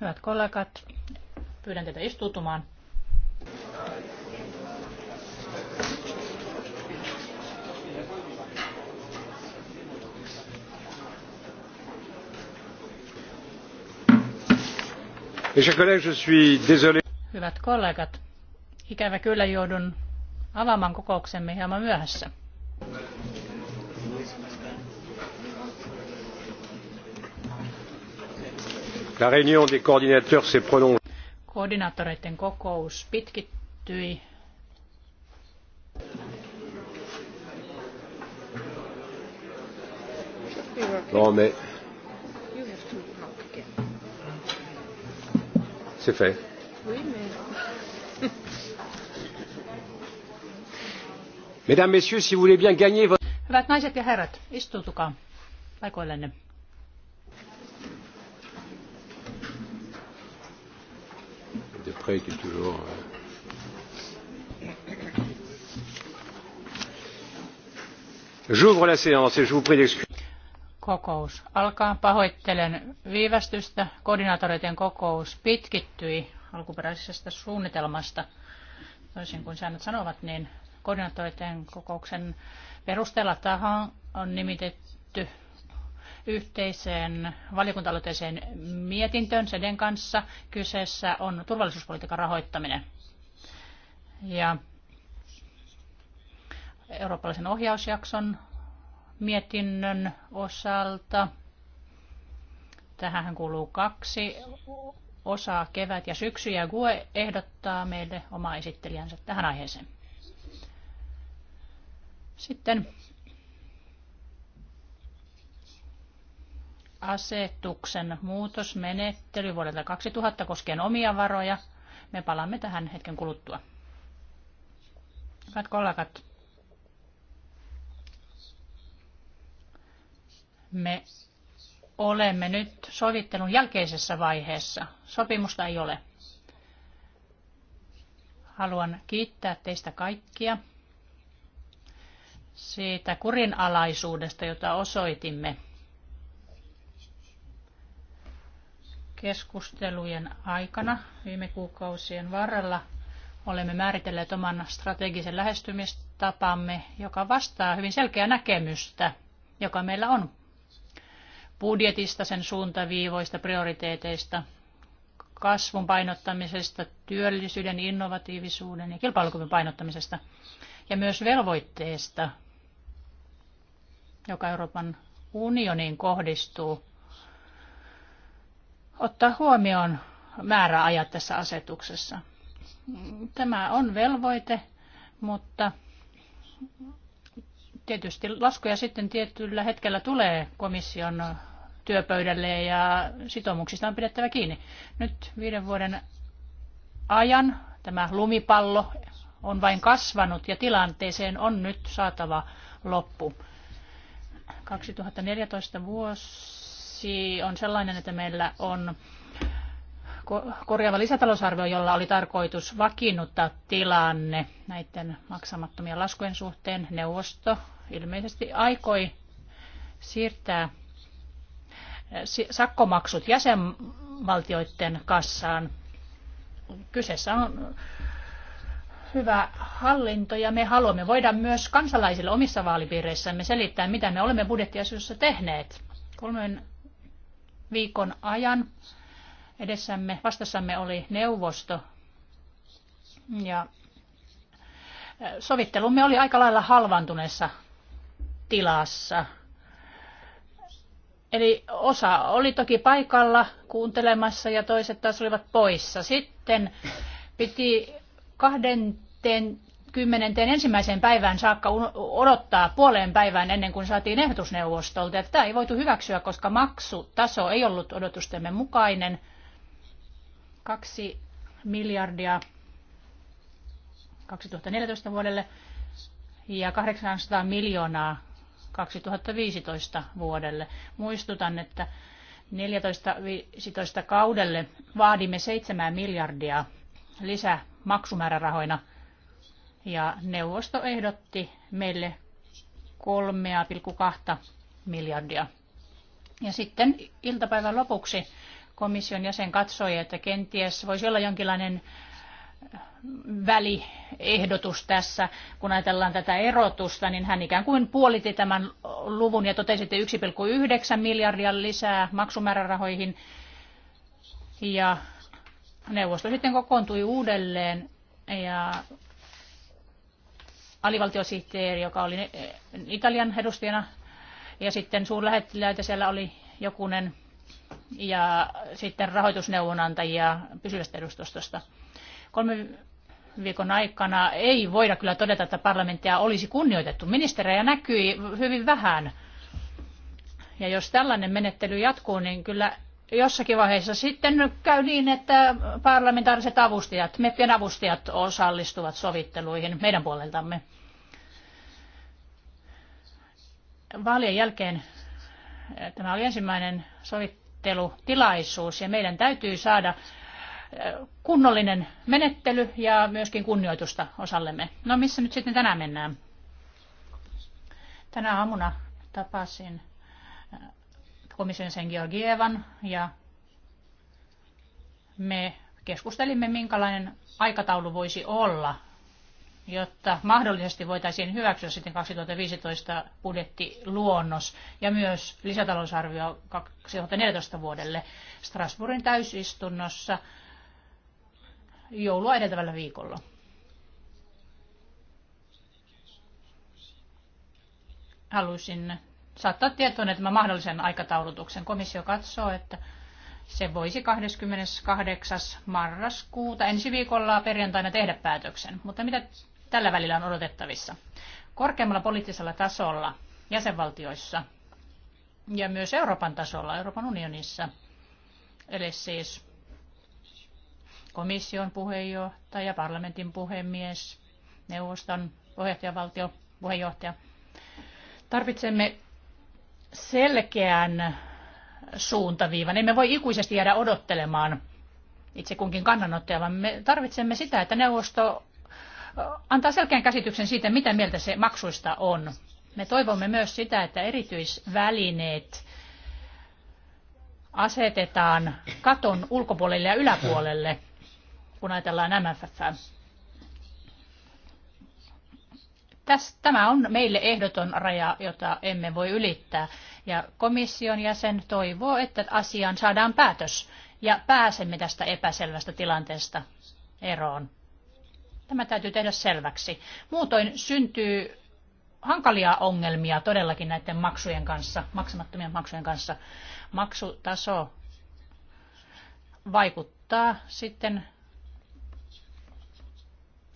Hyvät kollegat, pyydän teitä istuutumaan. Hyvät kollegat, ikävä kyllä joudun avaamaan kokouksemme hieman myöhässä. La réunion des coordinateurs s'est prolongée. Koordinaattoreiden kokous pitkittyi Non, mais. C'est fait. Oui, mais. Mesdames, Messieurs, si vous voulez bien gagner votre. Hyvät naiset ja herrat, istuutukaa paikoillenne. après qui est toujours. Euh, J'ouvre la séance et je vous prie d'excuser. Kokous alkaa. Pahoittelen viivästystä. Koordinaatoreiden kokous pitkittyi alkuperäisestä suunnitelmasta. Toisin kuin säännöt sanovat, niin koordinaatoreiden kokouksen perusteella tähän on nimitetty yhteiseen valiokunta mietintöön SEDen kanssa. Kyseessä on turvallisuuspolitiikan rahoittaminen. Ja eurooppalaisen ohjausjakson mietinnön osalta. Tähän kuuluu kaksi osaa, kevät ja syksy, ja GUE ehdottaa meille oma esittelijänsä tähän aiheeseen. Sitten asetuksen muutosmenettely vuodelta 2000 koskien omia varoja. Me palaamme tähän hetken kuluttua. Hyvät kollegat, me olemme nyt sovittelun jälkeisessä vaiheessa. Sopimusta ei ole. Haluan kiittää teistä kaikkia siitä kurinalaisuudesta, jota osoitimme keskustelujen aikana viime kuukausien varrella olemme määritelleet oman strategisen lähestymistapamme, joka vastaa hyvin selkeää näkemystä, joka meillä on budjetista, sen suuntaviivoista, prioriteeteista, kasvun painottamisesta, työllisyyden, innovatiivisuuden ja kilpailukyvyn painottamisesta ja myös velvoitteesta, joka Euroopan unioniin kohdistuu ottaa huomioon määräajat tässä asetuksessa. Tämä on velvoite, mutta tietysti laskuja sitten tietyllä hetkellä tulee komission työpöydälle ja sitoumuksista on pidettävä kiinni. Nyt viiden vuoden ajan tämä lumipallo on vain kasvanut ja tilanteeseen on nyt saatava loppu. 2014 vuosi miksi on sellainen, että meillä on korjaava lisätalousarvio, jolla oli tarkoitus vakiinnuttaa tilanne näiden maksamattomien laskujen suhteen. Neuvosto ilmeisesti aikoi siirtää eh, sakkomaksut jäsenvaltioiden kassaan. Kyseessä on hyvä hallinto ja me haluamme voida myös kansalaisille omissa vaalipiireissämme selittää, mitä me olemme budjettiasioissa tehneet. Kolmen viikon ajan. Edessämme, vastassamme oli neuvosto. Ja sovittelumme oli aika lailla halvantuneessa tilassa. Eli osa oli toki paikalla kuuntelemassa ja toiset taas olivat poissa. Sitten piti kahden ensimmäiseen päivään saakka odottaa puoleen päivään ennen kuin saatiin ehdotusneuvostolta. tämä ei voitu hyväksyä, koska maksutaso ei ollut odotustemme mukainen. Kaksi miljardia 2014 vuodelle ja 800 miljoonaa 2015 vuodelle. Muistutan, että 14-15 kaudelle vaadimme 7 miljardia lisää maksumäärärahoina. Ja neuvosto ehdotti meille 3,2 miljardia. Ja sitten iltapäivän lopuksi komission jäsen katsoi, että kenties voisi olla jonkinlainen äh, väliehdotus tässä, kun ajatellaan tätä erotusta, niin hän ikään kuin puolitti tämän luvun ja totesi, että 1,9 miljardia lisää maksumäärärahoihin. Ja neuvosto sitten kokoontui uudelleen ja alivaltiosihteeri, joka oli eh, Italian edustajana, ja sitten suurlähettiläitä siellä oli jokunen, ja sitten rahoitusneuvonantajia pysyvästä edustustosta. Kolme viikon aikana ei voida kyllä todeta, että parlamenttia olisi kunnioitettu. Ministerejä näkyi hyvin vähän. Ja jos tällainen menettely jatkuu, niin kyllä jossakin vaiheessa sitten käy niin, että parlamentaariset avustajat, meppien avustajat osallistuvat sovitteluihin meidän puoleltamme. Vaalien jälkeen eh, tämä oli ensimmäinen sovittelutilaisuus ja meidän täytyy saada eh, kunnollinen menettely ja myöskin kunnioitusta osallemme. No missä nyt sitten tänään mennään? Tänä aamuna tapasin komission sen Georgievan ja me keskustelimme, minkälainen aikataulu voisi olla, jotta mahdollisesti voitaisiin hyväksyä sitten 2015 budjettiluonnos ja myös lisätalousarvio 2014 vuodelle Strasbourgin täysistunnossa joulua edeltävällä viikolla. Haluaisin saattaa tietoon, tämä mahdollisen aikataulutuksen. Komissio katsoo, että se voisi 28. marraskuuta ensi viikolla perjantaina tehdä päätöksen. Mutta mitä tällä välillä on odotettavissa? Korkeammalla poliittisella tasolla jäsenvaltioissa ja myös Euroopan tasolla, Euroopan unionissa, eli siis komission puheenjohtaja, parlamentin puhemies, neuvoston puheenjohtajavaltio, puheenjohtaja. Tarvitsemme selkeän suuntaviivan. Emme voi ikuisesti jäädä odottelemaan itse kunkin kannanottoja, vaan me tarvitsemme sitä, että neuvosto antaa selkeän käsityksen siitä, mitä mieltä se maksuista on. Me toivomme myös sitä, että erityisvälineet asetetaan katon ulkopuolelle ja yläpuolelle, kun ajatellaan MFF tämä on meille ehdoton raja, jota emme voi ylittää. Ja komission jäsen toivoo, että asiaan saadaan päätös ja pääsemme tästä epäselvästä tilanteesta eroon. Tämä täytyy tehdä selväksi. Muutoin syntyy hankalia ongelmia todellakin näiden maksujen kanssa, maksamattomien maksujen kanssa. Maksutaso vaikuttaa sitten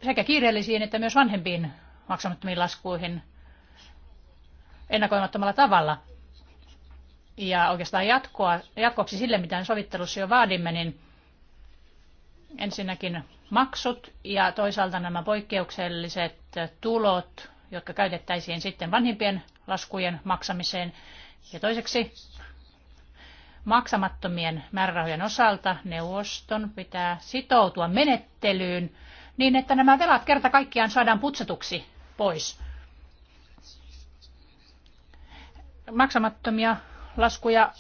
sekä kiireellisiin että myös vanhempiin maksamattomiin laskuihin ennakoimattomalla tavalla. Ja oikeastaan jatkoa, jatkoksi sille, mitä sovittelussa jo vaadimme, niin ensinnäkin maksut ja toisaalta nämä poikkeukselliset tulot, jotka käytettäisiin sitten vanhimpien laskujen maksamiseen. Ja toiseksi maksamattomien määrärahojen osalta neuvoston pitää sitoutua menettelyyn niin, että nämä velat kerta kaikkiaan saadaan putsetuksi pois. Maksamattomia laskuja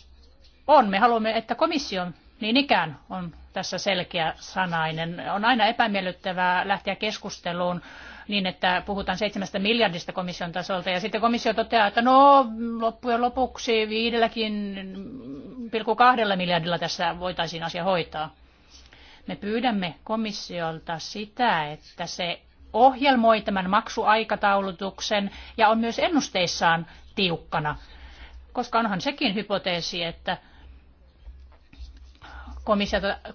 on. Me haluamme, että komission niin ikään on tässä selkeä sanainen. On aina epämiellyttävää lähteä keskusteluun niin, että puhutaan seitsemästä miljardista komission tasolta ja sitten komissio toteaa, että no loppujen lopuksi viidelläkin pilku kahdella miljardilla tässä voitaisiin asia hoitaa. Me pyydämme komissiolta sitä, että se ohjelmoi tämän maksuaikataulutuksen ja on myös ennusteissaan tiukkana. Koska onhan sekin hypoteesi, että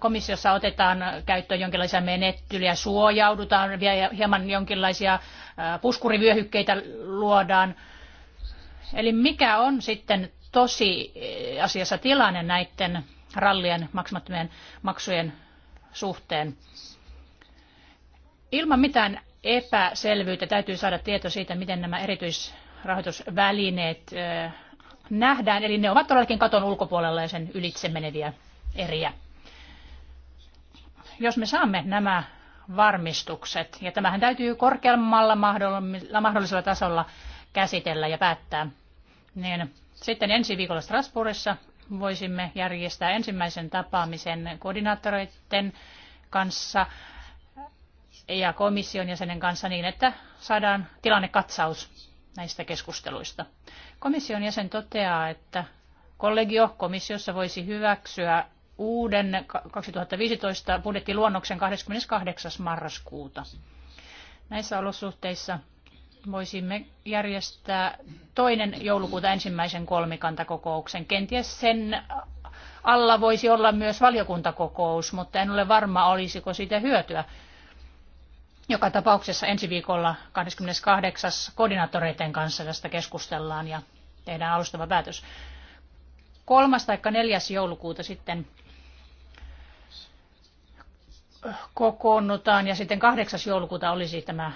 komissiossa otetaan käyttöön jonkinlaisia menettelyjä, suojaudutaan, hieman jonkinlaisia puskurivyöhykkeitä luodaan. Eli mikä on sitten tosi asiassa tilanne näiden rallien maksamattomien maksujen suhteen? Ilman mitään epäselvyyttä täytyy saada tieto siitä, miten nämä erityisrahoitusvälineet nähdään. Eli ne ovat todellakin katon ulkopuolella ja sen ylitse meneviä eriä. Jos me saamme nämä varmistukset, ja tämähän täytyy korkeammalla mahdollisella tasolla käsitellä ja päättää, niin sitten ensi viikolla Strasbourgissa voisimme järjestää ensimmäisen tapaamisen koordinaattoreiden kanssa ja komission jäsenen kanssa niin, että saadaan tilannekatsaus näistä keskusteluista. Komission jäsen toteaa, että kollegio komissiossa voisi hyväksyä uuden 2015 budjettiluonnoksen 28. marraskuuta. Näissä olosuhteissa voisimme järjestää toinen joulukuuta ensimmäisen kolmikantakokouksen. Kenties sen alla voisi olla myös valiokuntakokous, mutta en ole varma, olisiko siitä hyötyä. Joka tapauksessa ensi viikolla 28. koordinaattoreiden kanssa tästä keskustellaan ja tehdään alustava päätös. Kolmas tai neljäs joulukuuta sitten kokoonnutaan ja sitten kahdeksas joulukuuta olisi tämä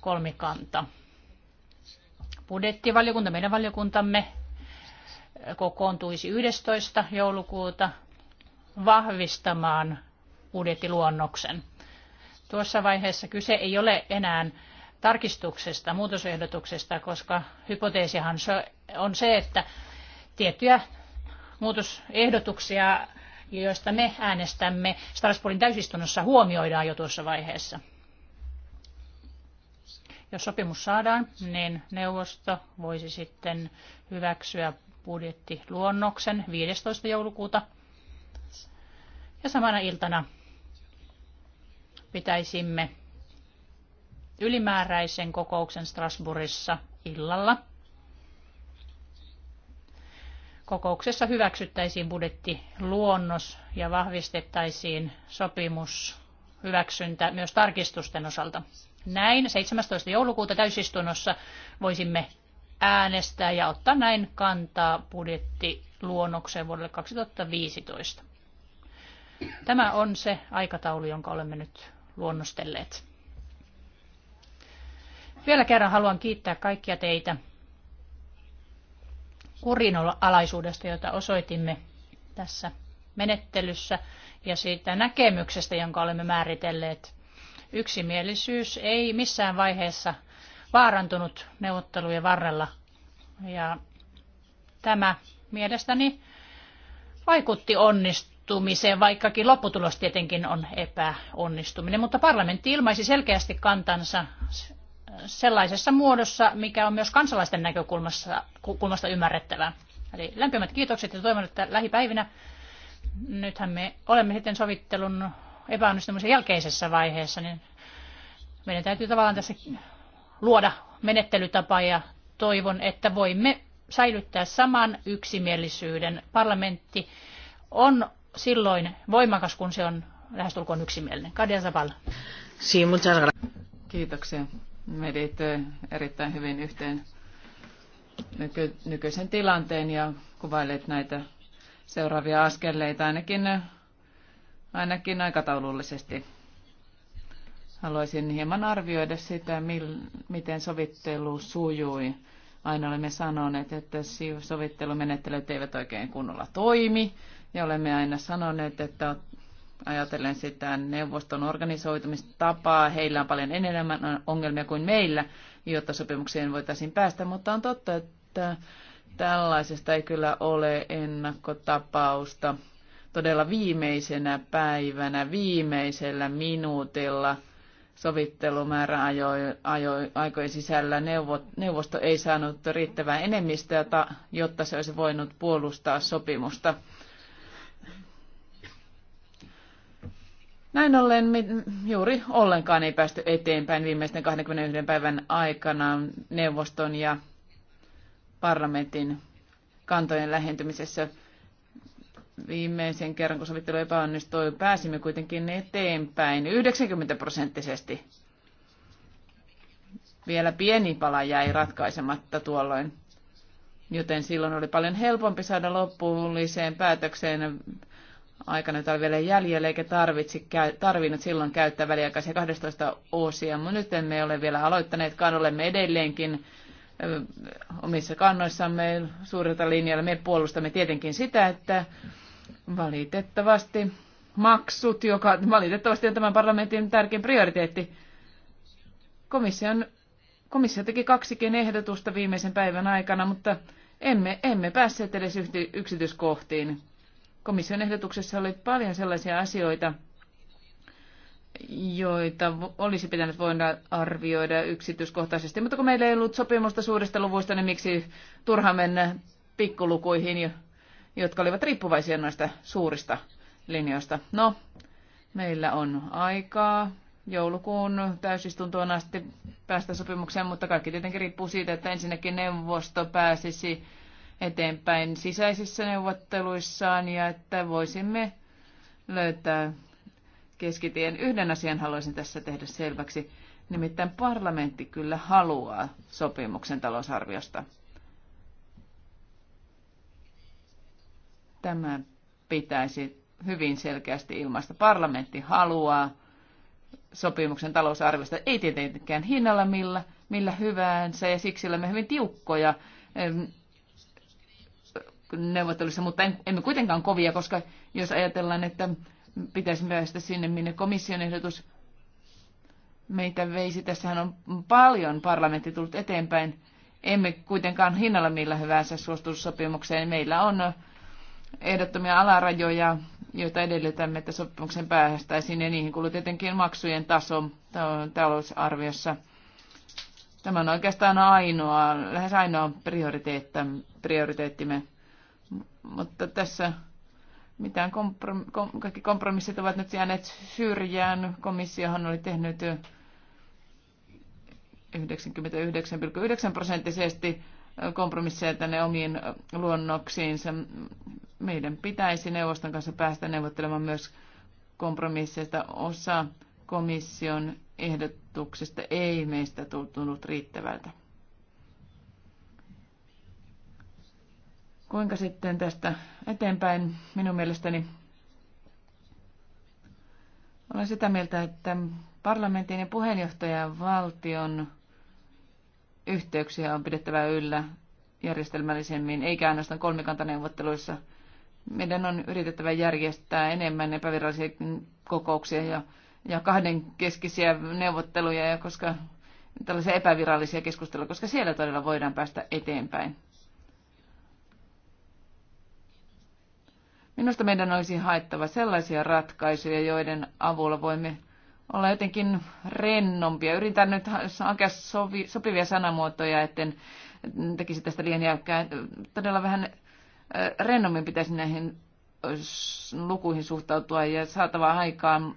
kolmikanta. Budjettivaliokunta, meidän valiokuntamme, kokoontuisi 11. joulukuuta vahvistamaan budjettiluonnoksen. Tuossa vaiheessa kyse ei ole enää tarkistuksesta, muutosehdotuksesta, koska hypoteesihan on se, että tiettyjä muutosehdotuksia, joista me äänestämme Strasbourgin täysistunnossa, huomioidaan jo tuossa vaiheessa. Jos sopimus saadaan, niin neuvosto voisi sitten hyväksyä budjettiluonnoksen 15. joulukuuta. Ja samana iltana pitäisimme ylimääräisen kokouksen Strasbourgissa illalla. Kokouksessa hyväksyttäisiin budjettiluonnos ja vahvistettaisiin sopimus hyväksyntä myös tarkistusten osalta. Näin 17. joulukuuta täysistunnossa voisimme äänestää ja ottaa näin kantaa budjettiluonnokseen vuodelle 2015. Tämä on se aikataulu, jonka olemme nyt luonnostelleet. Vielä kerran haluan kiittää kaikkia teitä kurinalaisuudesta, jota osoitimme tässä menettelyssä ja siitä näkemyksestä, jonka olemme määritelleet. Yksimielisyys ei missään vaiheessa vaarantunut neuvottelujen varrella. Ja tämä mielestäni vaikutti onnistumaan onnistumiseen, vaikkakin lopputulos tietenkin on epäonnistuminen. Mutta parlamentti ilmaisi selkeästi kantansa sellaisessa muodossa, mikä on myös kansalaisten näkökulmasta ymmärrettävää. Eli lämpimät kiitokset ja toivon, että lähipäivinä nythän me olemme sitten sovittelun epäonnistumisen jälkeisessä vaiheessa, niin meidän täytyy tavallaan tässä luoda menettelytapa ja toivon, että voimme säilyttää saman yksimielisyyden. Parlamentti on silloin voimakas, kun se on lähestulkoon yksimielinen. Kadia Zabal. Kiitoksia. Vedit eh, erittäin hyvin yhteen nyky- nykyisen tilanteen ja kuvailet näitä seuraavia askeleita ainakin, eh, ainakin aikataulullisesti. Haluaisin hieman arvioida sitä, mil, miten sovittelu sujui. Aina olemme sanoneet, että sovittelumenettelyt eivät oikein kunnolla toimi. Ja olemme aina sanoneet, että ajatellen sitä neuvoston organisoitumistapaa, heillä on paljon enemmän ongelmia kuin meillä, jotta sopimukseen voitaisiin päästä, mutta on totta, että tällaisesta ei kyllä ole ennakkotapausta. Todella viimeisenä päivänä, viimeisellä minuutilla sovittelumäärä aikojen sisällä neuvosto ei saanut riittävää enemmistöä, jotta se olisi voinut puolustaa sopimusta. Näin ollen juuri ollenkaan ei päästy eteenpäin viimeisten 21 päivän aikana neuvoston ja parlamentin kantojen lähentymisessä. Viimeisen kerran, kun sovittelu epäonnistui, pääsimme kuitenkin eteenpäin 90 prosenttisesti. Vielä pieni pala jäi ratkaisematta tuolloin, joten silloin oli paljon helpompi saada loppuulliseen päätökseen aikana, jota oli vielä jäljellä, eikä tarvitsi, tarvinnut silloin käyttää väliaikaisia 12 osia. Mutta nyt emme ole vielä aloittaneet, olemme edelleenkin omissa kannoissamme suurilta linjalla. Me puolustamme tietenkin sitä, että valitettavasti maksut, joka valitettavasti on tämän parlamentin tärkein prioriteetti. Komission, komissio teki kaksikin ehdotusta viimeisen päivän aikana, mutta emme, emme päässeet edes yksityiskohtiin. Komission ehdotuksessa oli paljon sellaisia asioita, joita olisi pitänyt voida arvioida yksityiskohtaisesti. Mutta kun meillä ei ollut sopimusta suurista luvuista, niin miksi turha mennä pikkulukuihin, jotka olivat riippuvaisia noista suurista linjoista? No, meillä on aikaa joulukuun täysistuntoon asti päästä sopimukseen, mutta kaikki tietenkin riippuu siitä, että ensinnäkin neuvosto pääsisi eteenpäin sisäisissä neuvotteluissaan ja että voisimme löytää keskitien. Yhden asian haluaisin tässä tehdä selväksi. Nimittäin parlamentti kyllä haluaa sopimuksen talousarviosta. Tämä pitäisi hyvin selkeästi ilmaista. Parlamentti haluaa sopimuksen talousarviosta, ei tietenkään hinnalla millä, millä hyvänsä, ja siksi olemme hyvin tiukkoja neuvotteluissa, mutta emme kuitenkaan kovia, koska jos ajatellaan, että pitäisi päästä sinne, minne komission ehdotus meitä veisi. Tässähän on paljon parlamentti tullut eteenpäin. Emme kuitenkaan hinnalla millä hyvänsä suostuussopimukseen Meillä on ehdottomia alarajoja, joita edellytämme, että sopimuksen päästäisiin, ja niihin kuuluu tietenkin maksujen taso talousarviossa. Tämä on oikeastaan ainoa, lähes ainoa prioriteettimme mutta tässä mitään komprom, kom, kaikki kompromissit ovat nyt jääneet syrjään. Komissiohan oli tehnyt 99,9 prosenttisesti kompromisseja tänne omiin luonnoksiinsa. Meidän pitäisi neuvoston kanssa päästä neuvottelemaan myös kompromisseista. Osa komission ehdotuksista ei meistä tuntunut riittävältä. Kuinka sitten tästä eteenpäin minun mielestäni? Olen sitä mieltä, että parlamentin ja puheenjohtajan valtion yhteyksiä on pidettävä yllä järjestelmällisemmin, eikä ainoastaan kolmikantaneuvotteluissa. Meidän on yritettävä järjestää enemmän epävirallisia kokouksia ja, ja kahdenkeskisiä neuvotteluja, ja koska tällaisia epävirallisia keskusteluja, koska siellä todella voidaan päästä eteenpäin. Minusta meidän olisi haettava sellaisia ratkaisuja, joiden avulla voimme olla jotenkin rennompia. Yritän nyt hakea sovi, sopivia sanamuotoja, etten tekisi tästä liian jäykkää. Todella vähän rennommin pitäisi näihin lukuihin suhtautua ja saatava aikaan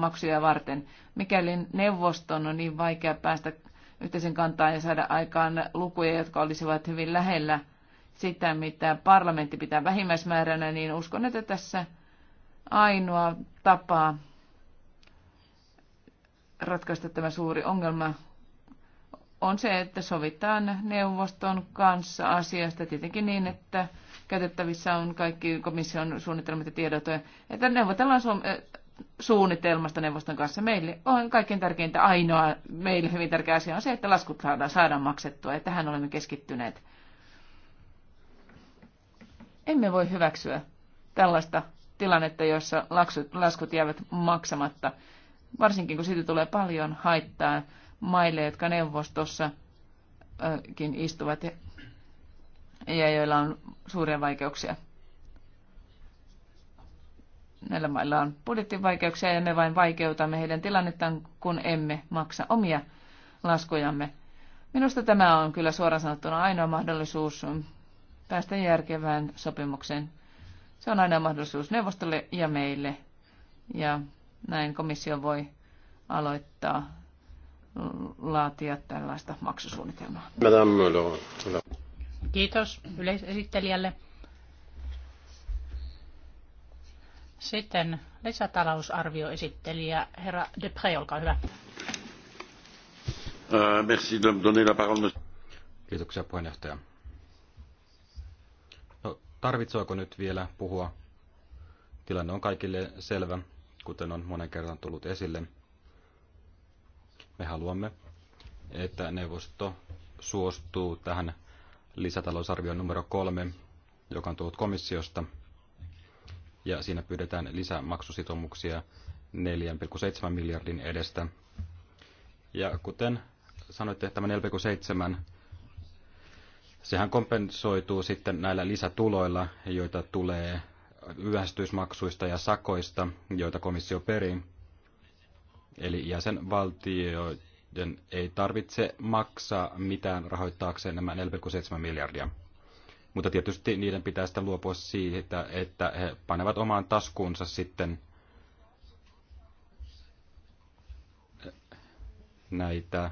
maksuja varten. Mikäli neuvoston on niin vaikea päästä yhteisen kantaan ja saada aikaan lukuja, jotka olisivat hyvin lähellä – sitä, mitä parlamentti pitää vähimmäismääränä, niin uskon, että tässä ainoa tapa ratkaista tämä suuri ongelma on se, että sovitaan neuvoston kanssa asiasta tietenkin niin, että käytettävissä on kaikki komission suunnitelmat ja tiedot, että neuvotellaan Suom- eh, suunnitelmasta neuvoston kanssa. Meille on kaikkein tärkeintä ainoa, meille hyvin tärkeä asia on se, että laskut saadaan, saadaan maksettua, ja tähän olemme keskittyneet. Emme voi hyväksyä tällaista tilannetta, jossa laskut jäävät maksamatta, varsinkin kun siitä tulee paljon haittaa maille, jotka neuvostossakin istuvat ja joilla on suuria vaikeuksia. Näillä mailla on budjettivaikeuksia ja me vain vaikeutamme heidän tilannettaan, kun emme maksa omia laskujamme. Minusta tämä on kyllä suoraan sanottuna ainoa mahdollisuus päästä järkevään sopimukseen. Se on aina mahdollisuus neuvostolle ja meille. Ja näin komissio voi aloittaa laatia tällaista maksusuunnitelmaa. Kiitos yleisesittelijälle. Sitten lisätalousarvioesittelijä herra Depré, olkaa hyvä. Euh, merci de me donner la parole. Kiitoksia puheenjohtaja tarvitseeko nyt vielä puhua? Tilanne on kaikille selvä, kuten on monen kerran tullut esille. Me haluamme, että neuvosto suostuu tähän lisätalousarvioon numero kolme, joka on tullut komissiosta. Ja siinä pyydetään lisämaksusitoumuksia 4,7 miljardin edestä. Ja kuten sanoitte, tämä Sehän kompensoituu sitten näillä lisätuloilla, joita tulee yhdistysmaksuista ja sakoista, joita komissio perii. Eli jäsenvaltioiden ei tarvitse maksaa mitään rahoittaakseen nämä 4,7 miljardia. Mutta tietysti niiden pitää sitten luopua siitä, että he panevat omaan taskuunsa sitten näitä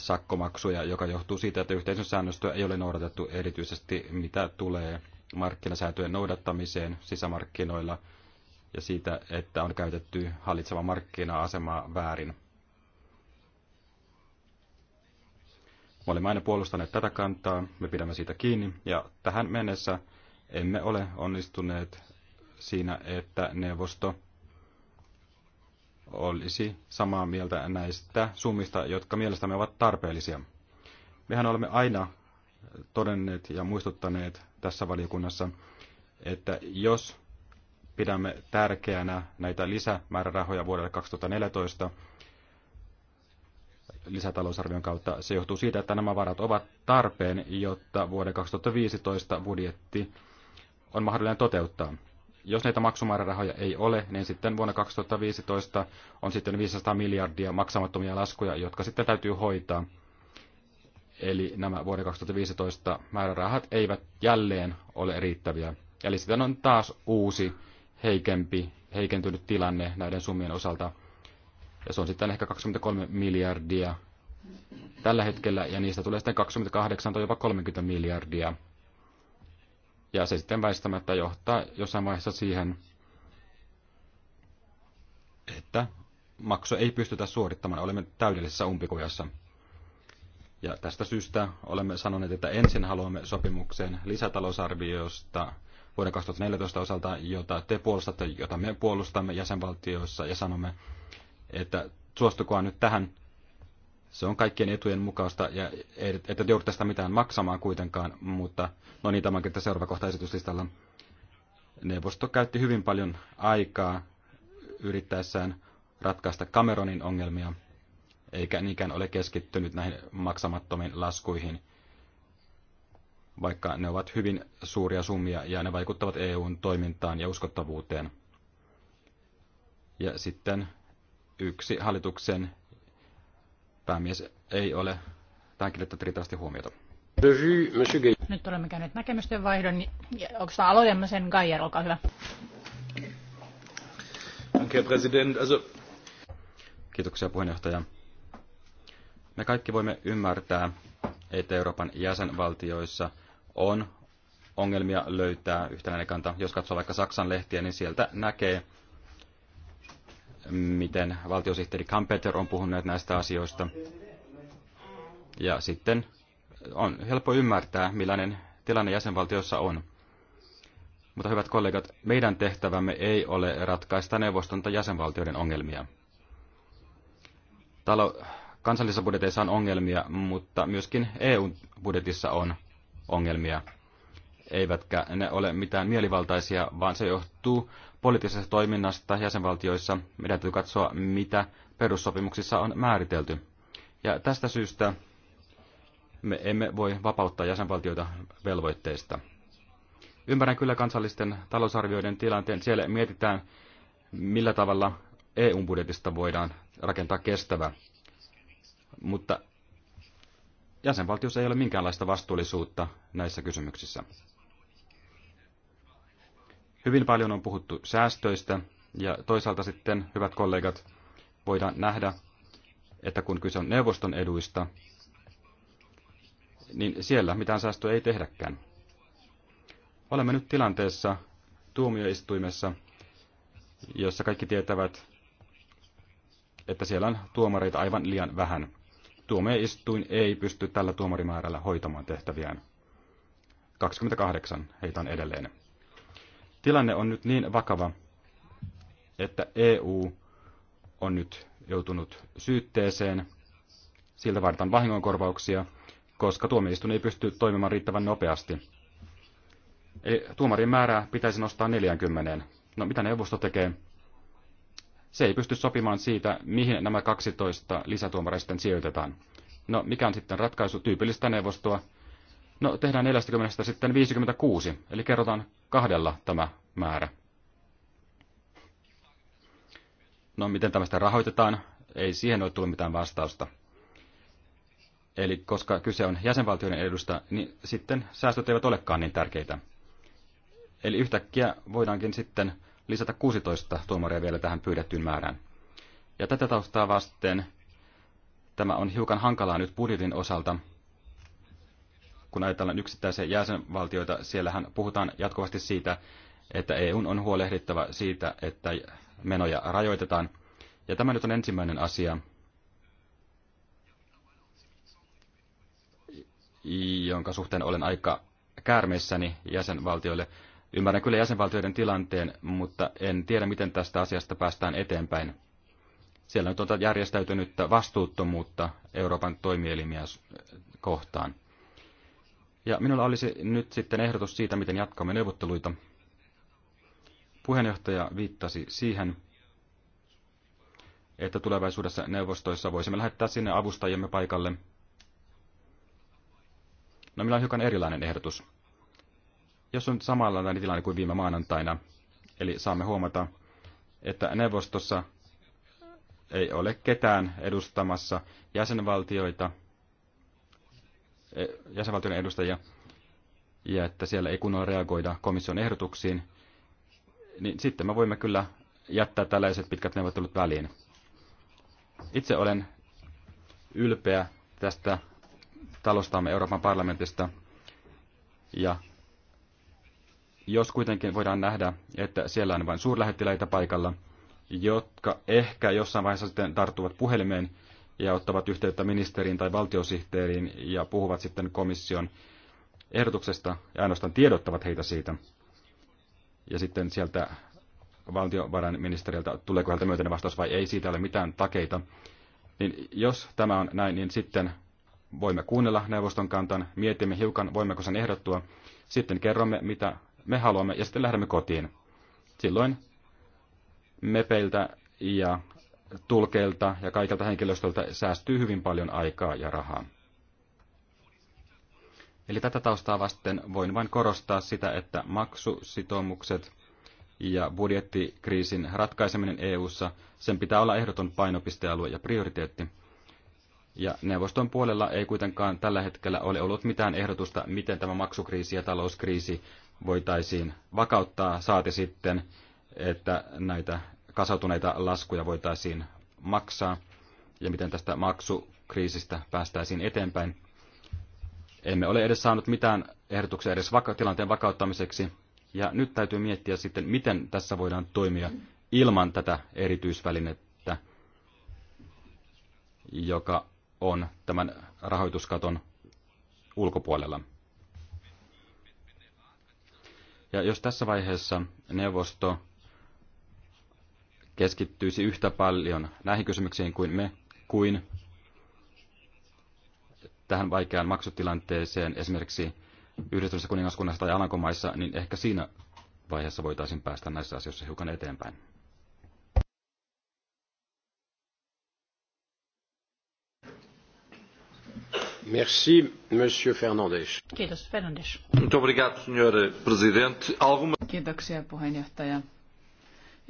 sakkomaksuja, joka johtuu siitä, että yhteisön säännöstöä ei ole noudatettu erityisesti mitä tulee markkinasäätöjen noudattamiseen sisämarkkinoilla ja siitä, että on käytetty hallitseva markkina-asemaa väärin. Me olemme aina puolustaneet tätä kantaa, me pidämme siitä kiinni ja tähän mennessä emme ole onnistuneet siinä, että neuvosto olisi samaa mieltä näistä summista, jotka mielestämme ovat tarpeellisia. Mehän olemme aina todenneet ja muistuttaneet tässä valiokunnassa, että jos pidämme tärkeänä näitä lisämäärärahoja vuodelle 2014 lisätalousarvion kautta, se johtuu siitä, että nämä varat ovat tarpeen, jotta vuoden 2015 budjetti on mahdollinen toteuttaa jos näitä maksumäärärahoja ei ole, niin sitten vuonna 2015 on sitten 500 miljardia maksamattomia laskuja, jotka sitten täytyy hoitaa. Eli nämä vuoden 2015 määrärahat eivät jälleen ole riittäviä. Eli sitten on taas uusi heikempi, heikentynyt tilanne näiden summien osalta. Ja se on sitten ehkä 23 miljardia tällä hetkellä, ja niistä tulee sitten 28 tai jopa 30 miljardia ja se sitten väistämättä johtaa jossain vaiheessa siihen, että maksu ei pystytä suorittamaan. Olemme täydellisessä umpikujassa. Ja tästä syystä olemme sanoneet, että ensin haluamme sopimukseen lisätalousarviosta vuoden 2014 osalta, jota te puolustatte, jota me puolustamme jäsenvaltioissa ja sanomme, että suostukaa nyt tähän se on kaikkien etujen mukaista, ja että joudu tästä mitään maksamaan kuitenkaan, mutta no niin, onkin seuraava kohta esityslistalla. Neuvosto käytti hyvin paljon aikaa yrittäessään ratkaista Cameronin ongelmia, eikä niinkään ole keskittynyt näihin maksamattomiin laskuihin, vaikka ne ovat hyvin suuria summia ja ne vaikuttavat EUn toimintaan ja uskottavuuteen. Ja sitten yksi hallituksen päämies ei ole tähän kiinnittänyt riittävästi huomiota. Nyt olemme käyneet näkemysten vaihdon. Onko aloitamme sen? Gaier, olkaa hyvä. Kiitoksia puheenjohtaja. Me kaikki voimme ymmärtää, että Euroopan jäsenvaltioissa on ongelmia löytää yhtenäinen kanta. Jos katsoo vaikka Saksan lehtiä, niin sieltä näkee, miten valtiosihteeri Kampeter on puhunut näistä asioista. Ja sitten on helppo ymmärtää, millainen tilanne jäsenvaltiossa on. Mutta hyvät kollegat, meidän tehtävämme ei ole ratkaista neuvoston tai jäsenvaltioiden ongelmia. Talo, kansallisissa budjeteissa on ongelmia, mutta myöskin EU-budjetissa on ongelmia. Eivätkä ne ole mitään mielivaltaisia, vaan se johtuu poliittisesta toiminnasta jäsenvaltioissa. Meidän täytyy katsoa, mitä perussopimuksissa on määritelty. Ja tästä syystä me emme voi vapauttaa jäsenvaltioita velvoitteista. Ymmärrän kyllä kansallisten talousarvioiden tilanteen. Siellä mietitään, millä tavalla EU-budjetista voidaan rakentaa kestävä. Mutta jäsenvaltiossa ei ole minkäänlaista vastuullisuutta näissä kysymyksissä. Hyvin paljon on puhuttu säästöistä ja toisaalta sitten, hyvät kollegat, voidaan nähdä, että kun kyse on neuvoston eduista, niin siellä mitään säästöä ei tehdäkään. Olemme nyt tilanteessa tuomioistuimessa, jossa kaikki tietävät, että siellä on tuomareita aivan liian vähän. Tuomioistuin ei pysty tällä tuomarimäärällä hoitamaan tehtäviään. 28 heitä on edelleen. Tilanne on nyt niin vakava, että EU on nyt joutunut syytteeseen. Siltä vaaditaan vahingonkorvauksia, koska tuomioistuin ei pysty toimimaan riittävän nopeasti. Eli tuomarin määrää pitäisi nostaa 40. No mitä neuvosto tekee? Se ei pysty sopimaan siitä, mihin nämä 12 lisätuomaria sitten sijoitetaan. No mikä on sitten ratkaisu tyypillistä neuvostoa? No tehdään 40 sitten 56, eli kerrotaan kahdella tämä määrä. No miten tämmöistä rahoitetaan? Ei siihen ole tullut mitään vastausta. Eli koska kyse on jäsenvaltioiden edusta, niin sitten säästöt eivät olekaan niin tärkeitä. Eli yhtäkkiä voidaankin sitten lisätä 16 tuomaria vielä tähän pyydettyyn määrään. Ja tätä taustaa vasten tämä on hiukan hankalaa nyt budjetin osalta, kun ajatellaan yksittäisiä jäsenvaltioita, siellähän puhutaan jatkuvasti siitä, että EU on huolehdittava siitä, että menoja rajoitetaan. Ja tämä nyt on ensimmäinen asia, jonka suhteen olen aika käärmeissäni jäsenvaltioille. Ymmärrän kyllä jäsenvaltioiden tilanteen, mutta en tiedä, miten tästä asiasta päästään eteenpäin. Siellä nyt on järjestäytynyt vastuuttomuutta Euroopan toimielimiä kohtaan. Ja minulla olisi nyt sitten ehdotus siitä, miten jatkamme neuvotteluita. Puheenjohtaja viittasi siihen, että tulevaisuudessa neuvostoissa voisimme lähettää sinne avustajiemme paikalle. No minulla on hiukan erilainen ehdotus. Jos on samanlainen tilanne kuin viime maanantaina, eli saamme huomata, että neuvostossa ei ole ketään edustamassa jäsenvaltioita – Eh, jäsenvaltioiden edustajia, ja että siellä ei kunnolla reagoida komission ehdotuksiin, niin sitten me voimme kyllä jättää tällaiset pitkät neuvottelut väliin. Itse olen ylpeä tästä talostamme Euroopan parlamentista, ja jos kuitenkin voidaan nähdä, että siellä on vain suurlähettiläitä paikalla, jotka ehkä jossain vaiheessa sitten tarttuvat puhelimeen ja ottavat yhteyttä ministeriin tai valtiosihteeriin ja puhuvat sitten komission ehdotuksesta ja ainoastaan tiedottavat heitä siitä. Ja sitten sieltä valtiovarainministeriltä, tuleeko häneltä myönteinen vastaus vai ei, siitä ei ole mitään takeita. Niin jos tämä on näin, niin sitten voimme kuunnella neuvoston kantan, mietimme hiukan, voimmeko sen ehdottua, sitten kerromme, mitä me haluamme, ja sitten lähdemme kotiin. Silloin mepeiltä ja tulkeilta ja kaikelta henkilöstöltä säästyy hyvin paljon aikaa ja rahaa. Eli tätä taustaa vasten voin vain korostaa sitä, että maksusitoumukset ja budjettikriisin ratkaiseminen EU:ssa sen pitää olla ehdoton painopistealue ja prioriteetti. Ja neuvoston puolella ei kuitenkaan tällä hetkellä ole ollut mitään ehdotusta, miten tämä maksukriisi ja talouskriisi voitaisiin vakauttaa, saati sitten, että näitä kasautuneita laskuja voitaisiin maksaa ja miten tästä maksukriisistä päästäisiin eteenpäin. Emme ole edes saanut mitään ehdotuksia edes vaka- tilanteen vakauttamiseksi, ja nyt täytyy miettiä sitten, miten tässä voidaan toimia ilman tätä erityisvälinettä, joka on tämän rahoituskaton ulkopuolella. Ja jos tässä vaiheessa neuvosto keskittyisi yhtä paljon näihin kysymyksiin kuin me, kuin tähän vaikeaan maksutilanteeseen esimerkiksi yhdistyneessä kuningaskunnassa tai Alankomaissa, niin ehkä siinä vaiheessa voitaisiin päästä näissä asioissa hiukan eteenpäin. Merci, Monsieur Fernandes. Kiitos, Fernandes. obrigado, Senhor Presidente. Alguma... Kiitoksia, puheenjohtaja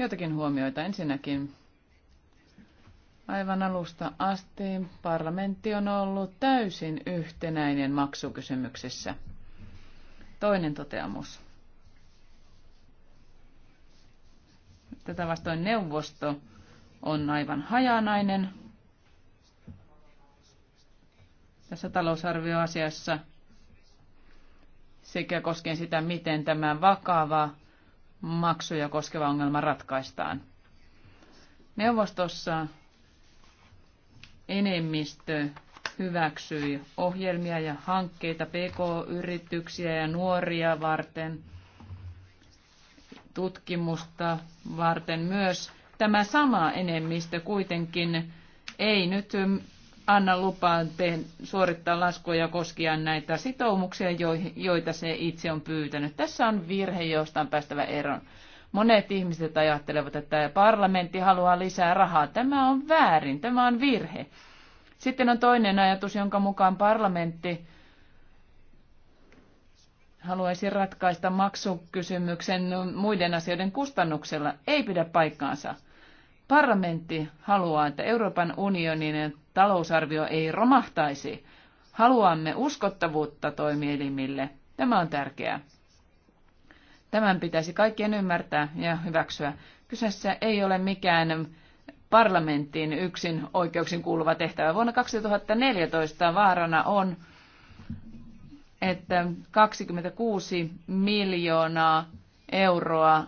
Joitakin huomioita. Ensinnäkin aivan alusta asti parlamentti on ollut täysin yhtenäinen maksukysymyksissä. Toinen toteamus. Tätä vastoin neuvosto on aivan hajanainen. Tässä talousarvioasiassa sekä koskien sitä, miten tämä vakava maksuja koskeva ongelma ratkaistaan. Neuvostossa enemmistö hyväksyi ohjelmia ja hankkeita PK-yrityksiä ja nuoria varten, tutkimusta varten myös. Tämä sama enemmistö kuitenkin ei nyt anna lupaa suorittaa laskuja koskien näitä sitoumuksia, joita se itse on pyytänyt. Tässä on virhe, josta on päästävä eroon. Monet ihmiset ajattelevat, että parlamentti haluaa lisää rahaa. Tämä on väärin, tämä on virhe. Sitten on toinen ajatus, jonka mukaan parlamentti haluaisi ratkaista maksukysymyksen muiden asioiden kustannuksella. Ei pidä paikkaansa. Parlamentti haluaa, että Euroopan unionin talousarvio ei romahtaisi. Haluamme uskottavuutta toimielimille. Tämä on tärkeää. Tämän pitäisi kaikkien ymmärtää ja hyväksyä. Kyseessä ei ole mikään parlamenttiin yksin oikeuksin kuuluva tehtävä. Vuonna 2014 vaarana on, että 26 miljoonaa euroa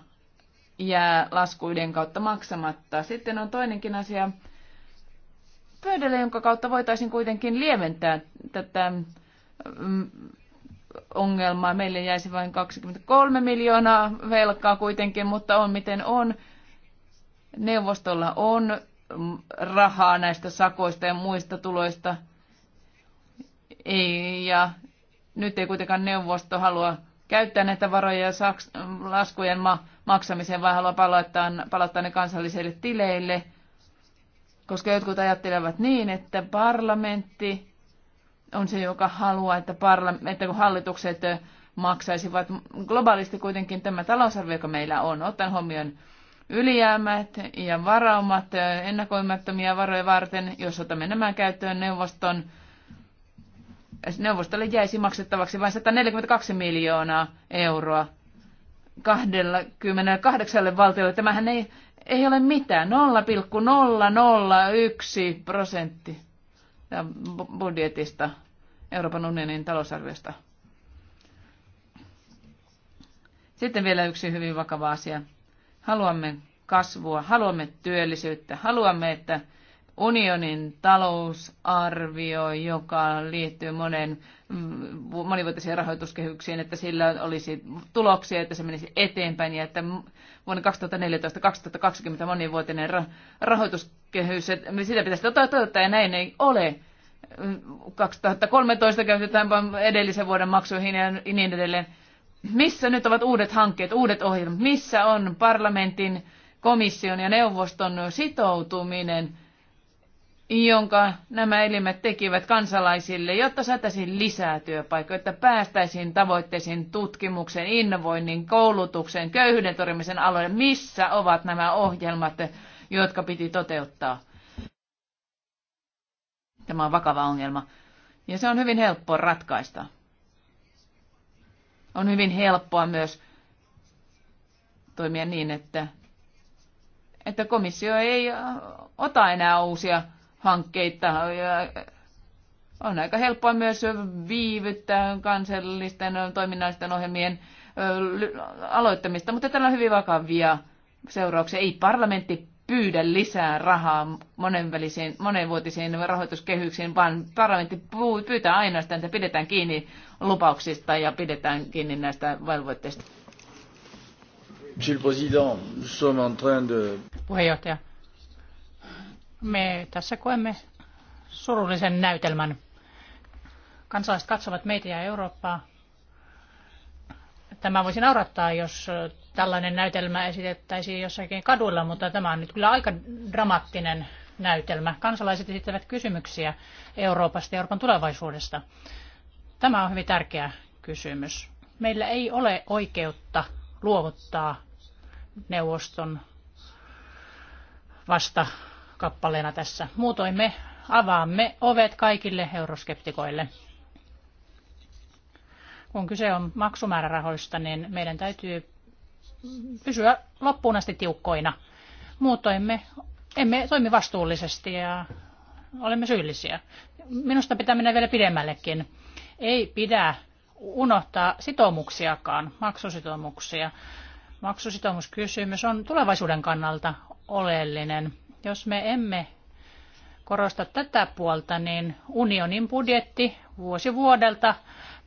jää laskuiden kautta maksamatta. Sitten on toinenkin asia, pöydälle, jonka kautta voitaisiin kuitenkin lieventää tätä mm, ongelmaa. Meille jäisi vain 23 miljoonaa velkaa kuitenkin, mutta on miten on. Neuvostolla on mm, rahaa näistä sakoista ja muista tuloista. Ei, ja nyt ei kuitenkaan neuvosto halua käyttää näitä varoja saks, laskujen ma- maksamiseen, vaan haluaa palauttaa, palauttaa ne kansallisille tileille. Koska jotkut ajattelevat niin, että parlamentti on se, joka haluaa, että, parla- että kun hallitukset maksaisivat globaalisti kuitenkin tämä talousarvio, joka meillä on, ottaen huomioon ylijäämät ja varaumat ennakoimattomia varoja varten, jos otamme nämä käyttöön neuvoston, neuvostolle jäisi maksettavaksi vain 142 miljoonaa euroa 28 valtiolle. Tämähän ei ei ole mitään, 0,001 prosentti budjetista Euroopan unionin talousarviosta. Sitten vielä yksi hyvin vakava asia. Haluamme kasvua, haluamme työllisyyttä, haluamme, että unionin talousarvio, joka liittyy monen mm, monivuotisiin rahoituskehyksiin, että sillä olisi tuloksia, että se menisi eteenpäin ja että vuonna 2014-2020 monivuotinen ra- rahoituskehys, että sitä pitäisi tota- toteuttaa ja näin ei ole. 2013 mm, käytetään edellisen vuoden maksuihin ja niin edelleen. Missä nyt ovat uudet hankkeet, uudet ohjelmat? Missä on parlamentin, komission ja neuvoston sitoutuminen – jonka nämä elimet tekivät kansalaisille, jotta saataisiin lisää työpaikkoja, että päästäisiin tavoitteisiin tutkimuksen, innovoinnin, koulutuksen, köyhyyden torjumisen aloille. Missä ovat nämä ohjelmat, jotka piti toteuttaa? Tämä on vakava ongelma. Ja se on hyvin helppo ratkaista. On hyvin helppoa myös toimia niin, että, että komissio ei ota enää uusia hankkeita. Ja on aika helppoa myös viivyttää kansallisten toiminnallisten ohjelmien aloittamista, mutta tällä on hyvin vakavia seurauksia. Ei parlamentti pyydä lisää rahaa monenvälisiin, monenvuotisiin rahoituskehyksiin, vaan parlamentti pyytää ainoastaan, että pidetään kiinni lupauksista ja pidetään kiinni näistä velvoitteista. Monsieur le Président, nous sommes en train de... Puheenjohtaja, me tässä koemme surullisen näytelmän. Kansalaiset katsovat meitä ja Eurooppaa. Tämä voisi naurattaa, jos tällainen näytelmä esitettäisiin jossakin kadulla, mutta tämä on nyt kyllä aika dramaattinen näytelmä. Kansalaiset esittävät kysymyksiä Euroopasta ja Euroopan tulevaisuudesta. Tämä on hyvin tärkeä kysymys. Meillä ei ole oikeutta luovuttaa neuvoston vasta kappaleena tässä. Muutoin me avaamme ovet kaikille euroskeptikoille. Kun kyse on maksumäärärahoista, niin meidän täytyy pysyä loppuun asti tiukkoina. Muutoin me emme toimi vastuullisesti ja olemme syyllisiä. Minusta pitää mennä vielä pidemmällekin. Ei pidä unohtaa sitoumuksiakaan, maksusitoumuksia. Maksusitoumuskysymys on tulevaisuuden kannalta oleellinen. Jos me emme korosta tätä puolta, niin unionin budjetti vuosi vuodelta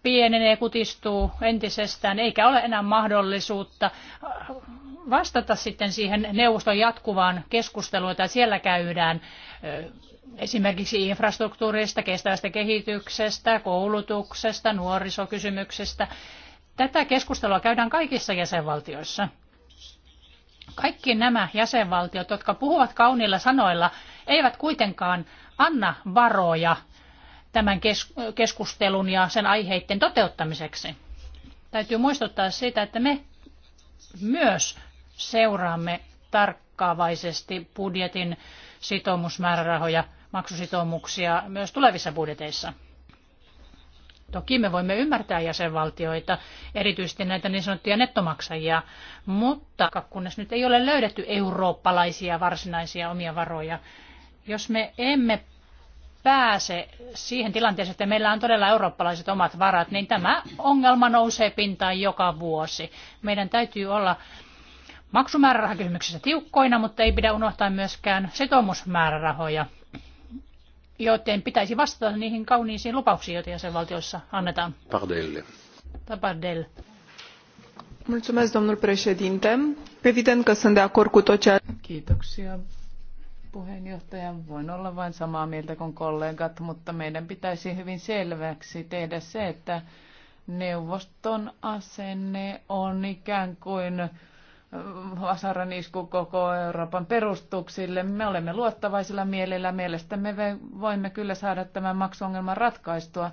pienenee, kutistuu entisestään, eikä ole enää mahdollisuutta äh, vastata sitten siihen neuvoston jatkuvaan keskusteluun, että siellä käydään äh, esimerkiksi infrastruktuurista, kestävästä kehityksestä, koulutuksesta, nuorisokysymyksistä. Tätä keskustelua käydään kaikissa jäsenvaltioissa. Kaikki nämä jäsenvaltiot, jotka puhuvat kauniilla sanoilla, eivät kuitenkaan anna varoja tämän keskustelun ja sen aiheiden toteuttamiseksi. Täytyy muistuttaa siitä, että me myös seuraamme tarkkaavaisesti budjetin sitoumusmäärärahoja, maksusitoumuksia myös tulevissa budjeteissa. Toki me voimme ymmärtää jäsenvaltioita, erityisesti näitä niin sanottuja nettomaksajia, mutta kunnes nyt ei ole löydetty eurooppalaisia varsinaisia omia varoja, jos me emme pääse siihen tilanteeseen, että meillä on todella eurooppalaiset omat varat, niin tämä ongelma nousee pintaan joka vuosi. Meidän täytyy olla maksumäärärahakysymyksissä tiukkoina, mutta ei pidä unohtaa myöskään sitoumusmäärärahoja joiden pitäisi vastata niihin kauniisiin lupauksiin, joita jäsenvaltioissa annetaan. Pardelle. Pardelle. Mulțumesc, domnul președinte. Evident că sunt de acord cu tot ceea... Kiitoksia, puheenjohtaja. Voin olla vain samaa mieltä kuin kollegat, mutta meidän pitäisi hyvin selväksi tehdä se, että neuvoston asenne on ikään kuin vasaran isku koko Euroopan perustuksille. Me olemme luottavaisilla mielellä. Mielestämme me voimme kyllä saada tämän maksuongelman ratkaistua.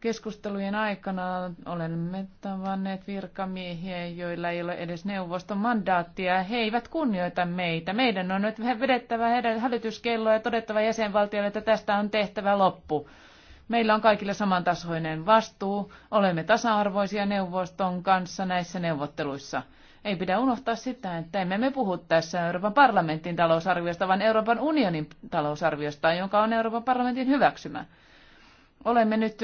Keskustelujen aikana olemme tavanneet virkamiehiä, joilla ei ole edes neuvoston mandaattia. He eivät kunnioita meitä. Meidän on nyt vedettävä heidän hälytyskelloa ja todettava jäsenvaltiolle että tästä on tehtävä loppu. Meillä on kaikilla samantasoinen vastuu. Olemme tasa-arvoisia neuvoston kanssa näissä neuvotteluissa. Ei pidä unohtaa sitä, että emme me puhu tässä Euroopan parlamentin talousarviosta, vaan Euroopan unionin talousarviosta, jonka on Euroopan parlamentin hyväksymä. Olemme nyt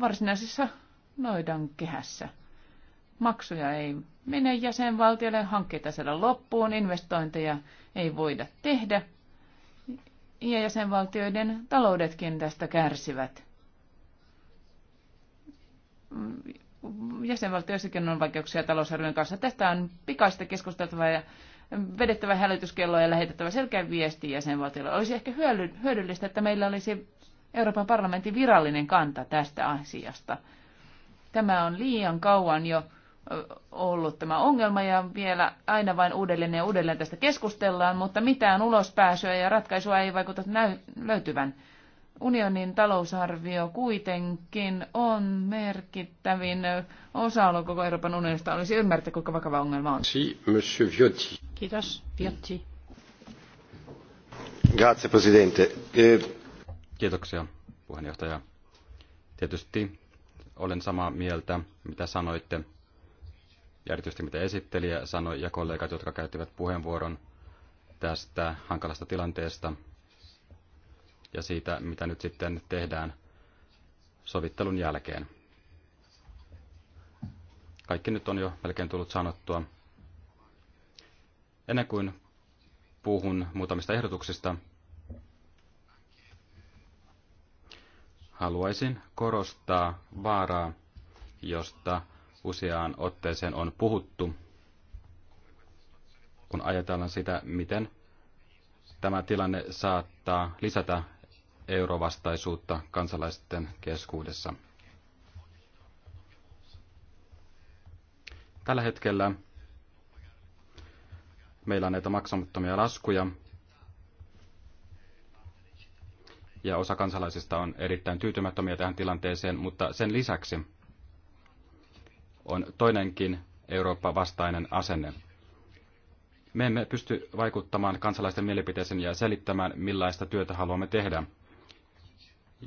varsinaisessa noidan kehässä. Maksuja ei mene jäsenvaltiolle, hankkeita siellä loppuun, investointeja ei voida tehdä. Ja jäsenvaltioiden taloudetkin tästä kärsivät jäsenvaltioissakin on vaikeuksia talousarvion kanssa. Tästä on pikaista keskusteltavaa ja vedettävä hälytyskello ja lähetettävä selkeä viesti jäsenvaltiolle. Olisi ehkä hyödyllistä, että meillä olisi Euroopan parlamentin virallinen kanta tästä asiasta. Tämä on liian kauan jo ollut tämä ongelma ja vielä aina vain uudelleen ja uudelleen tästä keskustellaan, mutta mitään ulospääsyä ja ratkaisua ei vaikuta näy- löytyvän unionin talousarvio kuitenkin on merkittävin osa-alue koko Euroopan unionista. Olisi ymmärtää, kuinka vakava ongelma on. Si, monsieur Viotti. Kiitos, Viotti. Grazie, presidente. Eh, Kiitoksia, puheenjohtaja. Tietysti olen samaa mieltä, mitä sanoitte, ja erityisesti mitä esittelijä sanoi ja kollegat, jotka käyttivät puheenvuoron tästä hankalasta tilanteesta – ja siitä, mitä nyt sitten tehdään sovittelun jälkeen. Kaikki nyt on jo melkein tullut sanottua. Ennen kuin puhun muutamista ehdotuksista, haluaisin korostaa vaaraa, josta useaan otteeseen on puhuttu, kun ajatellaan sitä, miten tämä tilanne saattaa lisätä eurovastaisuutta kansalaisten keskuudessa. Tällä hetkellä meillä on näitä maksamattomia laskuja, ja osa kansalaisista on erittäin tyytymättömiä tähän tilanteeseen, mutta sen lisäksi on toinenkin Eurooppa-vastainen asenne. Me emme pysty vaikuttamaan kansalaisten mielipiteeseen ja selittämään, millaista työtä haluamme tehdä –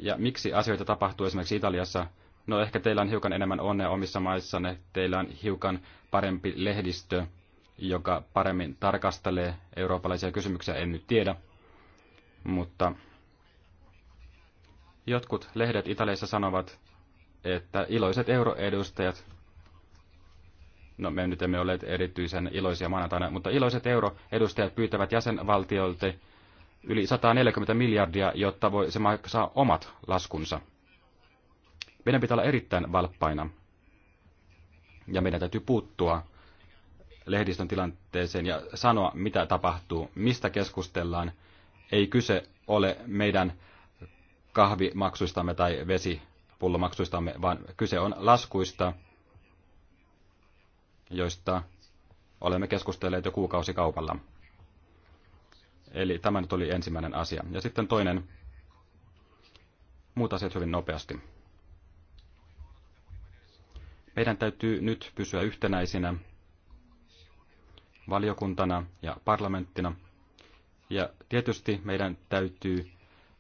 ja miksi asioita tapahtuu esimerkiksi Italiassa? No ehkä teillä on hiukan enemmän onnea omissa maissanne, teillä on hiukan parempi lehdistö, joka paremmin tarkastelee eurooppalaisia kysymyksiä, en nyt tiedä. Mutta jotkut lehdet Italiassa sanovat, että iloiset euroedustajat, no me nyt emme ole erityisen iloisia maanantaina, mutta iloiset euroedustajat pyytävät jäsenvaltioilta yli 140 miljardia, jotta voi se maksaa omat laskunsa. Meidän pitää olla erittäin valppaina. Ja meidän täytyy puuttua lehdistön tilanteeseen ja sanoa, mitä tapahtuu, mistä keskustellaan. Ei kyse ole meidän kahvimaksuistamme tai vesipullomaksuistamme, vaan kyse on laskuista, joista olemme keskustelleet jo kuukausikaupalla. Eli tämä nyt oli ensimmäinen asia. Ja sitten toinen, muut asiat hyvin nopeasti. Meidän täytyy nyt pysyä yhtenäisinä valiokuntana ja parlamenttina. Ja tietysti meidän täytyy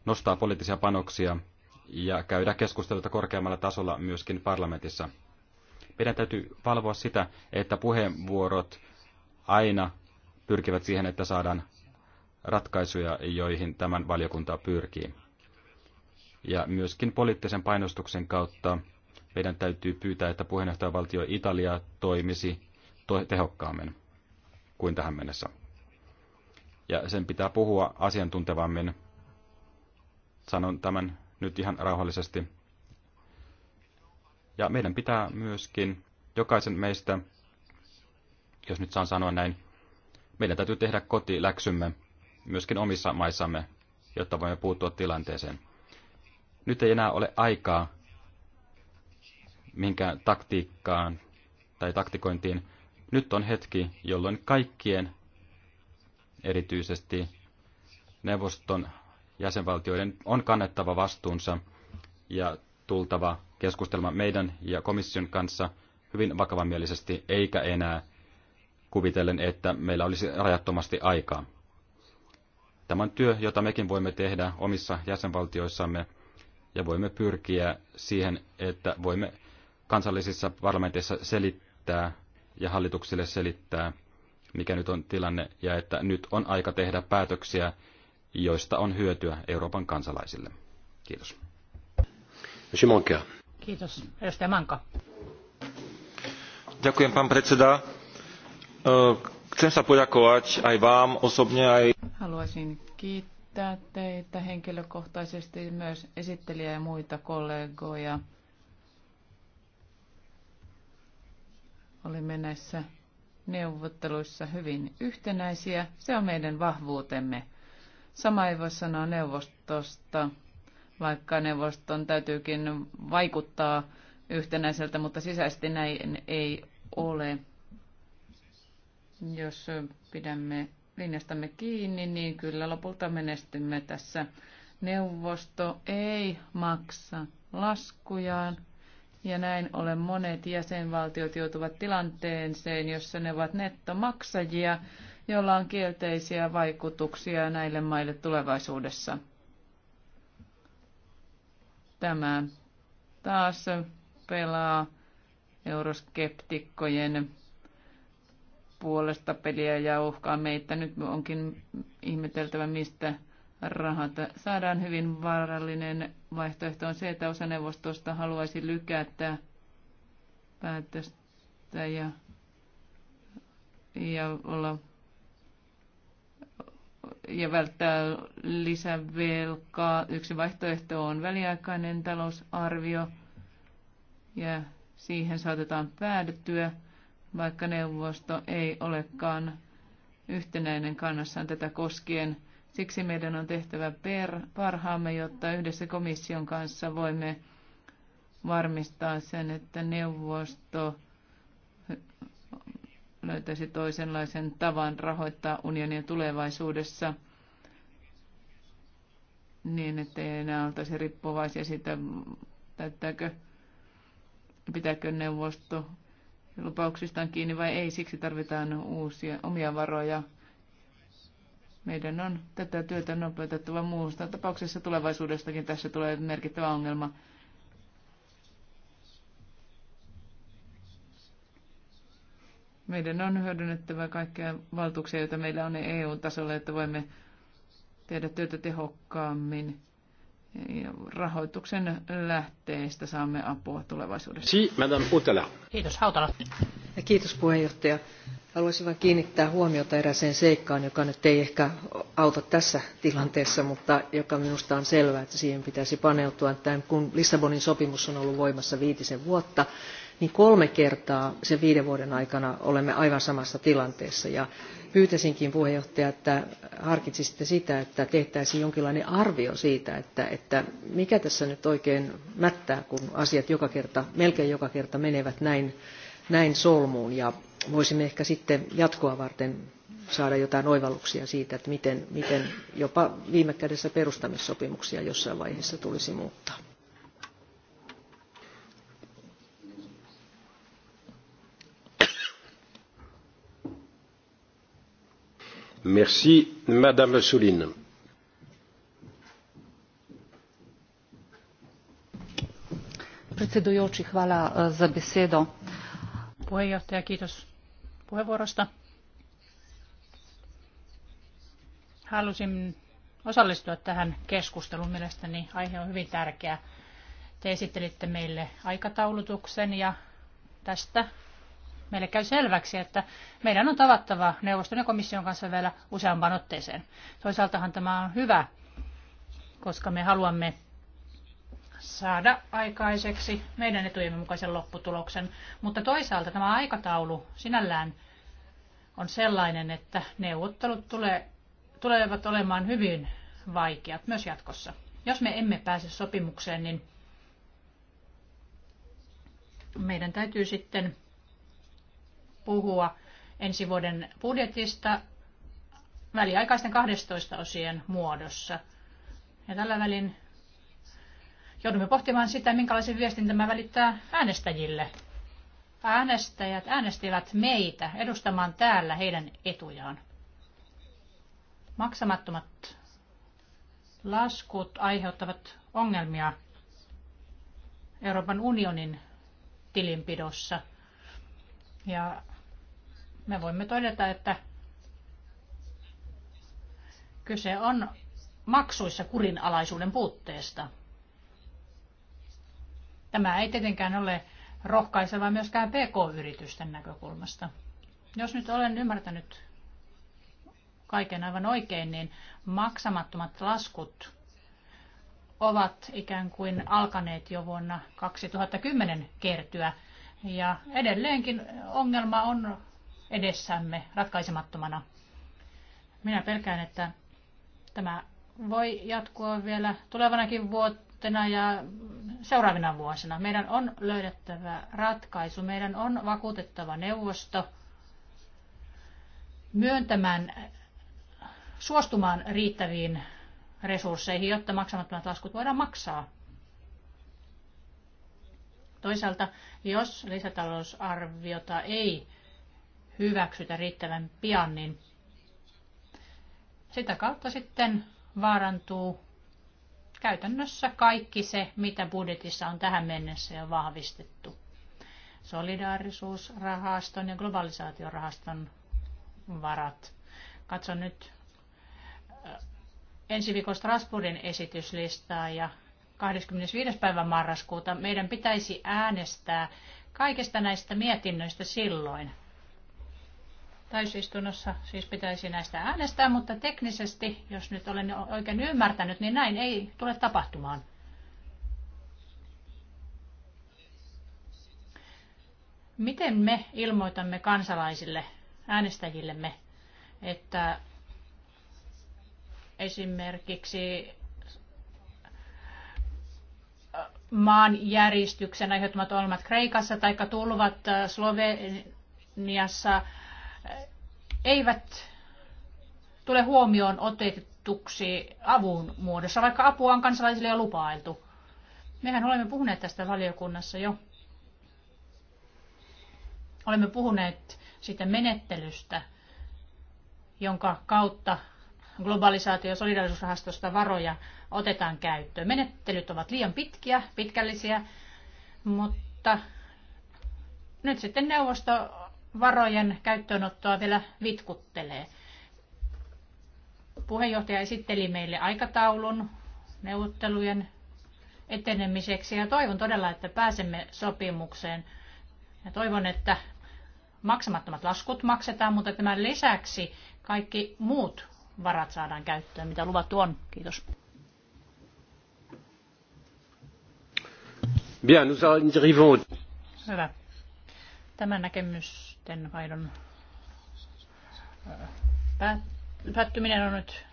nostaa poliittisia panoksia ja käydä keskusteluita korkeammalla tasolla myöskin parlamentissa. Meidän täytyy valvoa sitä, että puheenvuorot aina pyrkivät siihen, että saadaan ratkaisuja, joihin tämän valiokunta pyrkii. Ja myöskin poliittisen painostuksen kautta meidän täytyy pyytää, että puheenjohtajavaltio Italia toimisi tehokkaammin kuin tähän mennessä. Ja sen pitää puhua asiantuntevammin. Sanon tämän nyt ihan rauhallisesti. Ja meidän pitää myöskin jokaisen meistä, jos nyt saan sanoa näin, meidän täytyy tehdä kotiläksymme myöskin omissa maissamme, jotta voimme puuttua tilanteeseen. Nyt ei enää ole aikaa minkään taktiikkaan tai taktikointiin. Nyt on hetki, jolloin kaikkien, erityisesti neuvoston jäsenvaltioiden, on kannettava vastuunsa ja tultava keskustelma meidän ja komission kanssa hyvin vakavamielisesti, eikä enää kuvitellen, että meillä olisi rajattomasti aikaa. Tämä on työ, jota mekin voimme tehdä omissa jäsenvaltioissamme ja voimme pyrkiä siihen, että voimme kansallisissa parlamenteissa selittää ja hallituksille selittää, mikä nyt on tilanne ja että nyt on aika tehdä päätöksiä, joista on hyötyä Euroopan kansalaisille. Kiitos. Kiitos. Edustaja Manka. Ďakujem, Pan predseda. Chcem sa poďakovať aj vám osobne, aj... Haluaisin kiittää teitä henkilökohtaisesti myös esittelijä ja muita kollegoja. Olimme näissä neuvotteluissa hyvin yhtenäisiä. Se on meidän vahvuutemme. Sama ei voi sanoa neuvostosta, vaikka neuvoston täytyykin vaikuttaa yhtenäiseltä, mutta sisäisesti näin ei ole. Jos pidämme linjastamme kiinni, niin kyllä lopulta menestymme tässä. Neuvosto ei maksa laskujaan ja näin ollen monet jäsenvaltiot joutuvat tilanteeseen, jossa ne ovat nettomaksajia, jolla on kielteisiä vaikutuksia näille maille tulevaisuudessa. Tämä taas pelaa euroskeptikkojen puolesta peliä ja uhkaa meitä. Nyt onkin ihmeteltävä, mistä rahat saadaan. Hyvin vaarallinen vaihtoehto on se, että osa neuvostosta haluaisi lykätä päätöstä ja, ja olla ja välttää lisävelkaa. Yksi vaihtoehto on väliaikainen talousarvio ja siihen saatetaan päädyttyä vaikka neuvosto ei olekaan yhtenäinen kannassaan tätä koskien. Siksi meidän on tehtävä per, parhaamme, jotta yhdessä komission kanssa voimme varmistaa sen, että neuvosto löytäisi toisenlaisen tavan rahoittaa unionia tulevaisuudessa niin, ettei enää oltaisi riippuvaisia siitä, täyttääkö, pitääkö neuvosto lupauksistaan kiinni vai ei. Siksi tarvitaan uusia omia varoja. Meidän on tätä työtä nopeutettava muusta. Tapauksessa tulevaisuudestakin tässä tulee merkittävä ongelma. Meidän on hyödynnettävä kaikkia valtuuksia, joita meillä on EU-tasolla, että voimme tehdä työtä tehokkaammin ja rahoituksen lähteistä saamme apua tulevaisuudessa. Si, Madame Kiitos, Hautala. Ja kiitos puheenjohtaja. Haluaisin vain kiinnittää huomiota eräseen seikkaan, joka nyt ei ehkä auta tässä tilanteessa, mutta joka minusta on selvää, että siihen pitäisi paneutua. Tämän, kun Lissabonin sopimus on ollut voimassa viitisen vuotta, niin kolme kertaa sen viiden vuoden aikana olemme aivan samassa tilanteessa. Ja pyytäisinkin puheenjohtaja, että harkitsisitte sitä, että tehtäisiin jonkinlainen arvio siitä, että, että mikä tässä nyt oikein mättää, kun asiat joka kerta, melkein joka kerta menevät näin, näin solmuun. Ja voisimme ehkä sitten jatkoa varten saada jotain oivalluksia siitä, että miten, miten jopa viime kädessä perustamissopimuksia jossain vaiheessa tulisi muuttaa. Merci, Madame Souline. Predsedujoči, hvala eh, za besedo. Puheenjohtaja, kiitos puheenvuorosta. Halusin osallistua tähän keskusteluun. Mielestäni aihe on hyvin tärkeä. Te esittelitte meille aikataulutuksen ja tästä meille käy selväksi, että meidän on tavattava neuvoston ja komission kanssa vielä useampaan otteeseen. Toisaaltahan tämä on hyvä, koska me haluamme saada aikaiseksi meidän etujemme mukaisen lopputuloksen. Mutta toisaalta tämä aikataulu sinällään on sellainen, että neuvottelut tulee, tulevat olemaan hyvin vaikeat myös jatkossa. Jos me emme pääse sopimukseen, niin meidän täytyy sitten puhua ensi vuoden budjetista väliaikaisten 12 osien muodossa. Ja tällä välin joudumme pohtimaan sitä, minkälaisen viestin tämä välittää äänestäjille. Äänestäjät äänestivät meitä edustamaan täällä heidän etujaan. Maksamattomat laskut aiheuttavat ongelmia Euroopan unionin tilinpidossa. Ja me voimme todeta, että kyse on maksuissa kurinalaisuuden puutteesta. Tämä ei tietenkään ole rohkaiseva myöskään pk-yritysten näkökulmasta. Jos nyt olen ymmärtänyt kaiken aivan oikein, niin maksamattomat laskut ovat ikään kuin alkaneet jo vuonna 2010 kertyä. Ja edelleenkin ongelma on edessämme ratkaisemattomana. Minä pelkään, että tämä voi jatkua vielä tulevanakin vuotena ja seuraavina vuosina. Meidän on löydettävä ratkaisu, meidän on vakuutettava neuvosto myöntämään, suostumaan riittäviin resursseihin, jotta maksamattomat laskut voidaan maksaa. Toisaalta, jos lisätalousarviota ei hyväksytä riittävän pian, niin sitä kautta sitten vaarantuu käytännössä kaikki se, mitä budjetissa on tähän mennessä jo vahvistettu. Solidaarisuusrahaston ja globalisaatiorahaston varat. Katson nyt äh, ensi viikon Strasbourgin esityslistaa ja 25. päivä marraskuuta meidän pitäisi äänestää kaikista näistä mietinnöistä silloin täysistunnossa siis pitäisi näistä äänestää, mutta teknisesti, jos nyt olen oikein ymmärtänyt, niin näin ei tule tapahtumaan. Miten me ilmoitamme kansalaisille, äänestäjillemme, että esimerkiksi äh, maanjäristyksen aiheuttamat ongelmat Kreikassa tai tulvat äh, Sloveniassa – eivät tule huomioon otetuksi avun muodossa, vaikka apua on kansalaisille jo lupailtu. Mehän olemme puhuneet tästä valiokunnassa jo. Olemme puhuneet siitä menettelystä, jonka kautta globalisaatio- ja solidarisuusrahastosta varoja otetaan käyttöön. Menettelyt ovat liian pitkiä, pitkällisiä, mutta nyt sitten neuvosto varojen käyttöönottoa vielä vitkuttelee. Puheenjohtaja esitteli meille aikataulun neuvottelujen etenemiseksi ja toivon todella, että pääsemme sopimukseen. Ja toivon, että maksamattomat laskut maksetaan, mutta tämän lisäksi kaikki muut varat saadaan käyttöön, mitä luvattu on. Kiitos. Bien, nous arrivons. Hyvä. Tämä näkemys sitten vaihdon päättyminen on nyt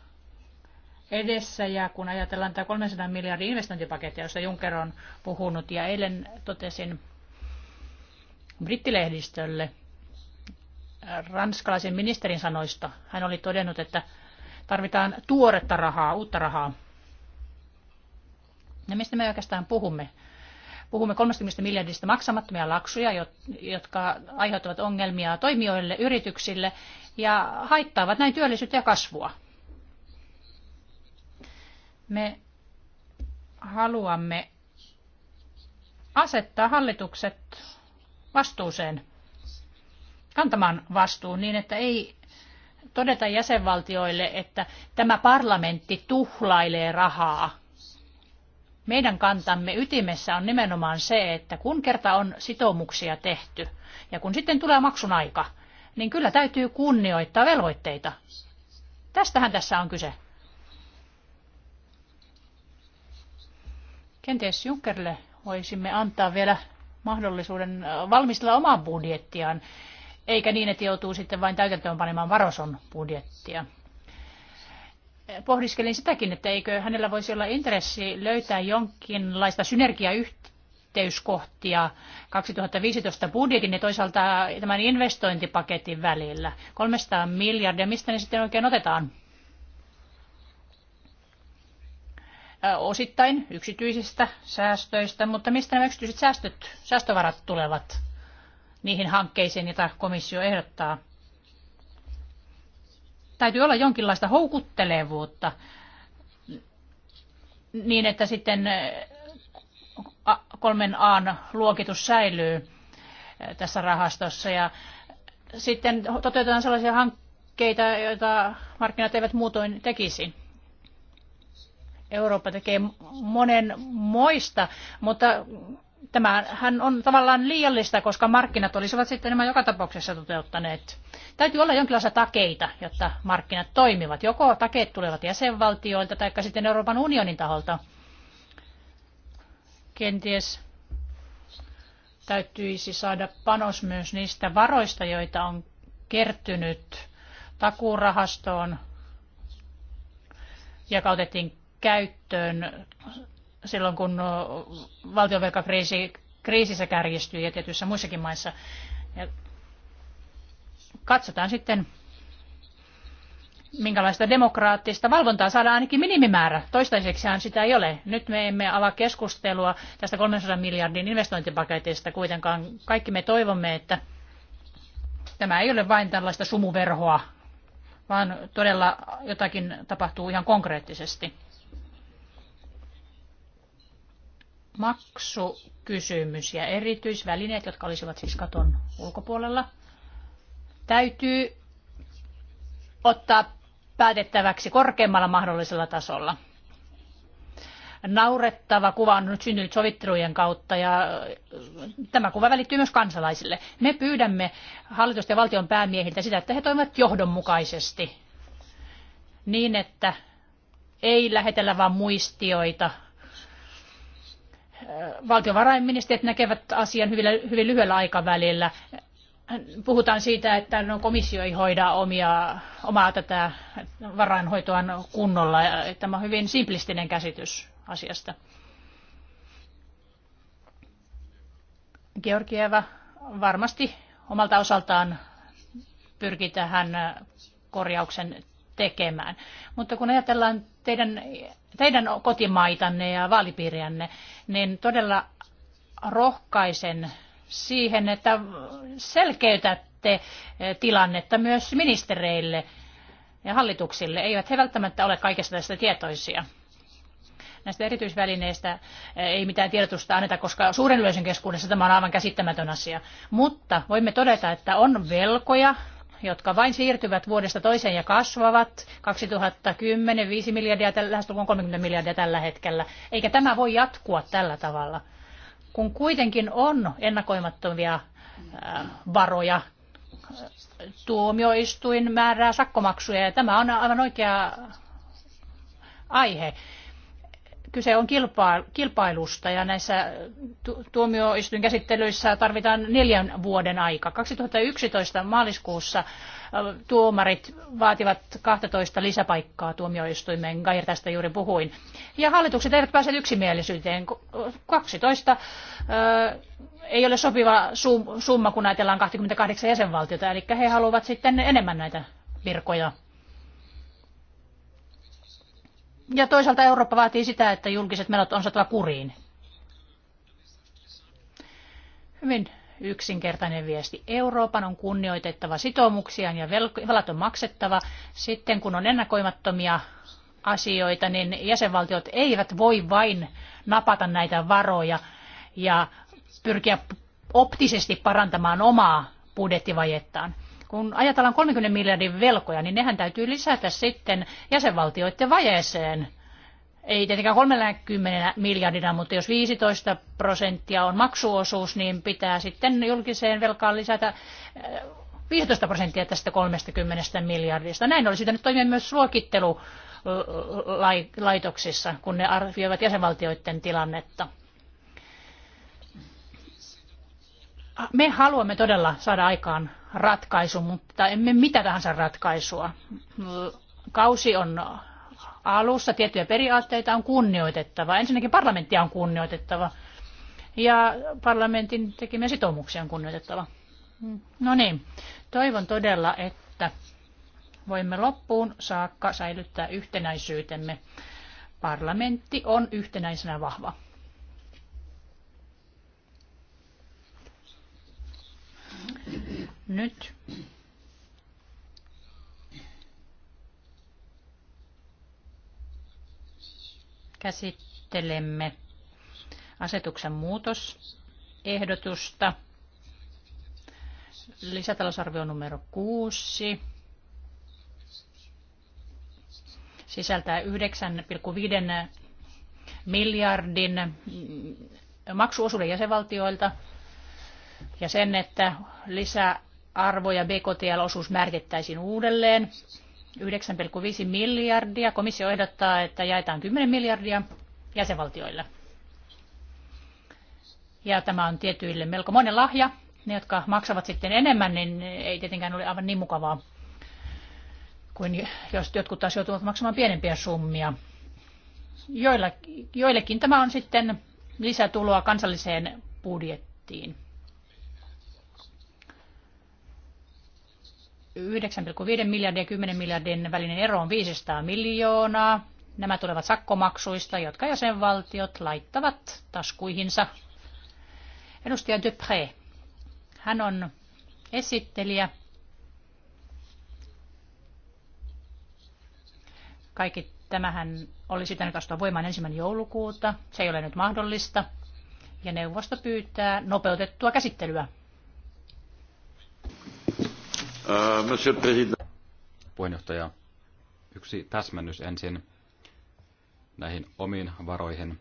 edessä ja kun ajatellaan tämä 300 miljardin investointipakettia, josta Juncker on puhunut ja eilen totesin brittilehdistölle äh, ranskalaisen ministerin sanoista. Hän oli todennut, että tarvitaan tuoretta rahaa, uutta rahaa. Ja mistä me oikeastaan puhumme? Puhumme 30 miljardista maksamattomia laksuja, jotka aiheuttavat ongelmia toimijoille, yrityksille ja haittaavat näin työllisyyttä ja kasvua. Me haluamme asettaa hallitukset vastuuseen, kantamaan vastuun niin, että ei todeta jäsenvaltioille, että tämä parlamentti tuhlailee rahaa meidän kantamme ytimessä on nimenomaan se, että kun kerta on sitoumuksia tehty ja kun sitten tulee maksun aika, niin kyllä täytyy kunnioittaa velvoitteita. Tästähän tässä on kyse. Kenties Junckerille voisimme antaa vielä mahdollisuuden äh, valmistella omaa budjettiaan, eikä niin, että joutuu sitten vain täytäntöön panemaan Varoson budjettia pohdiskelin sitäkin, että eikö hänellä voisi olla intressi löytää jonkinlaista synergiayhteyskohtia 2015 budjetin ja toisaalta tämän investointipaketin välillä. 300 miljardia, mistä ne sitten oikein otetaan? Osittain yksityisistä säästöistä, mutta mistä nämä yksityiset säästöt, säästövarat tulevat niihin hankkeisiin, joita komissio ehdottaa? täytyy olla jonkinlaista houkuttelevuutta niin, että sitten äh, kolmen Aan luokitus säilyy äh, tässä rahastossa. Ja sitten toteutetaan sellaisia hankkeita, joita markkinat eivät muutoin tekisi. Eurooppa tekee monen moista, mutta tämähän on tavallaan liiallista, koska markkinat olisivat sitten nämä joka tapauksessa toteuttaneet. Täytyy olla jonkinlaisia takeita, jotta markkinat toimivat. Joko takeet tulevat jäsenvaltioilta tai sitten Euroopan unionin taholta. Kenties täytyisi saada panos myös niistä varoista, joita on kertynyt takuurahastoon ja kautettiin käyttöön silloin, kun valtionvelkakriisi kriisissä kärjistyi ja tietyissä muissakin maissa. Ja katsotaan sitten, minkälaista demokraattista valvontaa saadaan ainakin minimimäärä. Toistaiseksi sitä ei ole. Nyt me emme ala keskustelua tästä 300 miljardin investointipaketista kuitenkaan. Kaikki me toivomme, että tämä ei ole vain tällaista sumuverhoa, vaan todella jotakin tapahtuu ihan konkreettisesti. maksukysymys ja erityisvälineet, jotka olisivat siis katon ulkopuolella, täytyy ottaa päätettäväksi korkeammalla mahdollisella tasolla. Naurettava kuva on nyt syntynyt sovittelujen kautta ja tämä kuva välittyy myös kansalaisille. Me pyydämme hallitusten ja valtion päämiehiltä sitä, että he toimivat johdonmukaisesti niin, että ei lähetellä vain muistioita valtiovarainministerit näkevät asian hyvin lyhyellä aikavälillä. Puhutaan siitä, että no, komissio ei hoida omia, omaa tätä varainhoitoaan kunnolla. Tämä on hyvin simplistinen käsitys asiasta. Georgieva varmasti omalta osaltaan pyrkii tähän korjauksen tekemään. Mutta kun ajatellaan teidän, teidän kotimaitanne ja vaalipiirianne, niin todella rohkaisen siihen, että selkeytätte eh, tilannetta myös ministereille ja hallituksille. Eivät he välttämättä ole kaikesta tästä tietoisia. Näistä erityisvälineistä eh, ei mitään tiedotusta anneta, koska suuren yleisön keskuudessa tämä on aivan käsittämätön asia. Mutta voimme todeta, että on velkoja, jotka vain siirtyvät vuodesta toiseen ja kasvavat. 2010 5 miljardia, lähestulkoon 30 miljardia tällä hetkellä. Eikä tämä voi jatkua tällä tavalla. Kun kuitenkin on ennakoimattomia varoja, tuomioistuin määrää sakkomaksuja ja tämä on aivan oikea aihe kyse on kilpailusta ja näissä tuomioistuinkäsittelyissä tarvitaan neljän vuoden aika. 2011 maaliskuussa tuomarit vaativat 12 lisäpaikkaa tuomioistuimeen, Gair tästä juuri puhuin. Ja hallitukset eivät pääse yksimielisyyteen. 12 ei ole sopiva summa, kun ajatellaan 28 jäsenvaltiota, eli he haluavat sitten enemmän näitä virkoja ja toisaalta Eurooppa vaatii sitä, että julkiset menot on saatava kuriin. Hyvin yksinkertainen viesti. Euroopan on kunnioitettava sitoumuksiaan ja velat on maksettava. Sitten kun on ennakoimattomia asioita, niin jäsenvaltiot eivät voi vain napata näitä varoja ja pyrkiä optisesti parantamaan omaa budjettivajettaan kun ajatellaan 30 miljardin velkoja, niin nehän täytyy lisätä sitten jäsenvaltioiden vajeeseen. Ei tietenkään 30 miljardina, mutta jos 15 prosenttia on maksuosuus, niin pitää sitten julkiseen velkaan lisätä 15 eh, prosenttia tästä 30 miljardista. Näin olisi nyt toimia myös luokittelulaitoksissa, kun ne arvioivat jäsenvaltioiden tilannetta. Me haluamme todella saada aikaan ratkaisu, mutta emme mitä tahansa ratkaisua. Kausi on alussa, tiettyjä periaatteita on kunnioitettava. Ensinnäkin parlamenttia on kunnioitettava ja parlamentin tekemiä sitoumuksia on kunnioitettava. No niin, toivon todella, että voimme loppuun saakka säilyttää yhtenäisyytemme. Parlamentti on yhtenäisenä vahva. Nyt käsittelemme asetuksen muutosehdotusta. Lisätalousarvio numero 6 sisältää 9,5 miljardin maksuosuuden jäsenvaltioilta ja sen, että lisää arvo ja BKTL-osuus määritettäisiin uudelleen. 9,5 miljardia. Komissio ehdottaa, että jaetaan 10 miljardia jäsenvaltioille. Ja tämä on tietyille melko monen lahja. Ne, jotka maksavat sitten enemmän, niin ei tietenkään ole aivan niin mukavaa kuin jos jotkut taas joutuvat maksamaan pienempiä summia. joillekin tämä on sitten lisätuloa kansalliseen budjettiin. 9,5 miljardin ja 10 miljardin välinen ero on 500 miljoonaa. Nämä tulevat sakkomaksuista, jotka jäsenvaltiot laittavat taskuihinsa. Edustaja Dupré, hän on esittelijä. Kaikki tämähän oli sitten astua voimaan ensimmäinen joulukuuta. Se ei ole nyt mahdollista. Ja neuvosto pyytää nopeutettua käsittelyä Euh, monsieur President. Puheenjohtaja, yksi täsmennys ensin näihin omiin varoihin.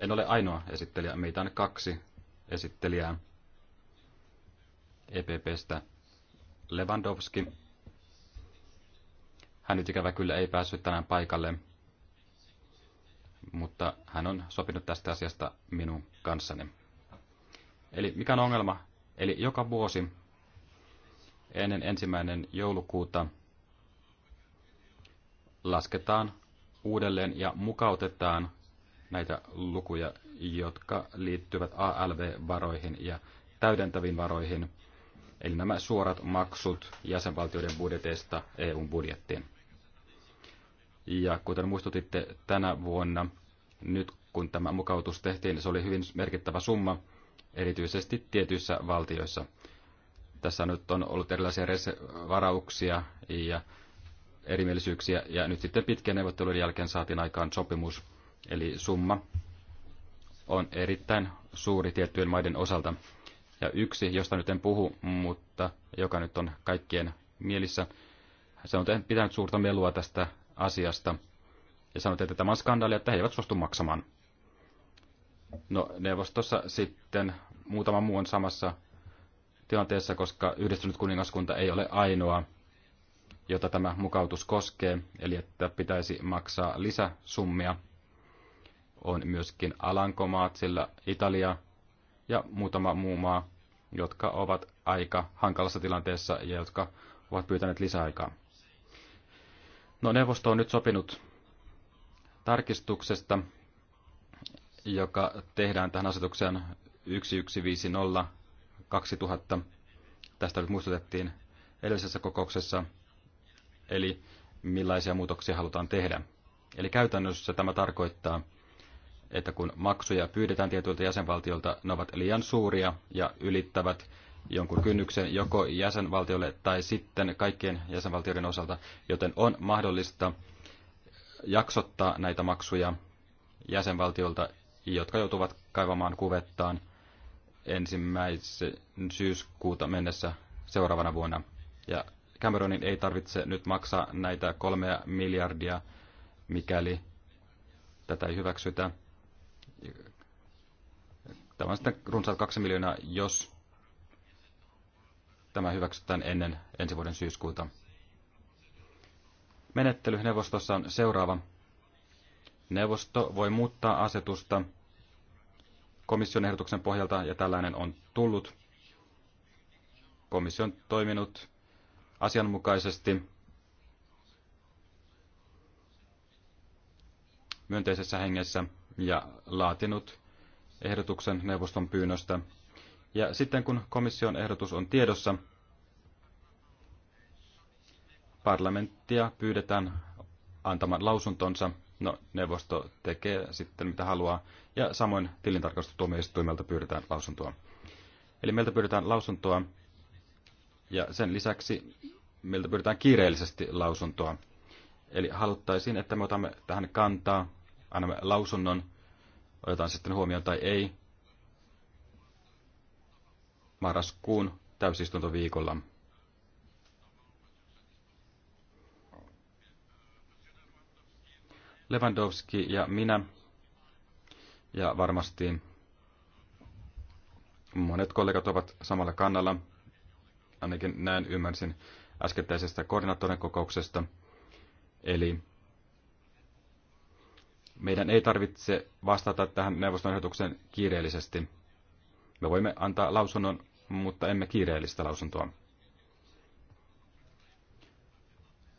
En ole ainoa esittelijä, meitä on kaksi esittelijää EPPstä. Lewandowski. Hän nyt ikävä kyllä ei päässyt tänään paikalle, mutta hän on sopinut tästä asiasta minun kanssani. Eli mikä on ongelma? Eli joka vuosi ennen ensimmäinen joulukuuta lasketaan uudelleen ja mukautetaan näitä lukuja, jotka liittyvät ALV-varoihin ja täydentäviin varoihin, eli nämä suorat maksut jäsenvaltioiden budjeteista EUn budjettiin. Ja kuten muistutitte tänä vuonna, nyt kun tämä mukautus tehtiin, se oli hyvin merkittävä summa, erityisesti tietyissä valtioissa. Tässä nyt on ollut erilaisia varauksia ja erimielisyyksiä, ja nyt sitten pitkien neuvottelujen jälkeen saatiin aikaan sopimus, eli summa on erittäin suuri tiettyjen maiden osalta. Ja yksi, josta nyt en puhu, mutta joka nyt on kaikkien mielissä, se on pitänyt suurta melua tästä asiasta, ja sanoi, että tämä on skandaali, että he eivät suostu maksamaan. No neuvostossa sitten muutama muu on samassa tilanteessa, koska yhdistynyt kuningaskunta ei ole ainoa, jota tämä mukautus koskee, eli että pitäisi maksaa lisäsummia. On myöskin Alankomaat, sillä Italia ja muutama muu maa, jotka ovat aika hankalassa tilanteessa ja jotka ovat pyytäneet lisäaikaa. No neuvosto on nyt sopinut tarkistuksesta, joka tehdään tähän asetukseen 1150 2000. Tästä nyt muistutettiin edellisessä kokouksessa, eli millaisia muutoksia halutaan tehdä. Eli käytännössä tämä tarkoittaa, että kun maksuja pyydetään tietyiltä jäsenvaltiolta, ne ovat liian suuria ja ylittävät jonkun kynnyksen joko jäsenvaltiolle tai sitten kaikkien jäsenvaltioiden osalta, joten on mahdollista jaksottaa näitä maksuja jäsenvaltiolta, jotka joutuvat kaivamaan kuvettaan ensimmäisen syyskuuta mennessä seuraavana vuonna. Ja Cameronin ei tarvitse nyt maksaa näitä kolmea miljardia, mikäli tätä ei hyväksytä. Tämä on sitten runsaat kaksi miljoonaa, jos tämä hyväksytään ennen ensi vuoden syyskuuta. Menettely neuvostossa on seuraava. Neuvosto voi muuttaa asetusta komission ehdotuksen pohjalta ja tällainen on tullut. Komissio on toiminut asianmukaisesti myönteisessä hengessä ja laatinut ehdotuksen neuvoston pyynnöstä. Ja sitten kun komission ehdotus on tiedossa, parlamenttia pyydetään antamaan lausuntonsa No, neuvosto tekee sitten mitä haluaa, ja samoin tilintarkastustuomioistuimelta pyydetään lausuntoa. Eli meiltä pyydetään lausuntoa, ja sen lisäksi meiltä pyydetään kiireellisesti lausuntoa. Eli haluttaisiin, että me otamme tähän kantaa, annamme lausunnon, otetaan sitten huomioon tai ei, marraskuun täysistuntoviikolla. Lewandowski ja minä ja varmasti monet kollegat ovat samalla kannalla, ainakin näin ymmärsin äskettäisestä koordinaattorin kokouksesta. Eli meidän ei tarvitse vastata tähän neuvoston ehdotukseen kiireellisesti. Me voimme antaa lausunnon, mutta emme kiireellistä lausuntoa.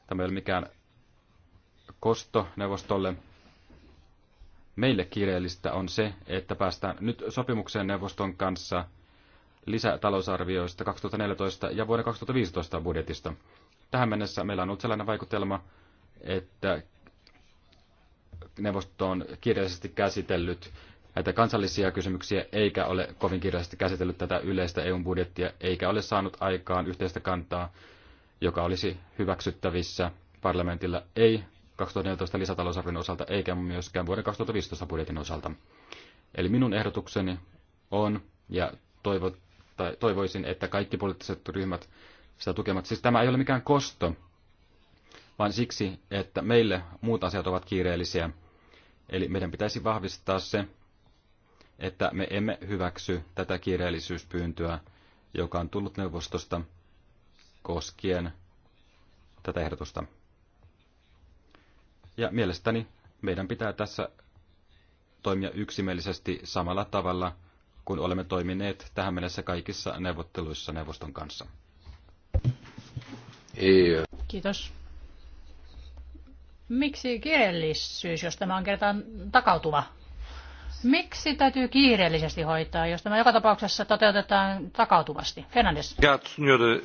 Tämä ei ole mikään kostoneuvostolle. Meille kiireellistä on se, että päästään nyt sopimukseen neuvoston kanssa lisätalousarvioista 2014 ja vuoden 2015 budjetista. Tähän mennessä meillä on ollut sellainen vaikutelma, että neuvosto on kiireellisesti käsitellyt näitä kansallisia kysymyksiä, eikä ole kovin kiireellisesti käsitellyt tätä yleistä EU-budjettia, eikä ole saanut aikaan yhteistä kantaa, joka olisi hyväksyttävissä parlamentilla ei 2014 lisätalousarvion osalta eikä myöskään vuoden 2015 budjetin osalta. Eli minun ehdotukseni on, ja toivo, tai toivoisin, että kaikki poliittiset ryhmät sitä tukemat. Siis tämä ei ole mikään kosto, vaan siksi, että meille muut asiat ovat kiireellisiä. Eli meidän pitäisi vahvistaa se, että me emme hyväksy tätä kiireellisyyspyyntöä, joka on tullut neuvostosta koskien tätä ehdotusta. Ja mielestäni meidän pitää tässä toimia yksimielisesti samalla tavalla kuin olemme toimineet tähän mennessä kaikissa neuvotteluissa neuvoston kanssa. Kiitos. Miksi kiireellisyys, jos tämä on kertaan takautuva? Miksi täytyy kiireellisesti hoitaa, jos tämä joka tapauksessa toteutetaan takautuvasti? Fernandes.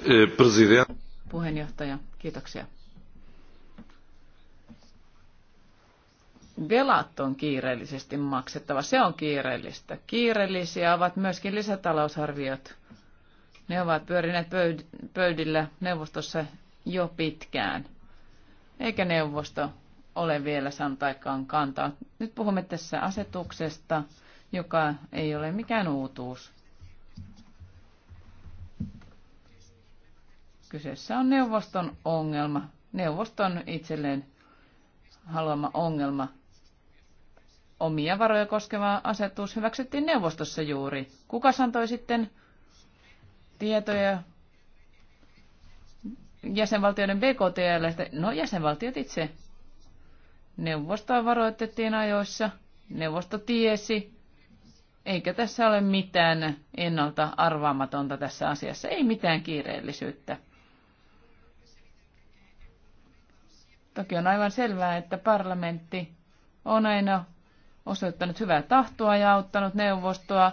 Eh, Puheenjohtaja, kiitoksia. velat on kiireellisesti maksettava. Se on kiireellistä. Kiireellisiä ovat myöskin lisätalousarviot. Ne ovat pyörineet pöydillä neuvostossa jo pitkään. Eikä neuvosto ole vielä saanut aikaan kantaa. Nyt puhumme tässä asetuksesta, joka ei ole mikään uutuus. Kyseessä on neuvoston ongelma, neuvoston itselleen haluama ongelma omia varoja koskeva asetus hyväksyttiin neuvostossa juuri. Kuka antoi sitten tietoja jäsenvaltioiden BKTL? No jäsenvaltiot itse. Neuvostoa varoitettiin ajoissa. Neuvosto tiesi. Eikä tässä ole mitään ennalta arvaamatonta tässä asiassa. Ei mitään kiireellisyyttä. Toki on aivan selvää, että parlamentti on aina osoittanut hyvää tahtoa ja auttanut neuvostoa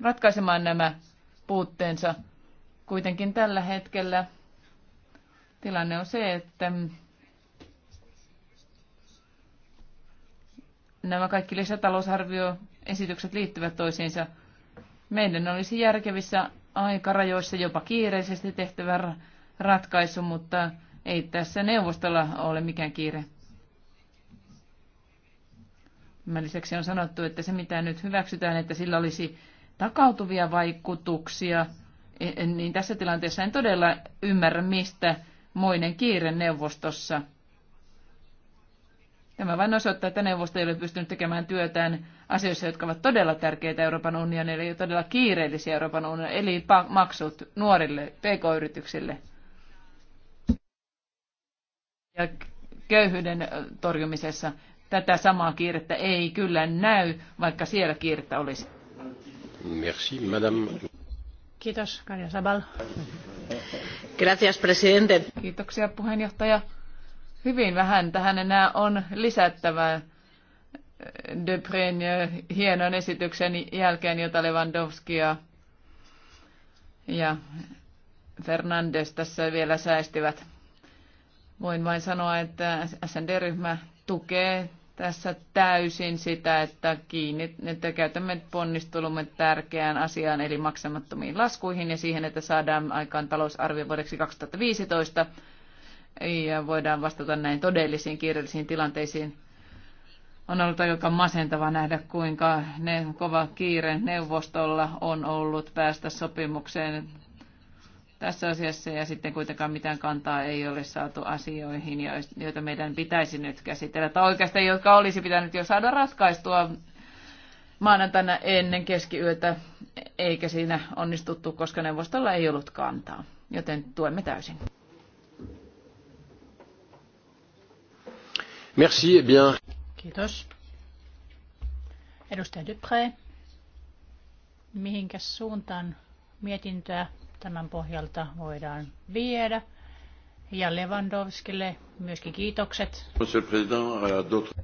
ratkaisemaan nämä puutteensa. Kuitenkin tällä hetkellä tilanne on se, että nämä kaikki lisätalousarvioesitykset liittyvät toisiinsa. Meidän olisi järkevissä aikarajoissa jopa kiireisesti tehtävä ratkaisu, mutta ei tässä neuvostolla ole mikään kiire. Lisäksi on sanottu, että se mitä nyt hyväksytään, että sillä olisi takautuvia vaikutuksia, e, niin tässä tilanteessa en todella ymmärrä, mistä moinen kiire neuvostossa. Tämä vain osoittaa, että neuvosto ei ole pystynyt tekemään työtään asioissa, jotka ovat todella tärkeitä Euroopan unionille ja todella kiireellisiä Euroopan unionille, eli maksut nuorille pk-yrityksille ja köyhyyden torjumisessa tätä samaa kiirettä ei kyllä näy, vaikka siellä kiirettä olisi. Merci, madame. Kiitos, Karja Sabal. Gracias, presidente. Kiitoksia, puheenjohtaja. Hyvin vähän tähän enää on lisättävää Depren hienon esityksen jälkeen, jota Lewandowski ja, ja Fernandes tässä vielä säistivät. Voin vain sanoa, että SND-ryhmä tukee tässä täysin sitä, että, kiinni, että käytämme ponnistelumme tärkeään asiaan, eli maksamattomiin laskuihin ja siihen, että saadaan aikaan talousarvio vuodeksi 2015 ja voidaan vastata näin todellisiin kiireellisiin tilanteisiin. On ollut aika masentava nähdä, kuinka ne, kova kiire neuvostolla on ollut päästä sopimukseen tässä asiassa ja sitten kuitenkaan mitään kantaa ei ole saatu asioihin, joita meidän pitäisi nyt käsitellä. Tai oikeastaan, jotka olisi pitänyt jo saada ratkaistua maanantaina ennen keskiyötä, eikä siinä onnistuttu, koska neuvostolla ei ollut kantaa. Joten tuemme täysin. Merci, et eh bien. Kiitos. Edustaja Dupré, mihinkä suuntaan mietintöä tämän pohjalta voidaan viedä. Ja Lewandowskille myöskin kiitokset. Euh,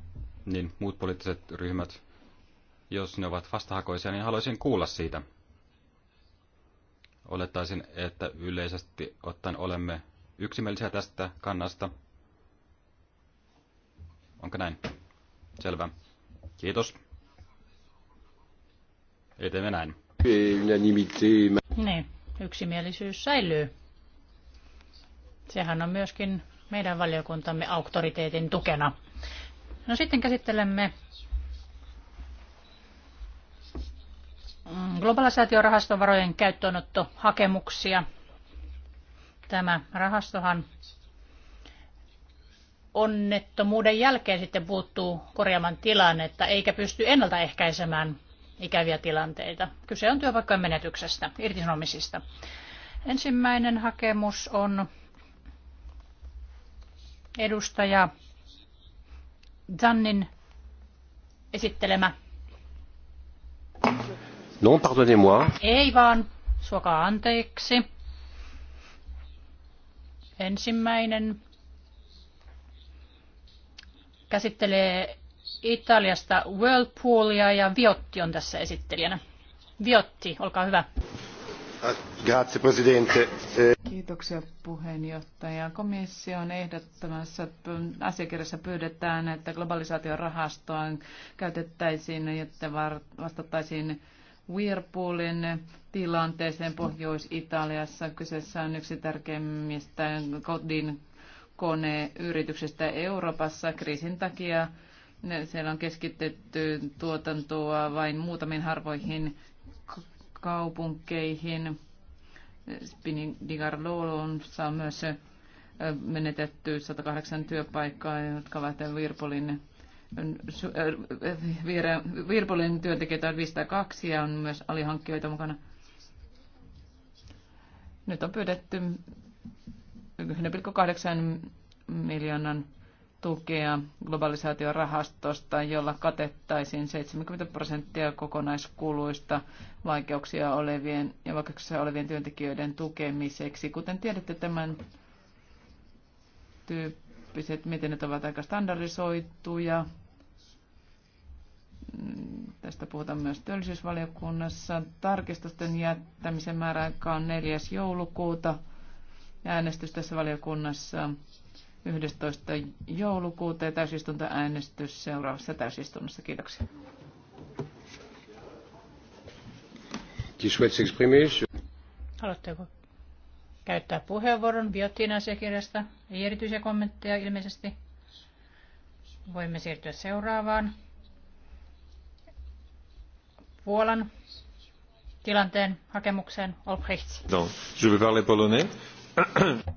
niin, muut poliittiset ryhmät, jos ne ovat vastahakoisia, niin haluaisin kuulla siitä. Olettaisin, että yleisesti ottaen olemme yksimielisiä tästä kannasta. Onko näin? Selvä. Kiitos. Ei teemme näin. Niin, yksimielisyys säilyy. Sehän on myöskin meidän valiokuntamme auktoriteetin tukena. No sitten käsittelemme globalisaatiorahaston varojen käyttöönottohakemuksia. Tämä rahastohan onnettomuuden jälkeen sitten puuttuu korjaamaan tilannetta eikä pysty ennaltaehkäisemään ikäviä tilanteita. Kyse on työpaikkojen menetyksestä, irtisanomisista. Ensimmäinen hakemus on edustaja Zannin esittelemä. Non, pardonnez-moi. Ei vaan, suokaa anteeksi. Ensimmäinen käsittelee Italiasta Whirlpoolia ja Viotti on tässä esittelijänä. Viotti, olkaa hyvä. Ah, grazie, presidente. Eh, Kiitoksia puheenjohtaja. on ehdottamassa asiakirjassa pyydetään, että globalisaation rahastoa käytettäisiin, jotta vastattaisiin Whirlpoolin tilanteeseen Pohjois-Italiassa. Kyseessä on yksi tärkeimmistä kodin koneyrityksistä Euroopassa kriisin takia ne Siellä on keskitetty tuotantoa vain muutamiin harvoihin kaupunkeihin. Spinigar on myös menetetty 108 työpaikkaa, jotka ovat Virpolin Virpolin työntekijöitä 502 ja on myös alihankkijoita mukana. Nyt on pyydetty 1,8 miljoonan tukea globalisaatiorahastosta, jolla katettaisiin 70 prosenttia kokonaiskuluista vaikeuksia olevien ja vaikeuksissa olevien työntekijöiden tukemiseksi. Kuten tiedätte, tämän tyyppiset mietinnöt ovat aika standardisoituja. Tästä puhutaan myös työllisyysvaliokunnassa. Tarkistusten jättämisen määräaika on 4. joulukuuta. Äänestys tässä valiokunnassa 11. joulukuuta ja äänestys seuraavassa täysistunnossa. Kiitoksia. Haluatteko käyttää puheenvuoron Biottiin asiakirjasta? Ei erityisiä kommentteja ilmeisesti. Voimme siirtyä seuraavaan. Puolan tilanteen hakemukseen. Olbrecht.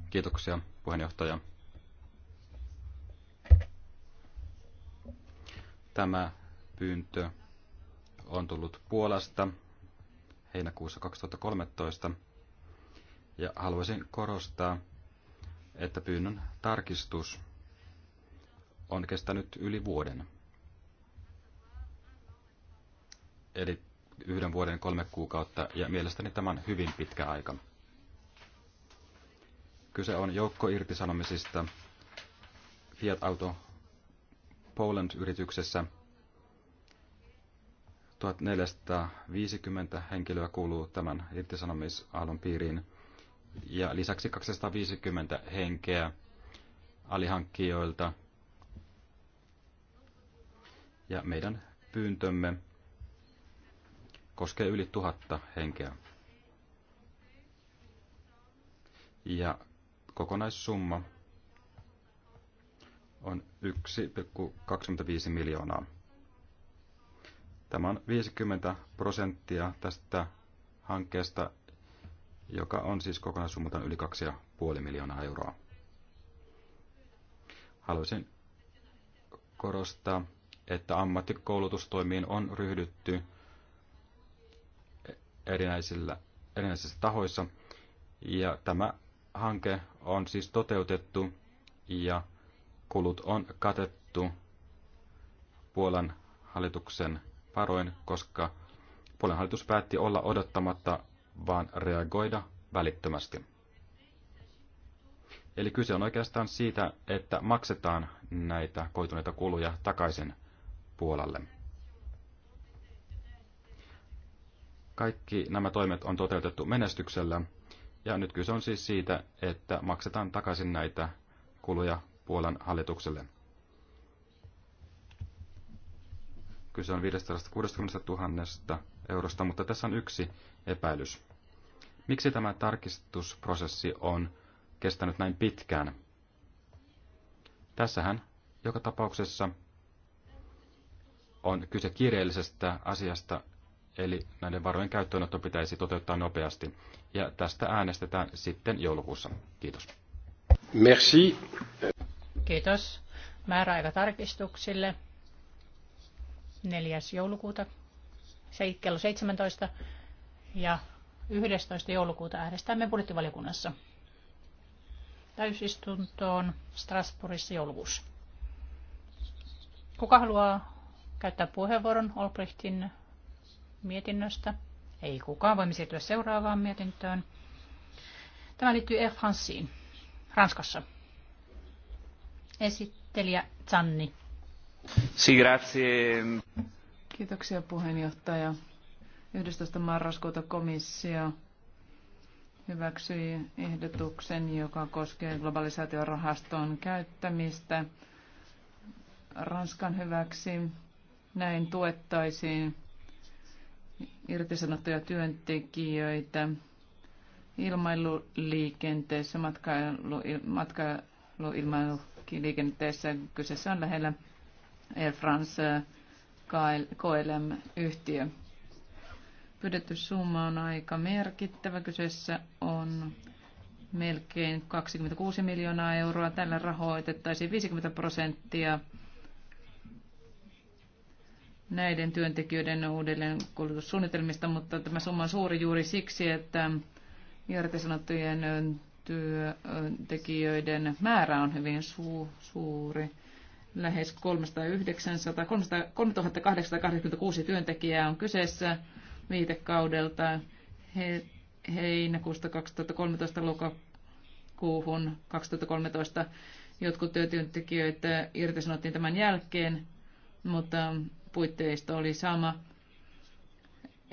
Kiitoksia puheenjohtaja. Tämä pyyntö on tullut Puolasta heinäkuussa 2013 ja haluaisin korostaa, että pyynnön tarkistus on kestänyt yli vuoden. Eli yhden vuoden kolme kuukautta, ja mielestäni tämä on hyvin pitkä aika. Kyse on joukko irtisanomisista Fiat Auto Poland-yrityksessä 1450 henkilöä kuuluu tämän irtisanomisaallon piiriin ja lisäksi 250 henkeä alihankkijoilta. Ja meidän pyyntömme koskee yli tuhatta henkeä. Ja kokonaissumma on 1,25 miljoonaa. Tämä on 50 prosenttia tästä hankkeesta, joka on siis kokonaissummaltaan yli 2,5 miljoonaa euroa. Haluaisin korostaa, että ammattikoulutustoimiin on ryhdytty erinäisillä, erinäisissä tahoissa, ja tämä hanke on siis toteutettu, ja kulut on katettu Puolan hallituksen varoin, koska Puolan hallitus päätti olla odottamatta, vaan reagoida välittömästi. Eli kyse on oikeastaan siitä, että maksetaan näitä koituneita kuluja takaisin Puolalle. Kaikki nämä toimet on toteutettu menestyksellä, ja nyt kyse on siis siitä, että maksetaan takaisin näitä kuluja Puolan hallitukselle. Kyse on 560 000 eurosta, mutta tässä on yksi epäilys. Miksi tämä tarkistusprosessi on kestänyt näin pitkään? Tässähän joka tapauksessa on kyse kiireellisestä asiasta, eli näiden varojen käyttöönotto pitäisi toteuttaa nopeasti. Ja tästä äänestetään sitten joulukuussa. Kiitos. Merci. Kiitos. Määräaika tarkistuksille 4. joulukuuta kello 17 ja 11. joulukuuta äänestämme budjettivaliokunnassa täysistuntoon Strasbourgissa joulukuussa. Kuka haluaa käyttää puheenvuoron Olbrichtin mietinnöstä? Ei kukaan. Voimme siirtyä seuraavaan mietintöön. Tämä liittyy Air Franceen, Ranskassa. Esittelijä Zanni. Si, grazie. Kiitoksia puheenjohtaja. 11. marraskuuta komissio hyväksyi ehdotuksen, joka koskee globalisaatiorahaston käyttämistä Ranskan hyväksi. Näin tuettaisiin irtisanottuja työntekijöitä ilmailuliikenteessä, matkailu, matkailuilmailu liikenteessä. Kyseessä on lähellä Air France KLM-yhtiö. Pyydetty summa on aika merkittävä. Kyseessä on melkein 26 miljoonaa euroa. Tällä rahoitettaisiin 50 prosenttia näiden työntekijöiden uudelleen koulutussuunnitelmista, mutta tämä summa on suuri juuri siksi, että irtisanottujen työntekijöiden määrä on hyvin su- suuri. Lähes 309, 3886 työntekijää on kyseessä viitekaudelta he, heinäkuusta 2013 lokakuuhun 2013. Jotkut työtyöntekijöitä irtisanottiin tämän jälkeen, mutta puitteista oli sama.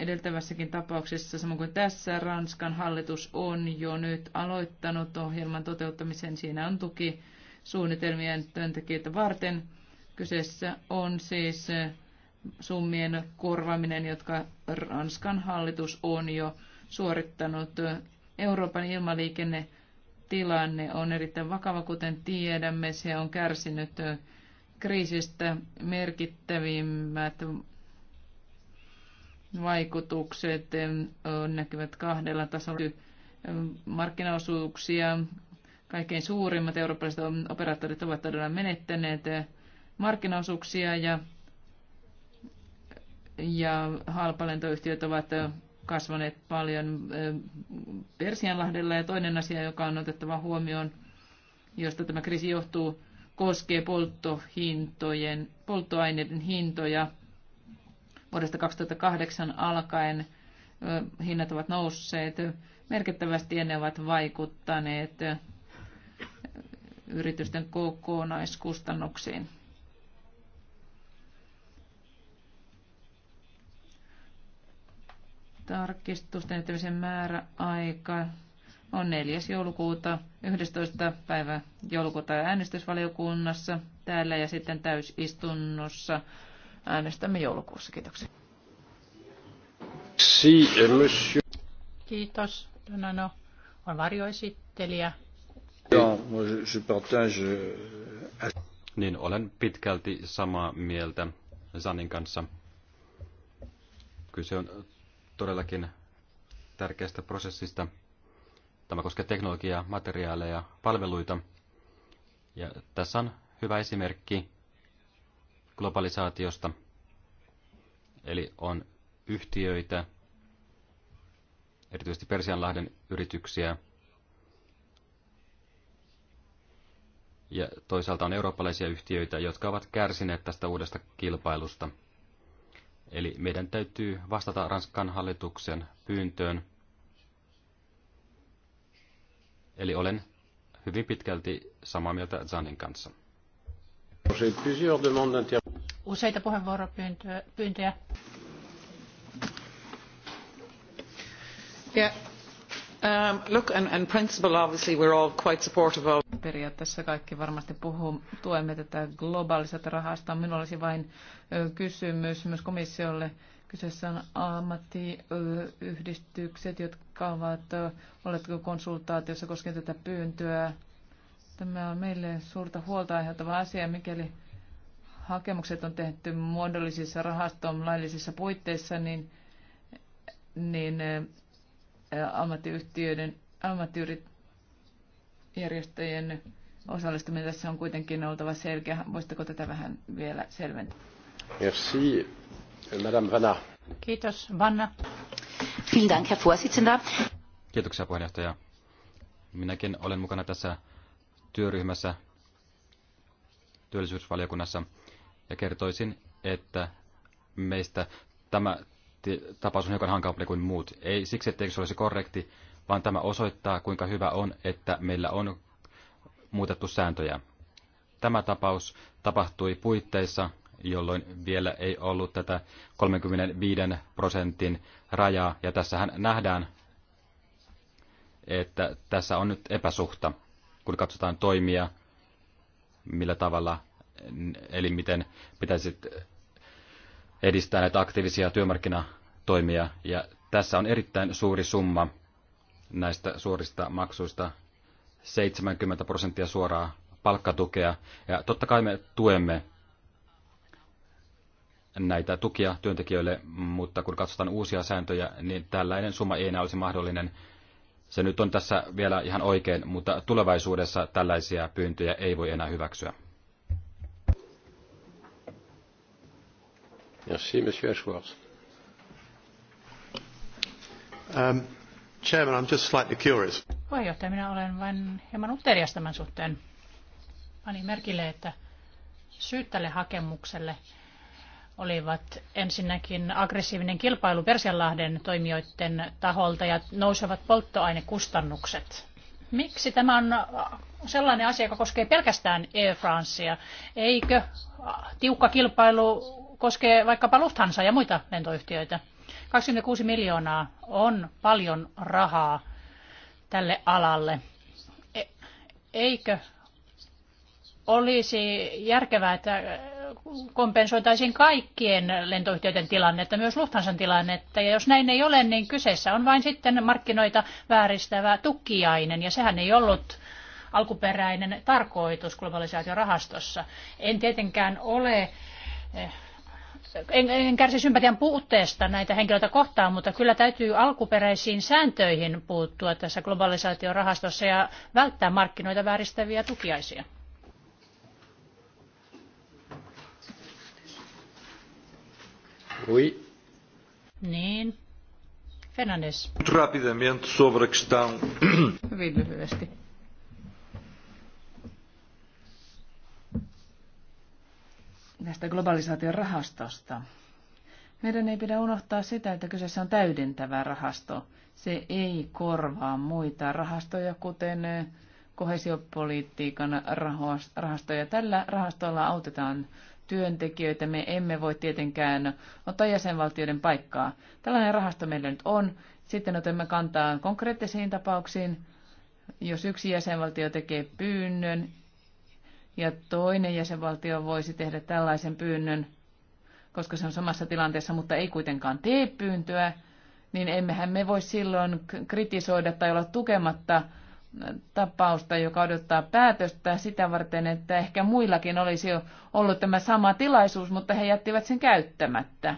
Edeltävässäkin tapauksessa, samoin kuin tässä, Ranskan hallitus on jo nyt aloittanut ohjelman toteuttamisen. Siinä on tuki suunnitelmien työntekijöitä varten. Kyseessä on siis summien korvaaminen, jotka Ranskan hallitus on jo suorittanut. Euroopan ilmaliikennetilanne on erittäin vakava, kuten tiedämme. Se on kärsinyt kriisistä merkittävimmät vaikutukset näkyvät kahdella tasolla. Markkinaosuuksia kaikkein suurimmat eurooppalaiset operaattorit ovat todella menettäneet eh, markkinaosuuksia ja, ja halpalentoyhtiöt ovat eh, kasvaneet paljon eh, Persianlahdella. Ja toinen asia, joka on otettava huomioon, josta tämä kriisi johtuu, koskee polttohintojen, polttoaineiden hintoja vuodesta 2008 alkaen hinnat ovat nousseet merkittävästi ja ne ovat vaikuttaneet yritysten kokonaiskustannuksiin. Tarkistusten jättämisen määräaika on 4. joulukuuta, 11. päivä joulukuuta äänestysvaliokunnassa täällä ja sitten täysistunnossa äänestämme joulukuussa. Kiitoksia. Si, eh, monsieur. Kiitos. Donano on varjoesittelijä. Eh, niin olen pitkälti samaa mieltä Sanin kanssa. Kyse on todellakin tärkeästä prosessista. Tämä koskee teknologiaa, materiaaleja, palveluita. Ja tässä on hyvä esimerkki globalisaatiosta. Eli on yhtiöitä, erityisesti Persianlahden yrityksiä, ja toisaalta on eurooppalaisia yhtiöitä, jotka ovat kärsineet tästä uudesta kilpailusta. Eli meidän täytyy vastata Ranskan hallituksen pyyntöön. Eli olen hyvin pitkälti samaa mieltä Zanin kanssa useita puheenvuoropyyntöjä. Yeah. Um, look, and, and principle, obviously, we're all quite supportive of. Periaatteessa kaikki varmasti puhuu, tuemme tätä globaalista rahasta. Minulla olisi vain kysymys myös komissiolle. Kyseessä on ammattiyhdistykset, jotka ovat olleet konsultaatiossa koskien tätä pyyntöä. Tämä on meille suurta huolta aiheuttava asia, mikäli hakemukset on tehty muodollisissa rahaston laillisissa puitteissa, niin, niin ammattiyhtiöiden, ammattijärjestöjen osallistuminen tässä on kuitenkin oltava selkeä. Voisitteko tätä vähän vielä selventää? Merci, Madame Vanna. Kiitos, Vanna. Vielen Dank, Herr Vorsitzender. Kiitoksia, puheenjohtaja. Minäkin olen mukana tässä työryhmässä työllisyysvaliokunnassa. Ja kertoisin, että meistä tämä tapaus on hiukan hankalampi kuin muut. Ei siksi, etteikö se olisi korrekti, vaan tämä osoittaa, kuinka hyvä on, että meillä on muutettu sääntöjä. Tämä tapaus tapahtui puitteissa, jolloin vielä ei ollut tätä 35 prosentin rajaa, ja tässähän nähdään, että tässä on nyt epäsuhta, kun katsotaan toimia, millä tavalla eli miten pitäisi edistää näitä aktiivisia työmarkkinatoimia. Ja tässä on erittäin suuri summa näistä suorista maksuista, 70 prosenttia suoraa palkkatukea. Ja totta kai me tuemme näitä tukia työntekijöille, mutta kun katsotaan uusia sääntöjä, niin tällainen summa ei enää olisi mahdollinen. Se nyt on tässä vielä ihan oikein, mutta tulevaisuudessa tällaisia pyyntöjä ei voi enää hyväksyä. Merci, Monsieur Ashworth. Um, chairman, I'm just slightly curious. Puheenjohtaja, minä olen vain hieman utelias tämän suhteen. Panin merkille, että syyt tälle hakemukselle olivat ensinnäkin aggressiivinen kilpailu Persianlahden toimijoiden taholta ja nousevat polttoainekustannukset. Miksi tämä on sellainen asia, joka koskee pelkästään Air Francea? Eikö tiukka kilpailu koskee vaikkapa Lufthansa ja muita lentoyhtiöitä. 26 miljoonaa on paljon rahaa tälle alalle. E- eikö olisi järkevää, että kompensoitaisiin kaikkien lentoyhtiöiden tilannetta, myös Lufthansan tilannetta. Ja jos näin ei ole, niin kyseessä on vain sitten markkinoita vääristävä tukiainen, ja sehän ei ollut alkuperäinen tarkoitus globalisaatiorahastossa. En tietenkään ole eh, en, en kärsi sympatian puutteesta näitä henkilöitä kohtaan, mutta kyllä täytyy alkuperäisiin sääntöihin puuttua tässä globalisaatiorahastossa ja välttää markkinoita vääristäviä tukiaisia. Niin. Fernandes. Hyvin lyhyesti. tästä globalisaation rahastosta. Meidän ei pidä unohtaa sitä, että kyseessä on täydentävä rahasto. Se ei korvaa muita rahastoja, kuten kohesiopolitiikan rahastoja. Tällä rahastolla autetaan työntekijöitä. Me emme voi tietenkään ottaa jäsenvaltioiden paikkaa. Tällainen rahasto meillä nyt on. Sitten otamme kantaa konkreettisiin tapauksiin. Jos yksi jäsenvaltio tekee pyynnön, ja toinen jäsenvaltio voisi tehdä tällaisen pyynnön, koska se on samassa tilanteessa, mutta ei kuitenkaan tee pyyntöä, niin emmehän me voi silloin kritisoida tai olla tukematta tapausta, joka odottaa päätöstä sitä varten, että ehkä muillakin olisi ollut tämä sama tilaisuus, mutta he jättivät sen käyttämättä.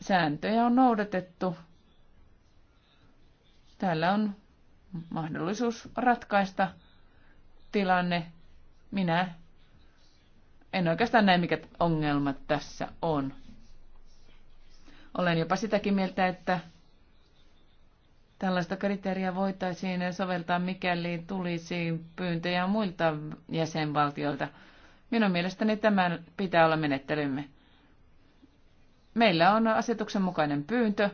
Sääntöjä on noudatettu. Täällä on mahdollisuus ratkaista tilanne minä en oikeastaan näe, mikä ongelma tässä on. Olen jopa sitäkin mieltä, että tällaista kriteeriä voitaisiin soveltaa, mikäli tulisi pyyntöjä muilta jäsenvaltioilta. Minun mielestäni tämän pitää olla menettelymme. Meillä on asetuksen mukainen pyyntö,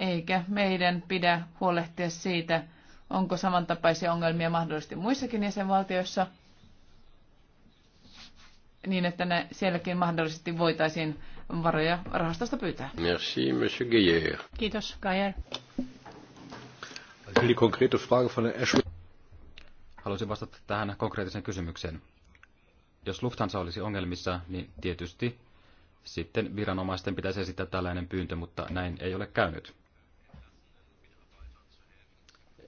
eikä meidän pidä huolehtia siitä, onko samantapaisia ongelmia mahdollisesti muissakin jäsenvaltioissa – niin, että ne sielläkin mahdollisesti voitaisiin varoja rahastosta pyytää. Merci, Monsieur Geyer. Kiitos, Geyer. Haluaisin vastata tähän konkreettiseen kysymykseen. Jos Lufthansa olisi ongelmissa, niin tietysti sitten viranomaisten pitäisi esittää tällainen pyyntö, mutta näin ei ole käynyt.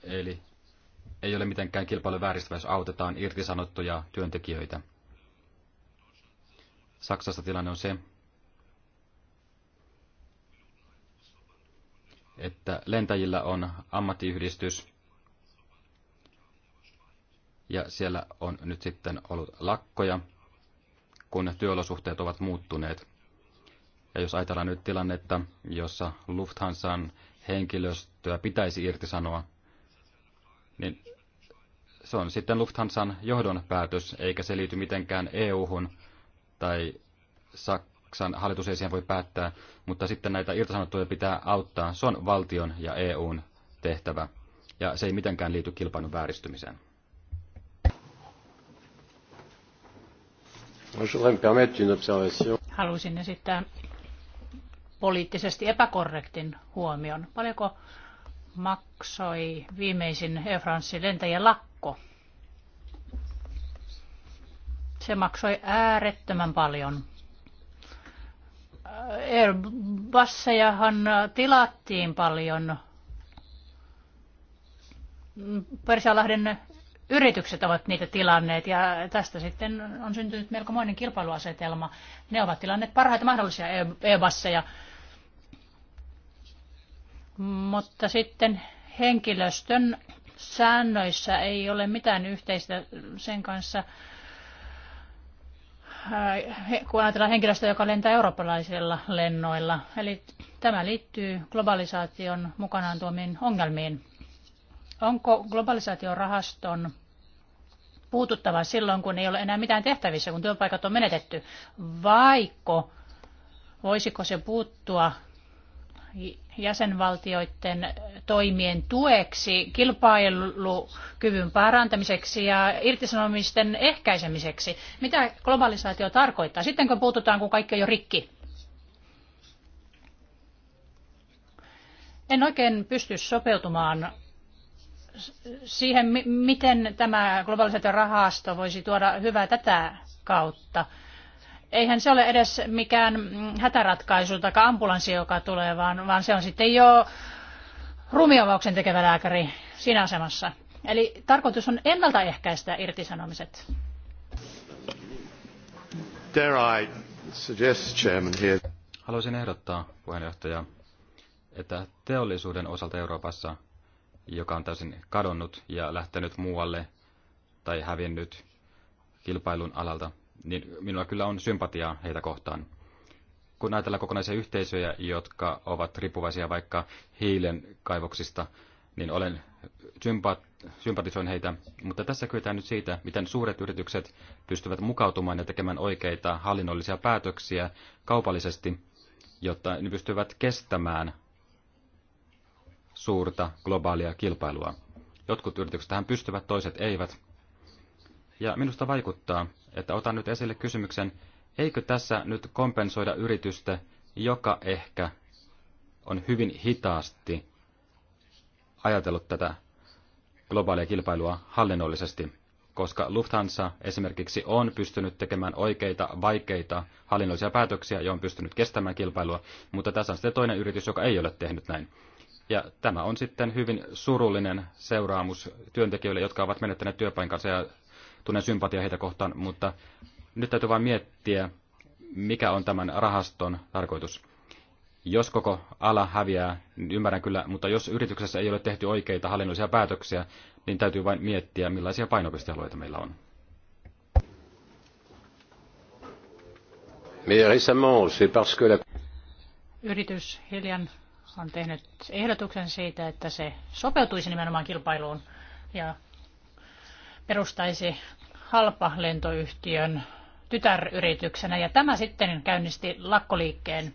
Eli ei ole mitenkään kilpailu vääristävä, jos autetaan irtisanottuja työntekijöitä – Saksassa tilanne on se, että lentäjillä on ammattiyhdistys ja siellä on nyt sitten ollut lakkoja, kun työolosuhteet ovat muuttuneet. Ja jos ajatellaan nyt tilannetta, jossa Lufthansan henkilöstöä pitäisi irtisanoa, niin se on sitten Lufthansan johdon päätös, eikä se liity mitenkään EU-hun, tai Saksan hallitus ei siihen voi päättää, mutta sitten näitä irtisanottuja pitää auttaa. Se on valtion ja EUn tehtävä, ja se ei mitenkään liity kilpailun vääristymiseen. Haluaisin esittää poliittisesti epäkorrektin huomion. Paljonko maksoi viimeisin Air France lentäjän lakko? Se maksoi äärettömän paljon. Airbussejahan tilattiin paljon. Persialahden yritykset ovat niitä tilanneet ja tästä sitten on syntynyt melkomoinen kilpailuasetelma. Ne ovat tilanneet parhaita mahdollisia e-basseja. Mutta sitten henkilöstön säännöissä ei ole mitään yhteistä sen kanssa, Äh, kun ajatellaan henkilöstöä, joka lentää eurooppalaisilla lennoilla. Eli tämä liittyy globalisaation mukanaan tuomiin ongelmiin. Onko globalisaation rahaston puututtava silloin, kun ei ole enää mitään tehtävissä, kun työpaikat on menetetty, vaiko voisiko se puuttua jäsenvaltioiden toimien tueksi kilpailukyvyn parantamiseksi ja irtisanomisten ehkäisemiseksi. Mitä globalisaatio tarkoittaa? Sittenkö puututaan, kun kaikki on jo rikki? En oikein pysty sopeutumaan siihen, miten tämä globalisaation rahasto voisi tuoda hyvää tätä kautta eihän se ole edes mikään mm, hätäratkaisu tai ambulanssi, joka tulee, vaan, vaan se on sitten jo rumiavauksen tekevä lääkäri siinä asemassa. Eli tarkoitus on ennaltaehkäistä irtisanomiset. Dare I suggest, Chairman, here. Haluaisin ehdottaa, puheenjohtaja, että teollisuuden osalta Euroopassa, joka on täysin kadonnut ja lähtenyt muualle tai hävinnyt kilpailun alalta, niin minulla kyllä on sympatiaa heitä kohtaan. Kun ajatellaan kokonaisia yhteisöjä, jotka ovat riippuvaisia vaikka hiilen kaivoksista, niin olen sympat- sympatisoin heitä, mutta tässä kyetään nyt siitä, miten suuret yritykset pystyvät mukautumaan ja tekemään oikeita hallinnollisia päätöksiä kaupallisesti, jotta ne pystyvät kestämään suurta globaalia kilpailua. Jotkut yritykset tähän pystyvät, toiset eivät. Ja minusta vaikuttaa, että otan nyt esille kysymyksen, eikö tässä nyt kompensoida yritystä, joka ehkä on hyvin hitaasti ajatellut tätä globaalia kilpailua hallinnollisesti, koska Lufthansa esimerkiksi on pystynyt tekemään oikeita, vaikeita hallinnollisia päätöksiä ja on pystynyt kestämään kilpailua, mutta tässä on sitten toinen yritys, joka ei ole tehnyt näin. Ja tämä on sitten hyvin surullinen seuraamus työntekijöille, jotka ovat menettäneet työpaikkansa ja tunnen sympatia heitä kohtaan, mutta nyt täytyy vain miettiä, mikä on tämän rahaston tarkoitus. Jos koko ala häviää, niin ymmärrän kyllä, mutta jos yrityksessä ei ole tehty oikeita hallinnollisia päätöksiä, niin täytyy vain miettiä, millaisia painopistealueita meillä on. Yritys hiljan on tehnyt ehdotuksen siitä, että se sopeutuisi nimenomaan kilpailuun ja perustaisi lentoyhtiön tytäryrityksenä ja tämä sitten käynnisti lakkoliikkeen.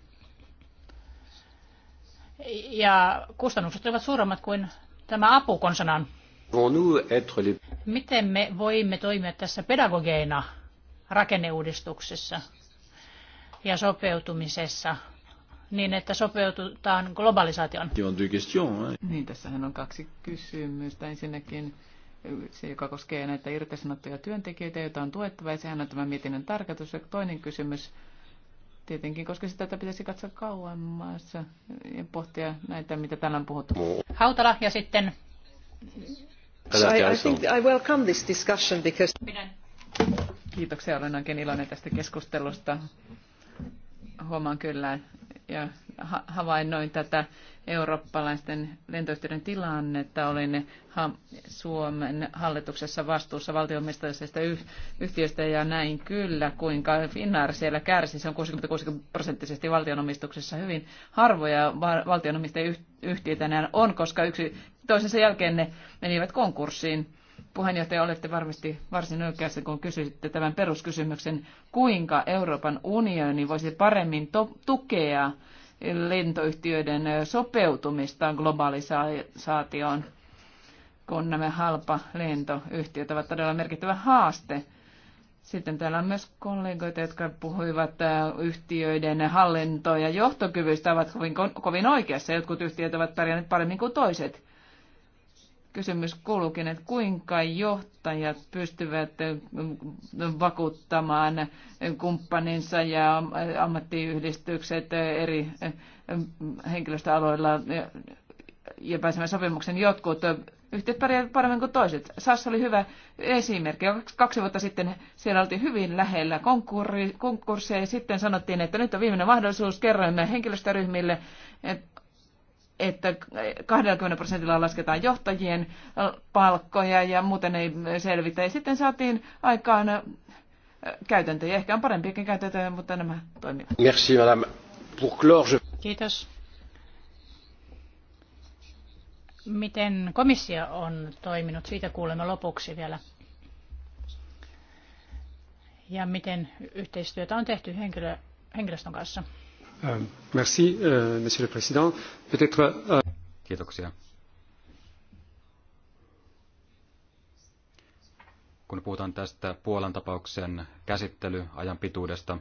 Ja kustannukset olivat suuremmat kuin tämä apukonsanan. Miten me voimme toimia tässä pedagogeina rakenneuudistuksessa ja sopeutumisessa niin, että sopeututaan globalisaation? Niin, tässähän on kaksi kysymystä. Ensinnäkin se, joka koskee näitä irtisanottuja työntekijöitä, joita on tuettava, ja sehän on tämä mietinnön tarkoitus. Ja toinen kysymys tietenkin, koska sitä pitäisi katsoa kauemmassa ja pohtia näitä, mitä täällä on puhuttu. Hautala ja sitten... I, I think I welcome this discussion because... Kiitoksia, olen oikein iloinen tästä keskustelusta. Huomaan kyllä, ja havainnoin tätä eurooppalaisten lentoyhtiöiden tilannetta. Olin Suomen hallituksessa vastuussa valtionmistaisesta yhtiöstä ja näin kyllä, kuinka Finnair siellä kärsi. Se on 60-60 prosenttisesti valtionomistuksessa. Hyvin harvoja valtionomistajia yhtiöitä enää on, koska yksi toisensa jälkeen ne menivät konkurssiin puheenjohtaja, olette varmasti varsin oikeassa, kun kysyitte tämän peruskysymyksen, kuinka Euroopan unioni voisi paremmin tukea lentoyhtiöiden sopeutumista globalisaatioon, kun nämä halpa lentoyhtiöt ovat todella merkittävä haaste. Sitten täällä on myös kollegoita, jotka puhuivat yhtiöiden hallinto- ja johtokyvystä, ovat kovin, kovin oikeassa. Jotkut yhtiöt ovat pärjänneet paremmin kuin toiset Kysymys kuuluukin, että kuinka johtajat pystyvät vakuuttamaan kumppaninsa ja ammattiyhdistykset eri henkilöstöaloilla ja pääsemään sopimuksen jotkut yhteyt pärjäävät paremmin kuin toiset. Sassa oli hyvä esimerkki. Kaksi vuotta sitten siellä oltiin hyvin lähellä konkurssia ja sitten sanottiin, että nyt on viimeinen mahdollisuus. Kerroimme henkilöstöryhmille, että että 20 prosentilla lasketaan johtajien palkkoja ja muuten ei selvitä. Ja sitten saatiin aikaan käytäntöjä, ehkä on parempiakin käytäntöjä, mutta nämä toimivat. Merci, madame. Pour clore, je... Kiitos. Miten komissio on toiminut, siitä kuulemme lopuksi vielä. Ja miten yhteistyötä on tehty henkilö, henkilöstön kanssa? Euh, euh, euh, Kun puhutaan tästä Puolan tapauksen käsittelyajan pituudesta,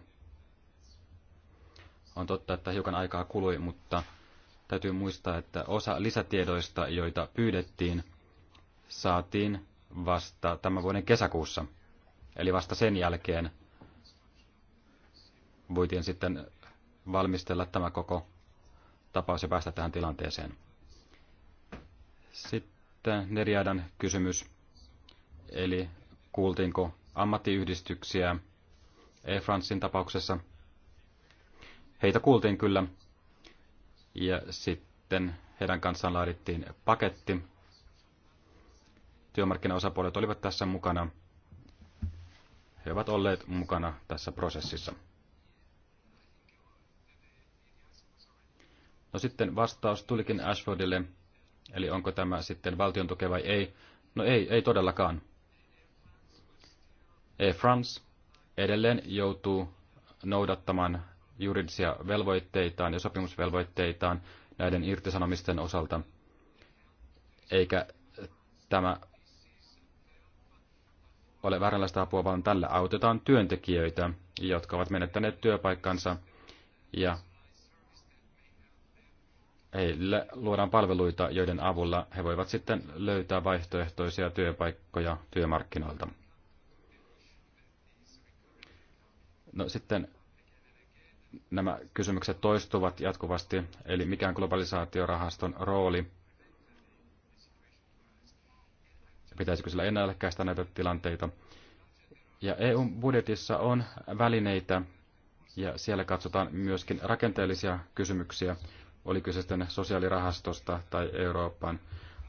on totta, että hiukan aikaa kului, mutta täytyy muistaa, että osa lisätiedoista, joita pyydettiin, saatiin vasta tämän vuoden kesäkuussa. Eli vasta sen jälkeen voitiin sitten valmistella tämä koko tapaus ja päästä tähän tilanteeseen. Sitten Neriadan kysymys, eli kuultiinko ammattiyhdistyksiä E-Fransin tapauksessa. Heitä kuultiin kyllä, ja sitten heidän kanssaan laadittiin paketti. Työmarkkinaosapuolet olivat tässä mukana. He ovat olleet mukana tässä prosessissa. No sitten vastaus tulikin Ashfordille, eli onko tämä sitten valtion tuke vai ei. No ei, ei todellakaan. Air e. France edelleen joutuu noudattamaan juridisia velvoitteitaan ja sopimusvelvoitteitaan näiden irtisanomisten osalta, eikä tämä ole vääränlaista apua, vaan tällä autetaan työntekijöitä, jotka ovat menettäneet työpaikkansa ja heille luodaan palveluita, joiden avulla he voivat sitten löytää vaihtoehtoisia työpaikkoja työmarkkinoilta. No sitten nämä kysymykset toistuvat jatkuvasti, eli mikä on globalisaatiorahaston rooli? Pitäisikö sillä ennaltaehkäistä näitä tilanteita? Ja EU-budjetissa on välineitä, ja siellä katsotaan myöskin rakenteellisia kysymyksiä, oli kyse sitten sosiaalirahastosta tai Euroopan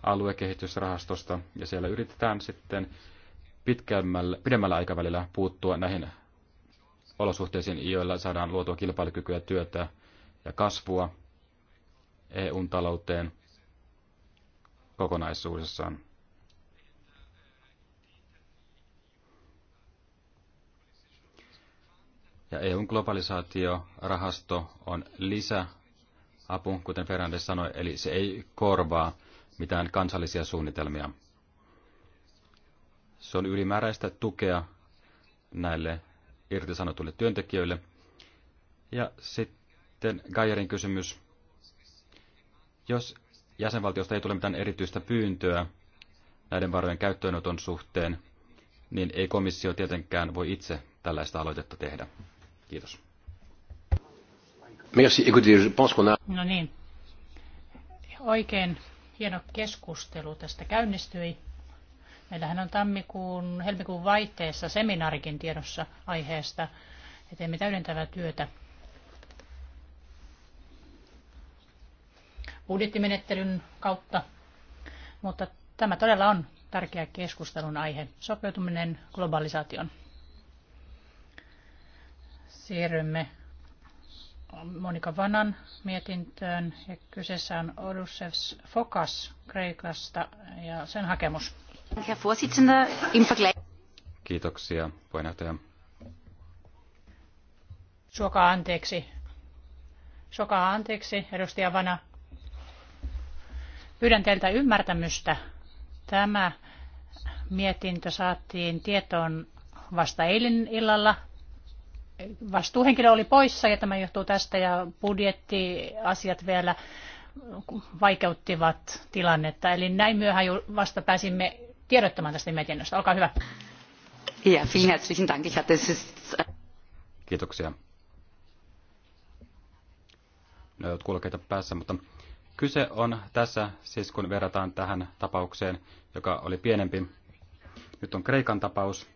aluekehitysrahastosta, ja siellä yritetään sitten pitkämmällä, pidemmällä aikavälillä puuttua näihin olosuhteisiin, joilla saadaan luotua kilpailukykyä, työtä ja kasvua EUn talouteen kokonaisuudessaan. Ja EUn globalisaatiorahasto on lisä apu, kuten Fernandes sanoi, eli se ei korvaa mitään kansallisia suunnitelmia. Se on ylimääräistä tukea näille irtisanotuille työntekijöille. Ja sitten Gajerin kysymys. Jos jäsenvaltiosta ei tule mitään erityistä pyyntöä näiden varojen käyttöönoton suhteen, niin ei komissio tietenkään voi itse tällaista aloitetta tehdä. Kiitos. No niin. Oikein hieno keskustelu tästä käynnistyi. Meillähän on tammikuun, helmikuun vaihteessa seminaarikin tiedossa aiheesta. Ja teemme täydentävää työtä. budjettimenettelyn kautta, mutta tämä todella on tärkeä keskustelun aihe, sopeutuminen globalisaation. Siirrymme Monika Vanan mietintöön. Ja kyseessä on Odusevs Fokas Kreikasta ja sen hakemus. Kiitoksia, puheenjohtaja. Suokaa anteeksi. Suokaa anteeksi, edustaja Vana. Pyydän teiltä ymmärtämystä. Tämä mietintö saatiin tietoon vasta eilen illalla vastuuhenkilö oli poissa ja tämä johtuu tästä ja budjettiasiat vielä vaikeuttivat tilannetta. Eli näin myöhään vasta pääsimme tiedottamaan tästä mietinnöstä. Olkaa hyvä. Ja, vielen Dank. Ich hatte Kiitoksia. No, ei kuulokkeita päässä, mutta kyse on tässä, siis kun verrataan tähän tapaukseen, joka oli pienempi. Nyt on Kreikan tapaus.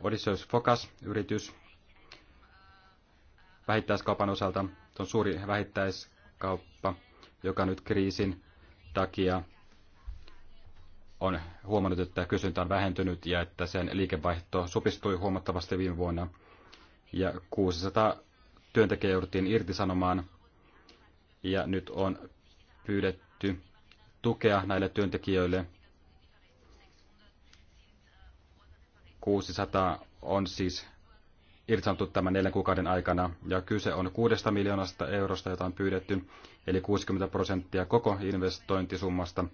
Odysseus Fokas yritys, vähittäiskaupan osalta. tuon on suuri vähittäiskauppa, joka nyt kriisin takia on huomannut, että kysyntä on vähentynyt ja että sen liikevaihto supistui huomattavasti viime vuonna. Ja 600 työntekijää jouduttiin irtisanomaan ja nyt on pyydetty tukea näille työntekijöille. 600 on siis irtisanottu tämän neljän kuukauden aikana, ja kyse on kuudesta miljoonasta eurosta, jota on pyydetty, eli 60 prosenttia koko investointisummasta,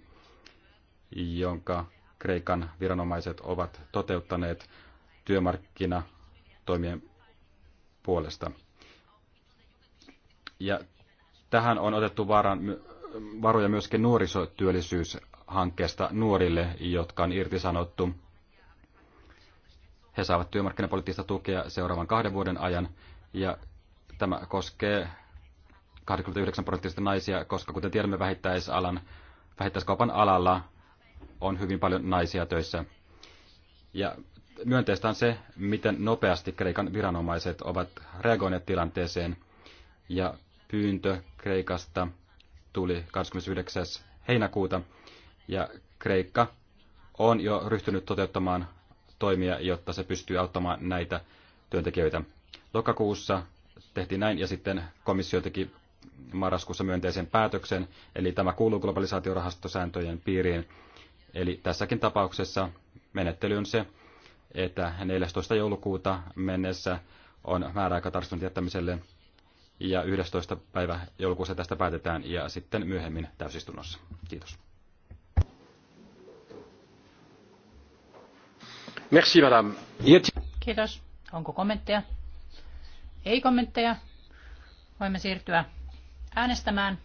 jonka Kreikan viranomaiset ovat toteuttaneet työmarkkinatoimien puolesta. Ja tähän on otettu varan, varoja myöskin nuorisotyöllisyyshankkeesta nuorille, jotka on irtisanottu he saavat työmarkkinapoliittista tukea seuraavan kahden vuoden ajan ja tämä koskee 29 prosenttista naisia, koska kuten tiedämme vähittäisalan, vähittäiskaupan alalla on hyvin paljon naisia töissä. Ja myönteistä on se, miten nopeasti Kreikan viranomaiset ovat reagoineet tilanteeseen. Ja pyyntö Kreikasta tuli 29. heinäkuuta. Ja Kreikka on jo ryhtynyt toteuttamaan toimia, jotta se pystyy auttamaan näitä työntekijöitä. Lokakuussa tehtiin näin ja sitten komissio teki marraskuussa myönteisen päätöksen, eli tämä kuuluu globalisaatiorahastosääntöjen piiriin. Eli tässäkin tapauksessa menettely on se, että 14. joulukuuta mennessä on määräaika tarkistuksen jättämiselle ja 11. päivä joulukuussa tästä päätetään ja sitten myöhemmin täysistunnossa. Kiitos. Kiitos. Onko kommentteja? Ei kommentteja. Voimme siirtyä äänestämään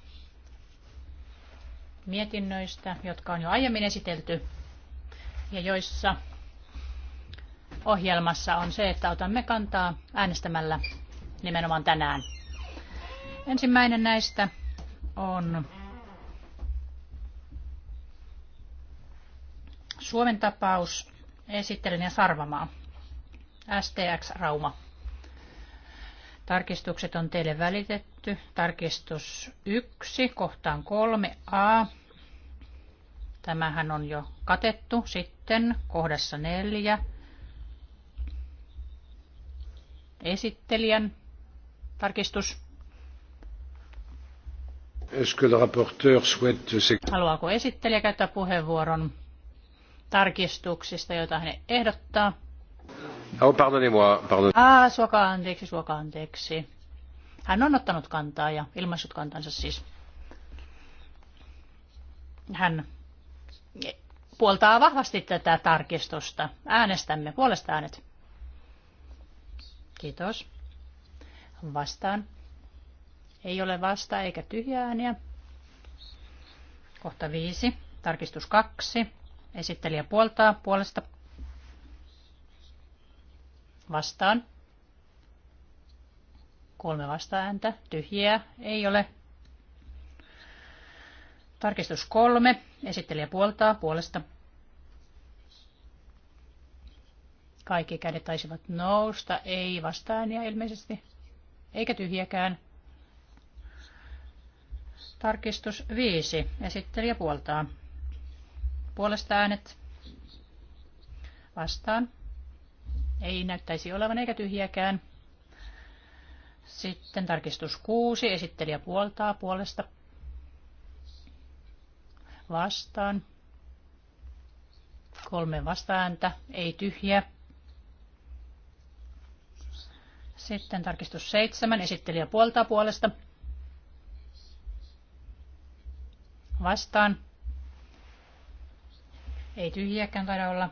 mietinnöistä, jotka on jo aiemmin esitelty ja joissa ohjelmassa on se, että otamme kantaa äänestämällä nimenomaan tänään. Ensimmäinen näistä on Suomen tapaus Esittelen ja Sarvamaa. STX Rauma. Tarkistukset on teille välitetty. Tarkistus 1 kohtaan 3a. Tämähän on jo katettu. Sitten kohdassa 4. Esittelijän tarkistus. Haluaako esittelijä käyttää puheenvuoron? tarkistuksista, joita hän ehdottaa. Ah, oh, pardonnez-moi, pardon. Ah, suoka anteeksi, suoka anteeksi. Hän on ottanut kantaa ja ilmaissut kantansa siis. Hän puoltaa vahvasti tätä tarkistusta. Äänestämme puolesta äänet. Kiitos. Vastaan. Ei ole vasta eikä tyhjää ääniä. Kohta viisi. Tarkistus kaksi. Esittelijä puoltaa puolesta. Vastaan. Kolme vastaääntä. Tyhjiä ei ole. Tarkistus kolme. Esittelijä puoltaa puolesta. Kaikki kädet taisivat nousta. Ei vastaääniä ilmeisesti. Eikä tyhjäkään. Tarkistus 5. Esittelijä puoltaa. Puolesta äänet vastaan. Ei näyttäisi olevan eikä tyhjäkään. Sitten tarkistus 6. Esittelijä puoltaa puolesta vastaan. Kolme vastaääntä, ei tyhjä. Sitten tarkistus 7. Esittelijä puoltaa puolesta vastaan. Ei tyhjiäkään taida olla.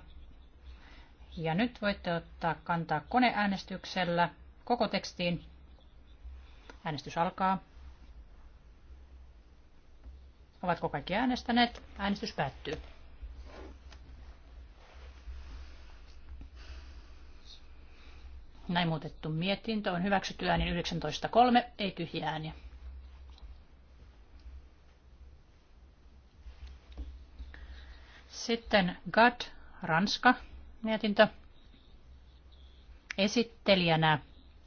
Ja nyt voitte ottaa kantaa koneäänestyksellä koko tekstiin. Äänestys alkaa. Ovatko kaikki äänestäneet? Äänestys päättyy. Näin muutettu mietintö on hyväksytty äänin 19.3, ei tyhjiä ääniä. Sitten GAD, Ranska, mietintö. Esittelijänä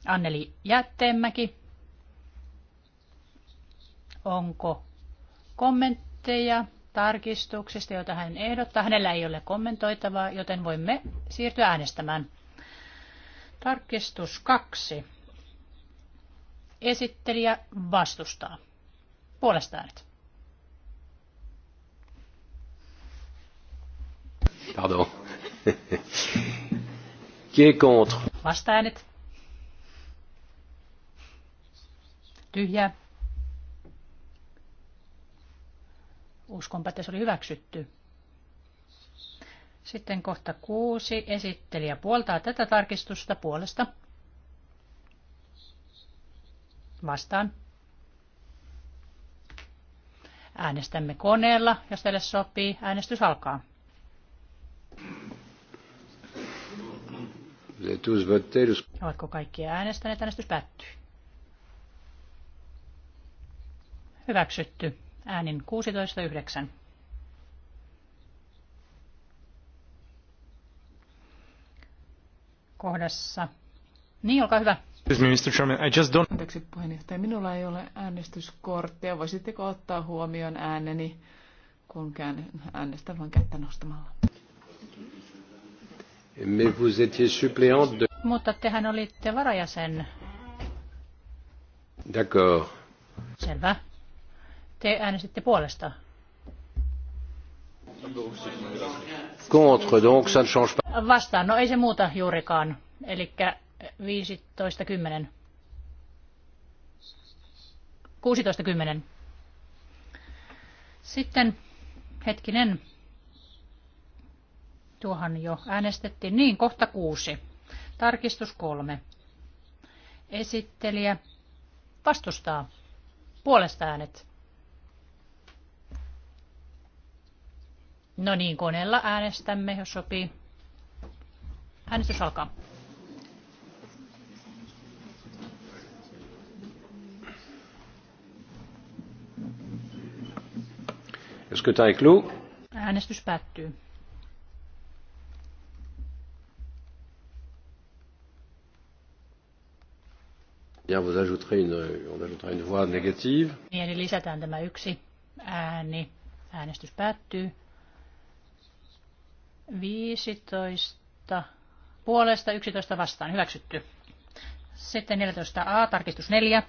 Anneli Jätteenmäki. Onko kommentteja tarkistuksista, joita hän ehdottaa? Hänellä ei ole kommentoitavaa, joten voimme siirtyä äänestämään. Tarkistus kaksi. Esittelijä vastustaa. Puolesta äänet. Pardon. Qui est contre? Vastaanit. Tyhjä. Uskonpa, että se oli hyväksytty. Sitten kohta kuusi. Esittelijä puoltaa tätä tarkistusta puolesta. Vastaan. Äänestämme koneella, jos teille sopii. Äänestys alkaa. Ovatko kaikki äänestäneet? Äänestys päättyy. Hyväksytty. Äänin 16.9. Kohdassa. Niin, olkaa hyvä. Mr. Chairman, I just don't... Anteeksi puheenjohtaja, minulla ei ole äänestyskorttia. Voisitteko ottaa huomioon ääneni, kun äänestän vain kättä nostamalla? Mais vous étiez suppléante de... Mutta tehän olitte varajäsen. D'accord. Selvä. Te äänestitte puolesta. Contre, donc ça ne change pas. Vastaan, no ei se muuta juurikaan. Eli 15.10. 16.10. Sitten, hetkinen, Tuohan jo äänestettiin. Niin, kohta kuusi. Tarkistus kolme. Esittelijä vastustaa. Puolesta äänet. No niin, koneella äänestämme, jos sopii. Äänestys alkaa. Äänestys päättyy. Ja vous ajouterez une, on ajoutera une voix négative. Niin, eli lisätään tämä yksi ääni. Äänestys päättyy. 15 puolesta, 11 vastaan. Hyväksytty. Sitten 14a, tarkistus 4.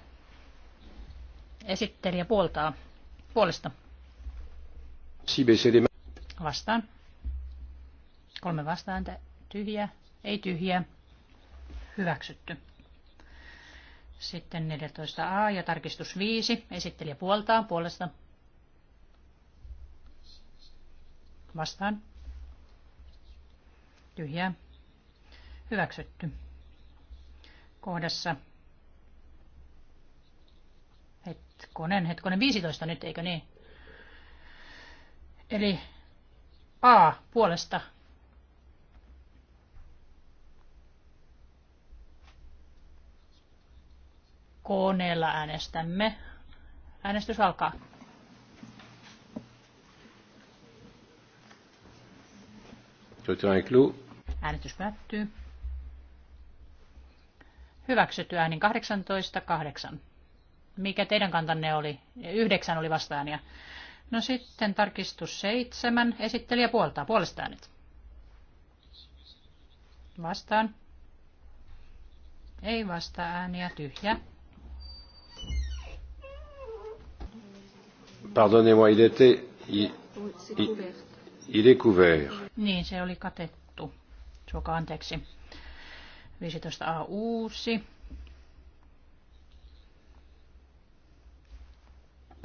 Esittelijä puoltaa. Puolesta. Vastaan. Kolme vastaan. Tyhjä. Ei tyhjä. Hyväksytty. Sitten 14a ja tarkistus 5. Esittelijä puoltaa puolesta. Vastaan. Tyhjää. Hyväksytty. Kohdassa. Hetkonen, hetkonen 15 nyt, eikö niin? Eli A puolesta koneella äänestämme. Äänestys alkaa. Äänestys päättyy. Hyväksytty äänin 18.8. Mikä teidän kantanne oli? Yhdeksän oli vastaääniä. No sitten tarkistus seitsemän. Esittelijä puoltaa. Puolesta äänet. Vastaan. Ei vasta ääniä. Tyhjä. Pardonnez-moi, il était... Il, il, il est couvert. Niin, se oli katettu. Suoka anteeksi. 15a uusi.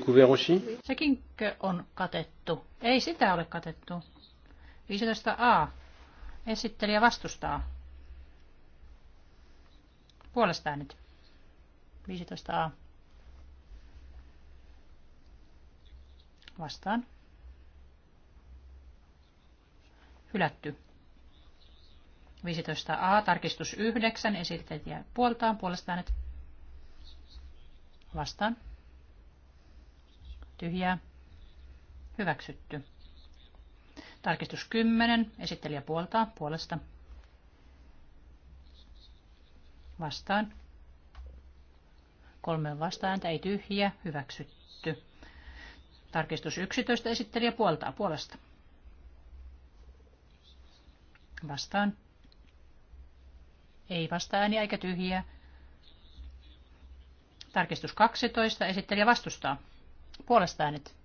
Couvert aussi? Sekinkö on katettu? Ei sitä ole katettu. 15a. Esittelijä vastustaa. Puolesta äänet. 15a. vastaan. Hylätty. 15a, tarkistus 9, ja puoltaan, puolestaan, että vastaan. Tyhjää. Hyväksytty. Tarkistus 10, esittelijä puoltaa, puolesta. Vastaan. Kolme vastaääntä, ei tyhjiä, hyväksytty. Tarkistus 11 esittelijä puoltaa puolesta. Vastaan. Ei vasta ääni eikä tyhjiä. Tarkistus 12 esittelijä vastustaa. Puolesta äänet.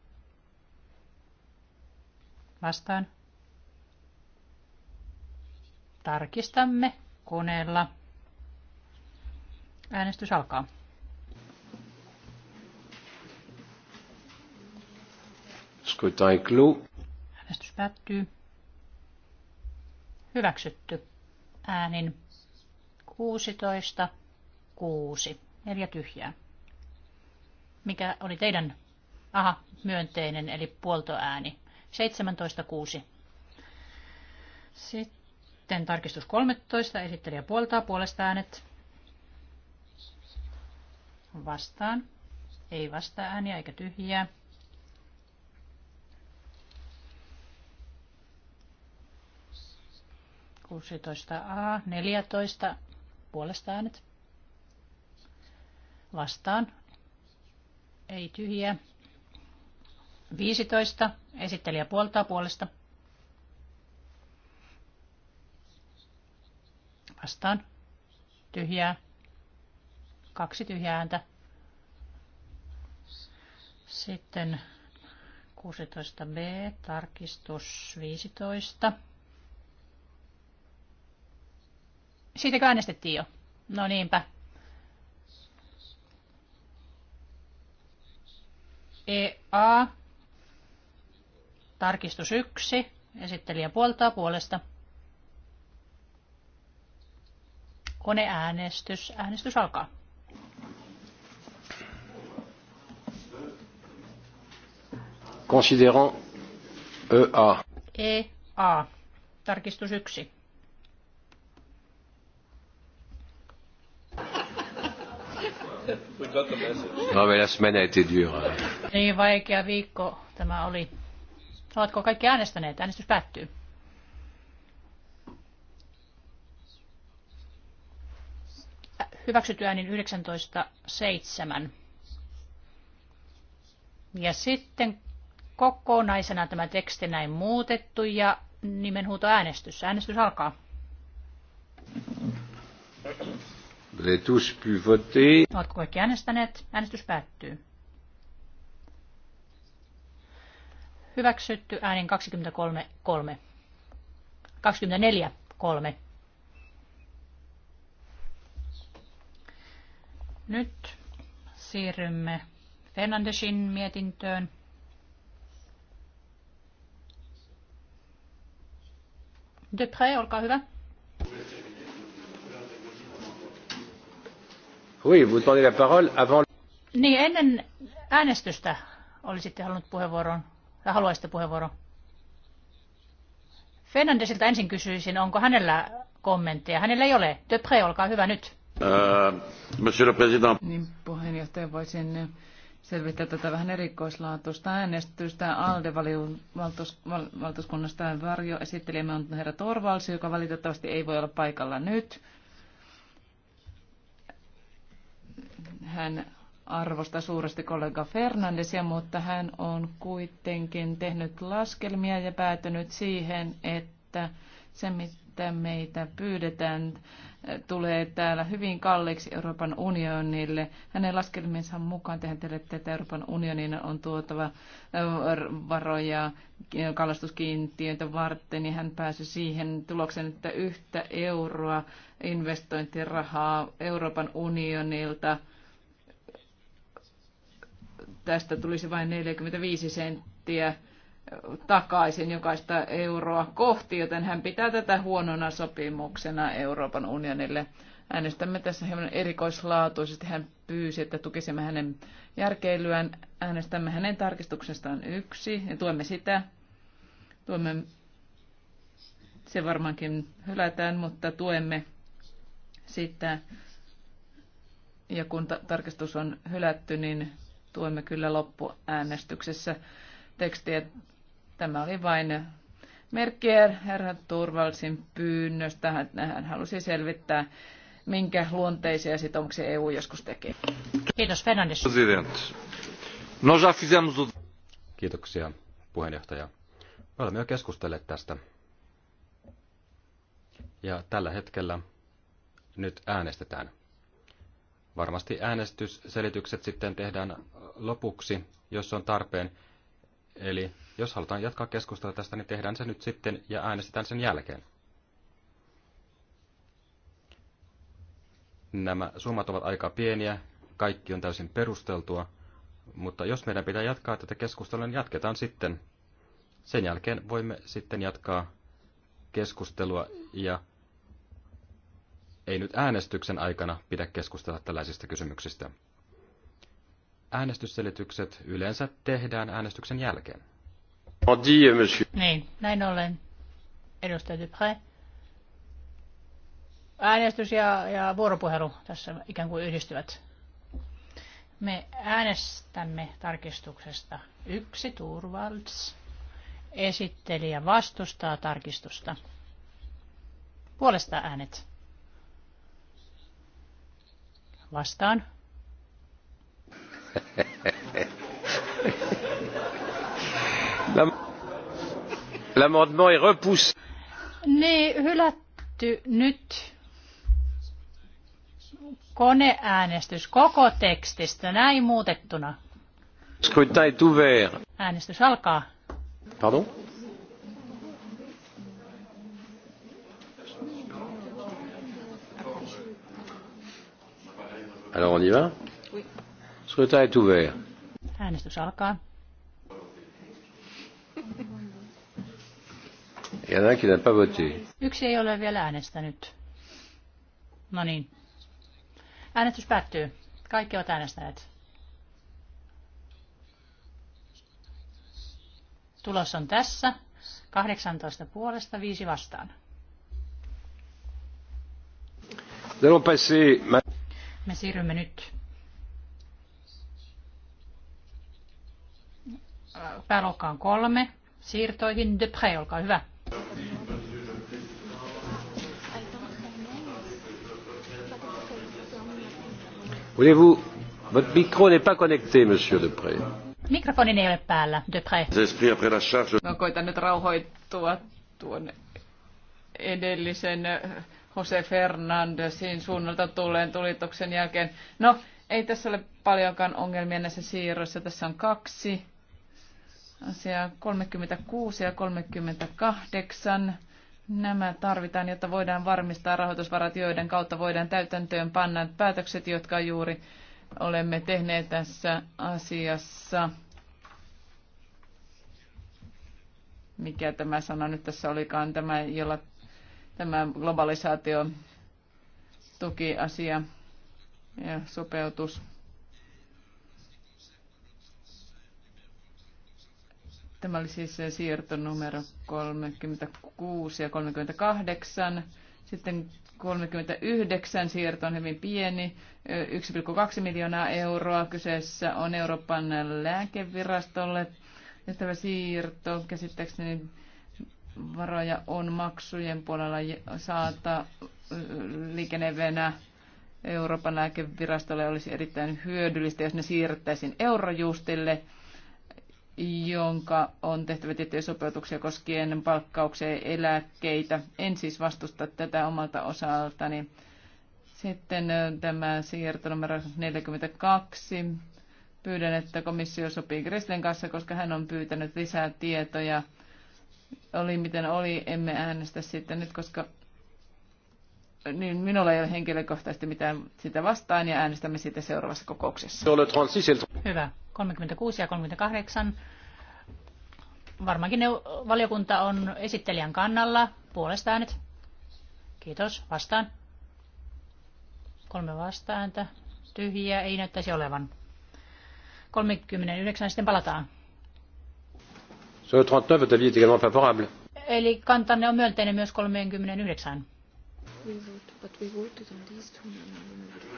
Vastaan. Tarkistamme koneella. Äänestys alkaa. Scrutin clos. Äänestys päättyy. Hyväksytty. Äänin 16, 6. Neljä tyhjää. Mikä oli teidän? Aha, myönteinen, eli puoltoääni. 17, 6. Sitten tarkistus 13. Esittelijä puoltaa puolesta äänet. Vastaan. Ei vastaa ääniä eikä tyhjiä. 16a, 14 puolesta äänet. Vastaan. Ei tyhjiä. 15. Esittelijä puoltaa puolesta. Vastaan. Tyhjää. Kaksi tyhjää ääntä. Sitten 16b, tarkistus 15 Siitäkö äänestettiin jo? No niinpä. EA. Tarkistus 1. Esittelijä puoltaa puolesta. Koneäänestys. Äänestys alkaa. Considérant EA. EA. Tarkistus 1. No, meidän semaine dyra. Niin vaikea viikko tämä oli. Oletko kaikki äänestäneet? Äänestys päättyy. Hyväksytty äänin 19.7. Ja sitten kokonaisena tämä teksti näin muutettu ja nimenhuuto äänestys. Äänestys alkaa. Oletko kaikki äänestäneet? Äänestys päättyy. Hyväksytty äänin 23 3. 24 3. Nyt siirrymme Fernandesin mietintöön. Depre, olkaa hyvä. Niin, ennen äänestystä olisitte halunnut puheenvuoron, tai haluaisitte puheenvuoron. Fernandesilta ensin kysyisin, onko hänellä kommentteja. Hänellä ei ole. Töpre, olkaa hyvä nyt. Uh, monsieur le Président. Niin, puheenjohtaja, voisin selvittää tätä vähän erikoislaatuista äänestystä. ALDE-valtuuskunnasta varjo esittelijämme on herra Torvalsi, joka valitettavasti ei voi olla paikalla nyt hän arvostaa suuresti kollega Fernandesia, mutta hän on kuitenkin tehnyt laskelmia ja päätynyt siihen, että se mitä meitä pyydetään tulee täällä hyvin kalliiksi Euroopan unionille. Hänen laskelmiensa mukaan tehän tiedätte, että Euroopan unionin on tuotava varoja kalastuskiintiöitä varten, niin hän pääsi siihen tulokseen, että yhtä euroa investointirahaa Euroopan unionilta tästä tulisi vain 45 senttiä takaisin jokaista euroa kohti, joten hän pitää tätä huonona sopimuksena Euroopan unionille. Äänestämme tässä hieman erikoislaatuisesti. Hän pyysi, että tukisimme hänen järkeilyään. Äänestämme hänen tarkistuksestaan yksi ja tuemme sitä. Tuemme, se varmaankin hylätään, mutta tuemme sitä. Ja kun ta- tarkistus on hylätty, niin tuemme kyllä loppuäänestyksessä tekstiä Tämä oli vain merkkiä herra Turvalsin pyynnöstä. Hän halusi selvittää, minkä luonteisia sitoumuksia EU joskus tekee. Kiitos, Fernandes. Kiitoksia, puheenjohtaja. Me olemme jo keskustelleet tästä. Ja tällä hetkellä nyt äänestetään. Varmasti äänestysselitykset sitten tehdään lopuksi, jos on tarpeen. Eli jos halutaan jatkaa keskustelua tästä, niin tehdään se nyt sitten ja äänestetään sen jälkeen. Nämä summat ovat aika pieniä, kaikki on täysin perusteltua, mutta jos meidän pitää jatkaa tätä keskustelua, niin jatketaan sitten. Sen jälkeen voimme sitten jatkaa keskustelua ja ei nyt äänestyksen aikana pidä keskustella tällaisista kysymyksistä. Äänestysselitykset yleensä tehdään äänestyksen jälkeen. Euh, niin, näin ollen. Edustaja Dupré. Äänestys ja, ja vuoropuhelu tässä ikään kuin yhdistyvät. Me äänestämme tarkistuksesta yksi Turvalds. Esittelijä vastustaa tarkistusta. Puolesta äänet. Vastaan. L'amendement est repoussé. Niin, hylätty nyt koneäänestys koko tekstistä näin muutettuna. Scrutin est ouvert. Äänestys alkaa. Pardon? Alors on y va? Oui. Scrutin est ouvert. Äänestys alkaa. Yksi ei ole vielä äänestänyt. No niin. Äänestys päättyy. Kaikki ovat äänestäneet. Tulos on tässä. 18 puolesta, 5 vastaan. Me siirrymme nyt pääluokkaan kolme siirtoihin. Pré, olkaa hyvä. Voulez-vous... Votre micro n'est pas connecté, monsieur Depré. Mikrofonin ei ole päällä, Depré. No koitan nyt rauhoittua tuon edellisen eh, Jose Fernandesin suunnalta tulleen tulituksen jälkeen. No, ei tässä ole paljonkaan ongelmia näissä siirroissa. Tässä on kaksi asiaa, 36 ja 38. Nämä tarvitaan, jotta voidaan varmistaa rahoitusvarat, joiden kautta voidaan täytäntöön panna päätökset, jotka juuri olemme tehneet tässä asiassa. Mikä tämä sana nyt tässä olikaan, tämä, jolla tämä globalisaatio tukiasia ja sopeutus Tämä oli siis siirto numero 36 ja 38. Sitten 39 siirto on hyvin pieni, 1,2 miljoonaa euroa. Kyseessä on Euroopan lääkevirastolle tehtävä siirto. Käsittääkseni varoja on maksujen puolella saata liikenevenä Euroopan lääkevirastolle olisi erittäin hyödyllistä, jos ne siirrettäisiin Eurojustille – jonka on tehtävä tiettyjä sopeutuksia koskien palkkauksia ja eläkkeitä. En siis vastusta tätä omalta osaltani. Sitten tämä siirto numero 42. Pyydän, että komissio sopii Greslen kanssa, koska hän on pyytänyt lisää tietoja. Oli miten oli, emme äänestä sitten nyt, koska niin minulla ei ole henkilökohtaisesti mitään sitä vastaan ja äänestämme siitä seuraavassa kokouksessa. Hyvä. 36 ja 38. Varmaankin ne, valiokunta on esittelijän kannalla. Puolesta äänet. Kiitos. Vastaan. Kolme vastaääntä. Tyhjiä ei näyttäisi olevan. 39 sitten palataan. Sur le 39, votre avis est également favorable. Eli kantanne on myönteinen myös 39.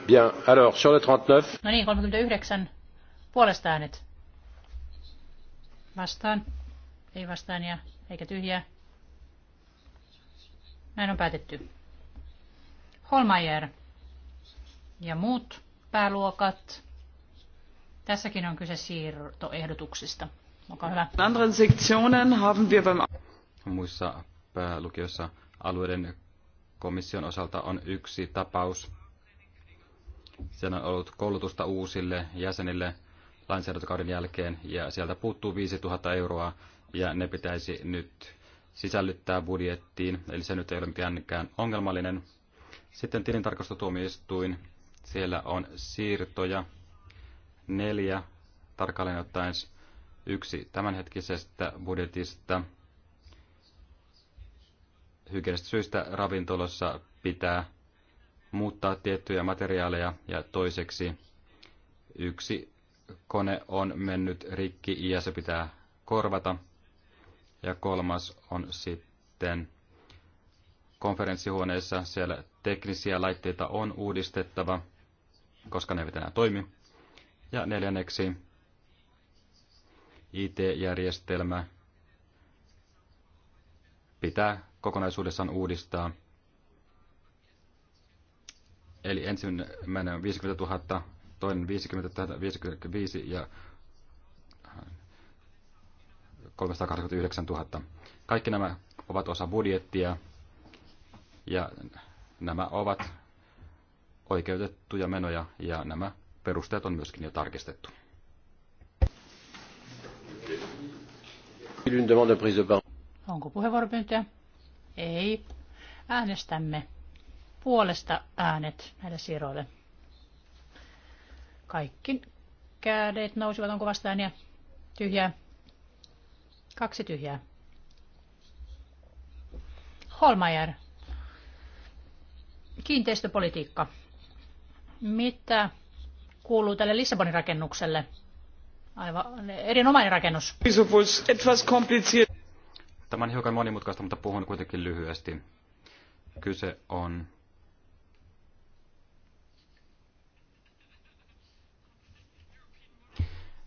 Bien, alors sur le 39. No niin, 39 puolesta äänet. Vastaan. Ei vastaan ja eikä tyhjää. Näin on päätetty. Holmeier ja muut pääluokat. Tässäkin on kyse siirtoehdotuksista. Olkaa hyvä. Anderen Sektionen haben wir beim... Muissa päälukiossa alueiden komission osalta on yksi tapaus. Siellä on ollut koulutusta uusille jäsenille lainsäädäntökauden jälkeen ja sieltä puuttuu 5000 euroa ja ne pitäisi nyt sisällyttää budjettiin, eli se nyt ei ole mitenkään ongelmallinen. Sitten tilintarkastotuomioistuin siellä on siirtoja neljä tarkalleen ottaen yksi tämänhetkisestä budjetista – hygienistä syistä ravintolassa pitää muuttaa tiettyjä materiaaleja ja toiseksi yksi kone on mennyt rikki ja se pitää korvata. Ja kolmas on sitten konferenssihuoneessa siellä teknisiä laitteita on uudistettava, koska ne eivät enää toimi. Ja neljänneksi IT-järjestelmä pitää kokonaisuudessaan uudistaa. Eli ensimmäinen on 50 000, toinen 50 000, 55 ja 389 000. Kaikki nämä ovat osa budjettia ja nämä ovat oikeutettuja menoja ja nämä perusteet on myöskin jo tarkistettu. Onko puheenvuoropyyntöjä? Ei. Äänestämme puolesta äänet näille siirroille. Kaikki kädet nousivat. Onko vasta ääniä? Tyhjää. Kaksi tyhjää. Holmajär. Kiinteistöpolitiikka. Mitä kuuluu tälle Lissabonin rakennukselle? Aivan erinomainen rakennus. Tämä on hiukan monimutkaista, mutta puhun kuitenkin lyhyesti. Kyse on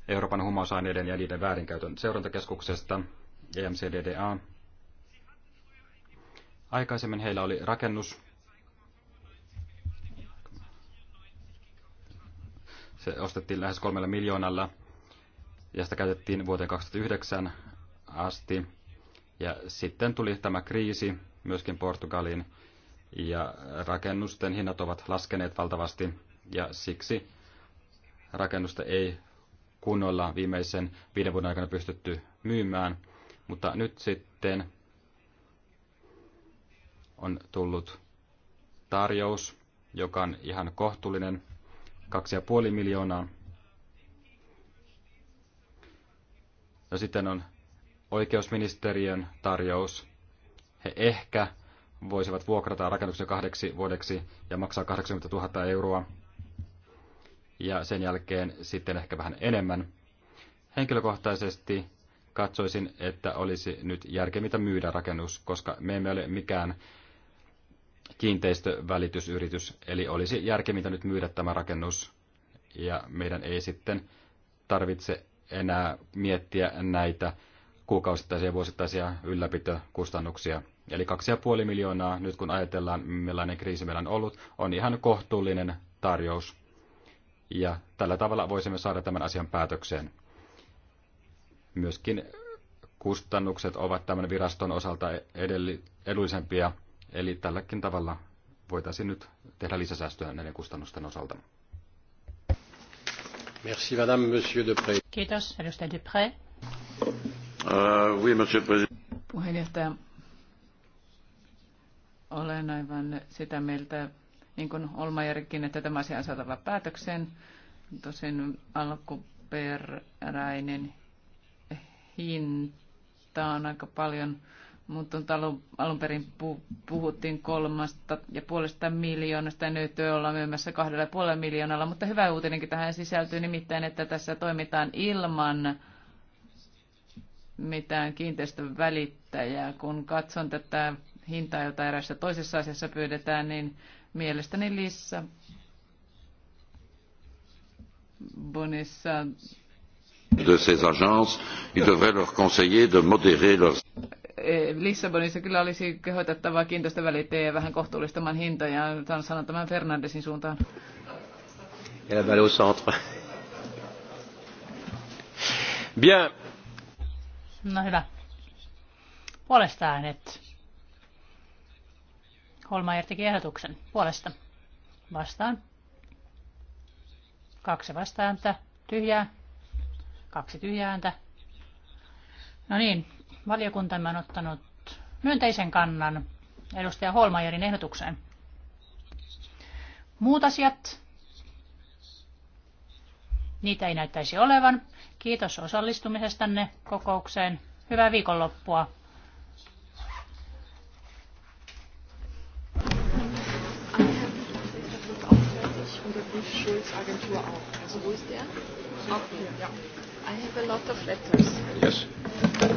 Euroopan humausaineiden ja niiden väärinkäytön seurantakeskuksesta, EMCDDA. Aikaisemmin heillä oli rakennus, se ostettiin lähes kolmella miljoonalla ja sitä käytettiin vuoteen 2009 asti ja sitten tuli tämä kriisi myöskin Portugaliin, ja rakennusten hinnat ovat laskeneet valtavasti, ja siksi rakennusta ei kunnolla viimeisen viiden vuoden aikana pystytty myymään, mutta nyt sitten on tullut tarjous, joka on ihan kohtuullinen, 2,5 miljoonaa. Ja no sitten on oikeusministeriön tarjous. He ehkä voisivat vuokrata rakennuksen kahdeksi vuodeksi ja maksaa 80 000 euroa. Ja sen jälkeen sitten ehkä vähän enemmän. Henkilökohtaisesti katsoisin, että olisi nyt järkevintä myydä rakennus, koska me emme ole mikään kiinteistövälitysyritys, eli olisi järkevintä nyt myydä tämä rakennus, ja meidän ei sitten tarvitse enää miettiä näitä kuukausittaisia ja vuosittaisia ylläpitokustannuksia. Eli 2,5 miljoonaa, nyt kun ajatellaan millainen kriisi meillä on ollut, on ihan kohtuullinen tarjous. Ja tällä tavalla voisimme saada tämän asian päätökseen. Myöskin kustannukset ovat tämän viraston osalta edullisempia, eli tälläkin tavalla voitaisiin nyt tehdä lisäsäästöä näiden kustannusten osalta. Merci, madame, monsieur Dupré. Kiitos, edustaja Dupré. Uh, oui, Puheenjohtaja, olen aivan sitä mieltä, niin kuin Olmajärkin, että tämä asia on saatava päätökseen. Tosin alkuperäinen hinta on aika paljon mutta alun, alun perin puhuttiin kolmasta ja puolesta miljoonasta ja nyt ollaan myymässä kahdella ja puolella miljoonalla. Mutta hyvä uutinenkin tähän sisältyy nimittäin, että tässä toimitaan ilman mitään kiinteistön välittäjää. Kun katson tätä hintaa, jota erässä toisessa asiassa pyydetään, niin mielestäni Lissa Bonissa de ces agences, il devrait leur conseiller de modérer leurs... E, Lissabonissa kyllä olisi kehotettavaa kiinteistövälittäjiä vähän kohtuullistamaan hintoja. Tämän sanon tämän Fernandesin suuntaan. Ja la balle au centre. Bien, No hyvä. Puolesta äänet. Holmaier teki ehdotuksen. Puolesta. Vastaan. Kaksi vastaääntä. Tyhjää. Kaksi tyhjää ääntä. No niin, valiokuntamme on ottanut myönteisen kannan edustaja Holmajerin ehdotukseen. Muut asiat, niitä ei näyttäisi olevan. Kiitos osallistumisestanne kokoukseen. Hyvää viikonloppua. I have a lot of letters. Yes.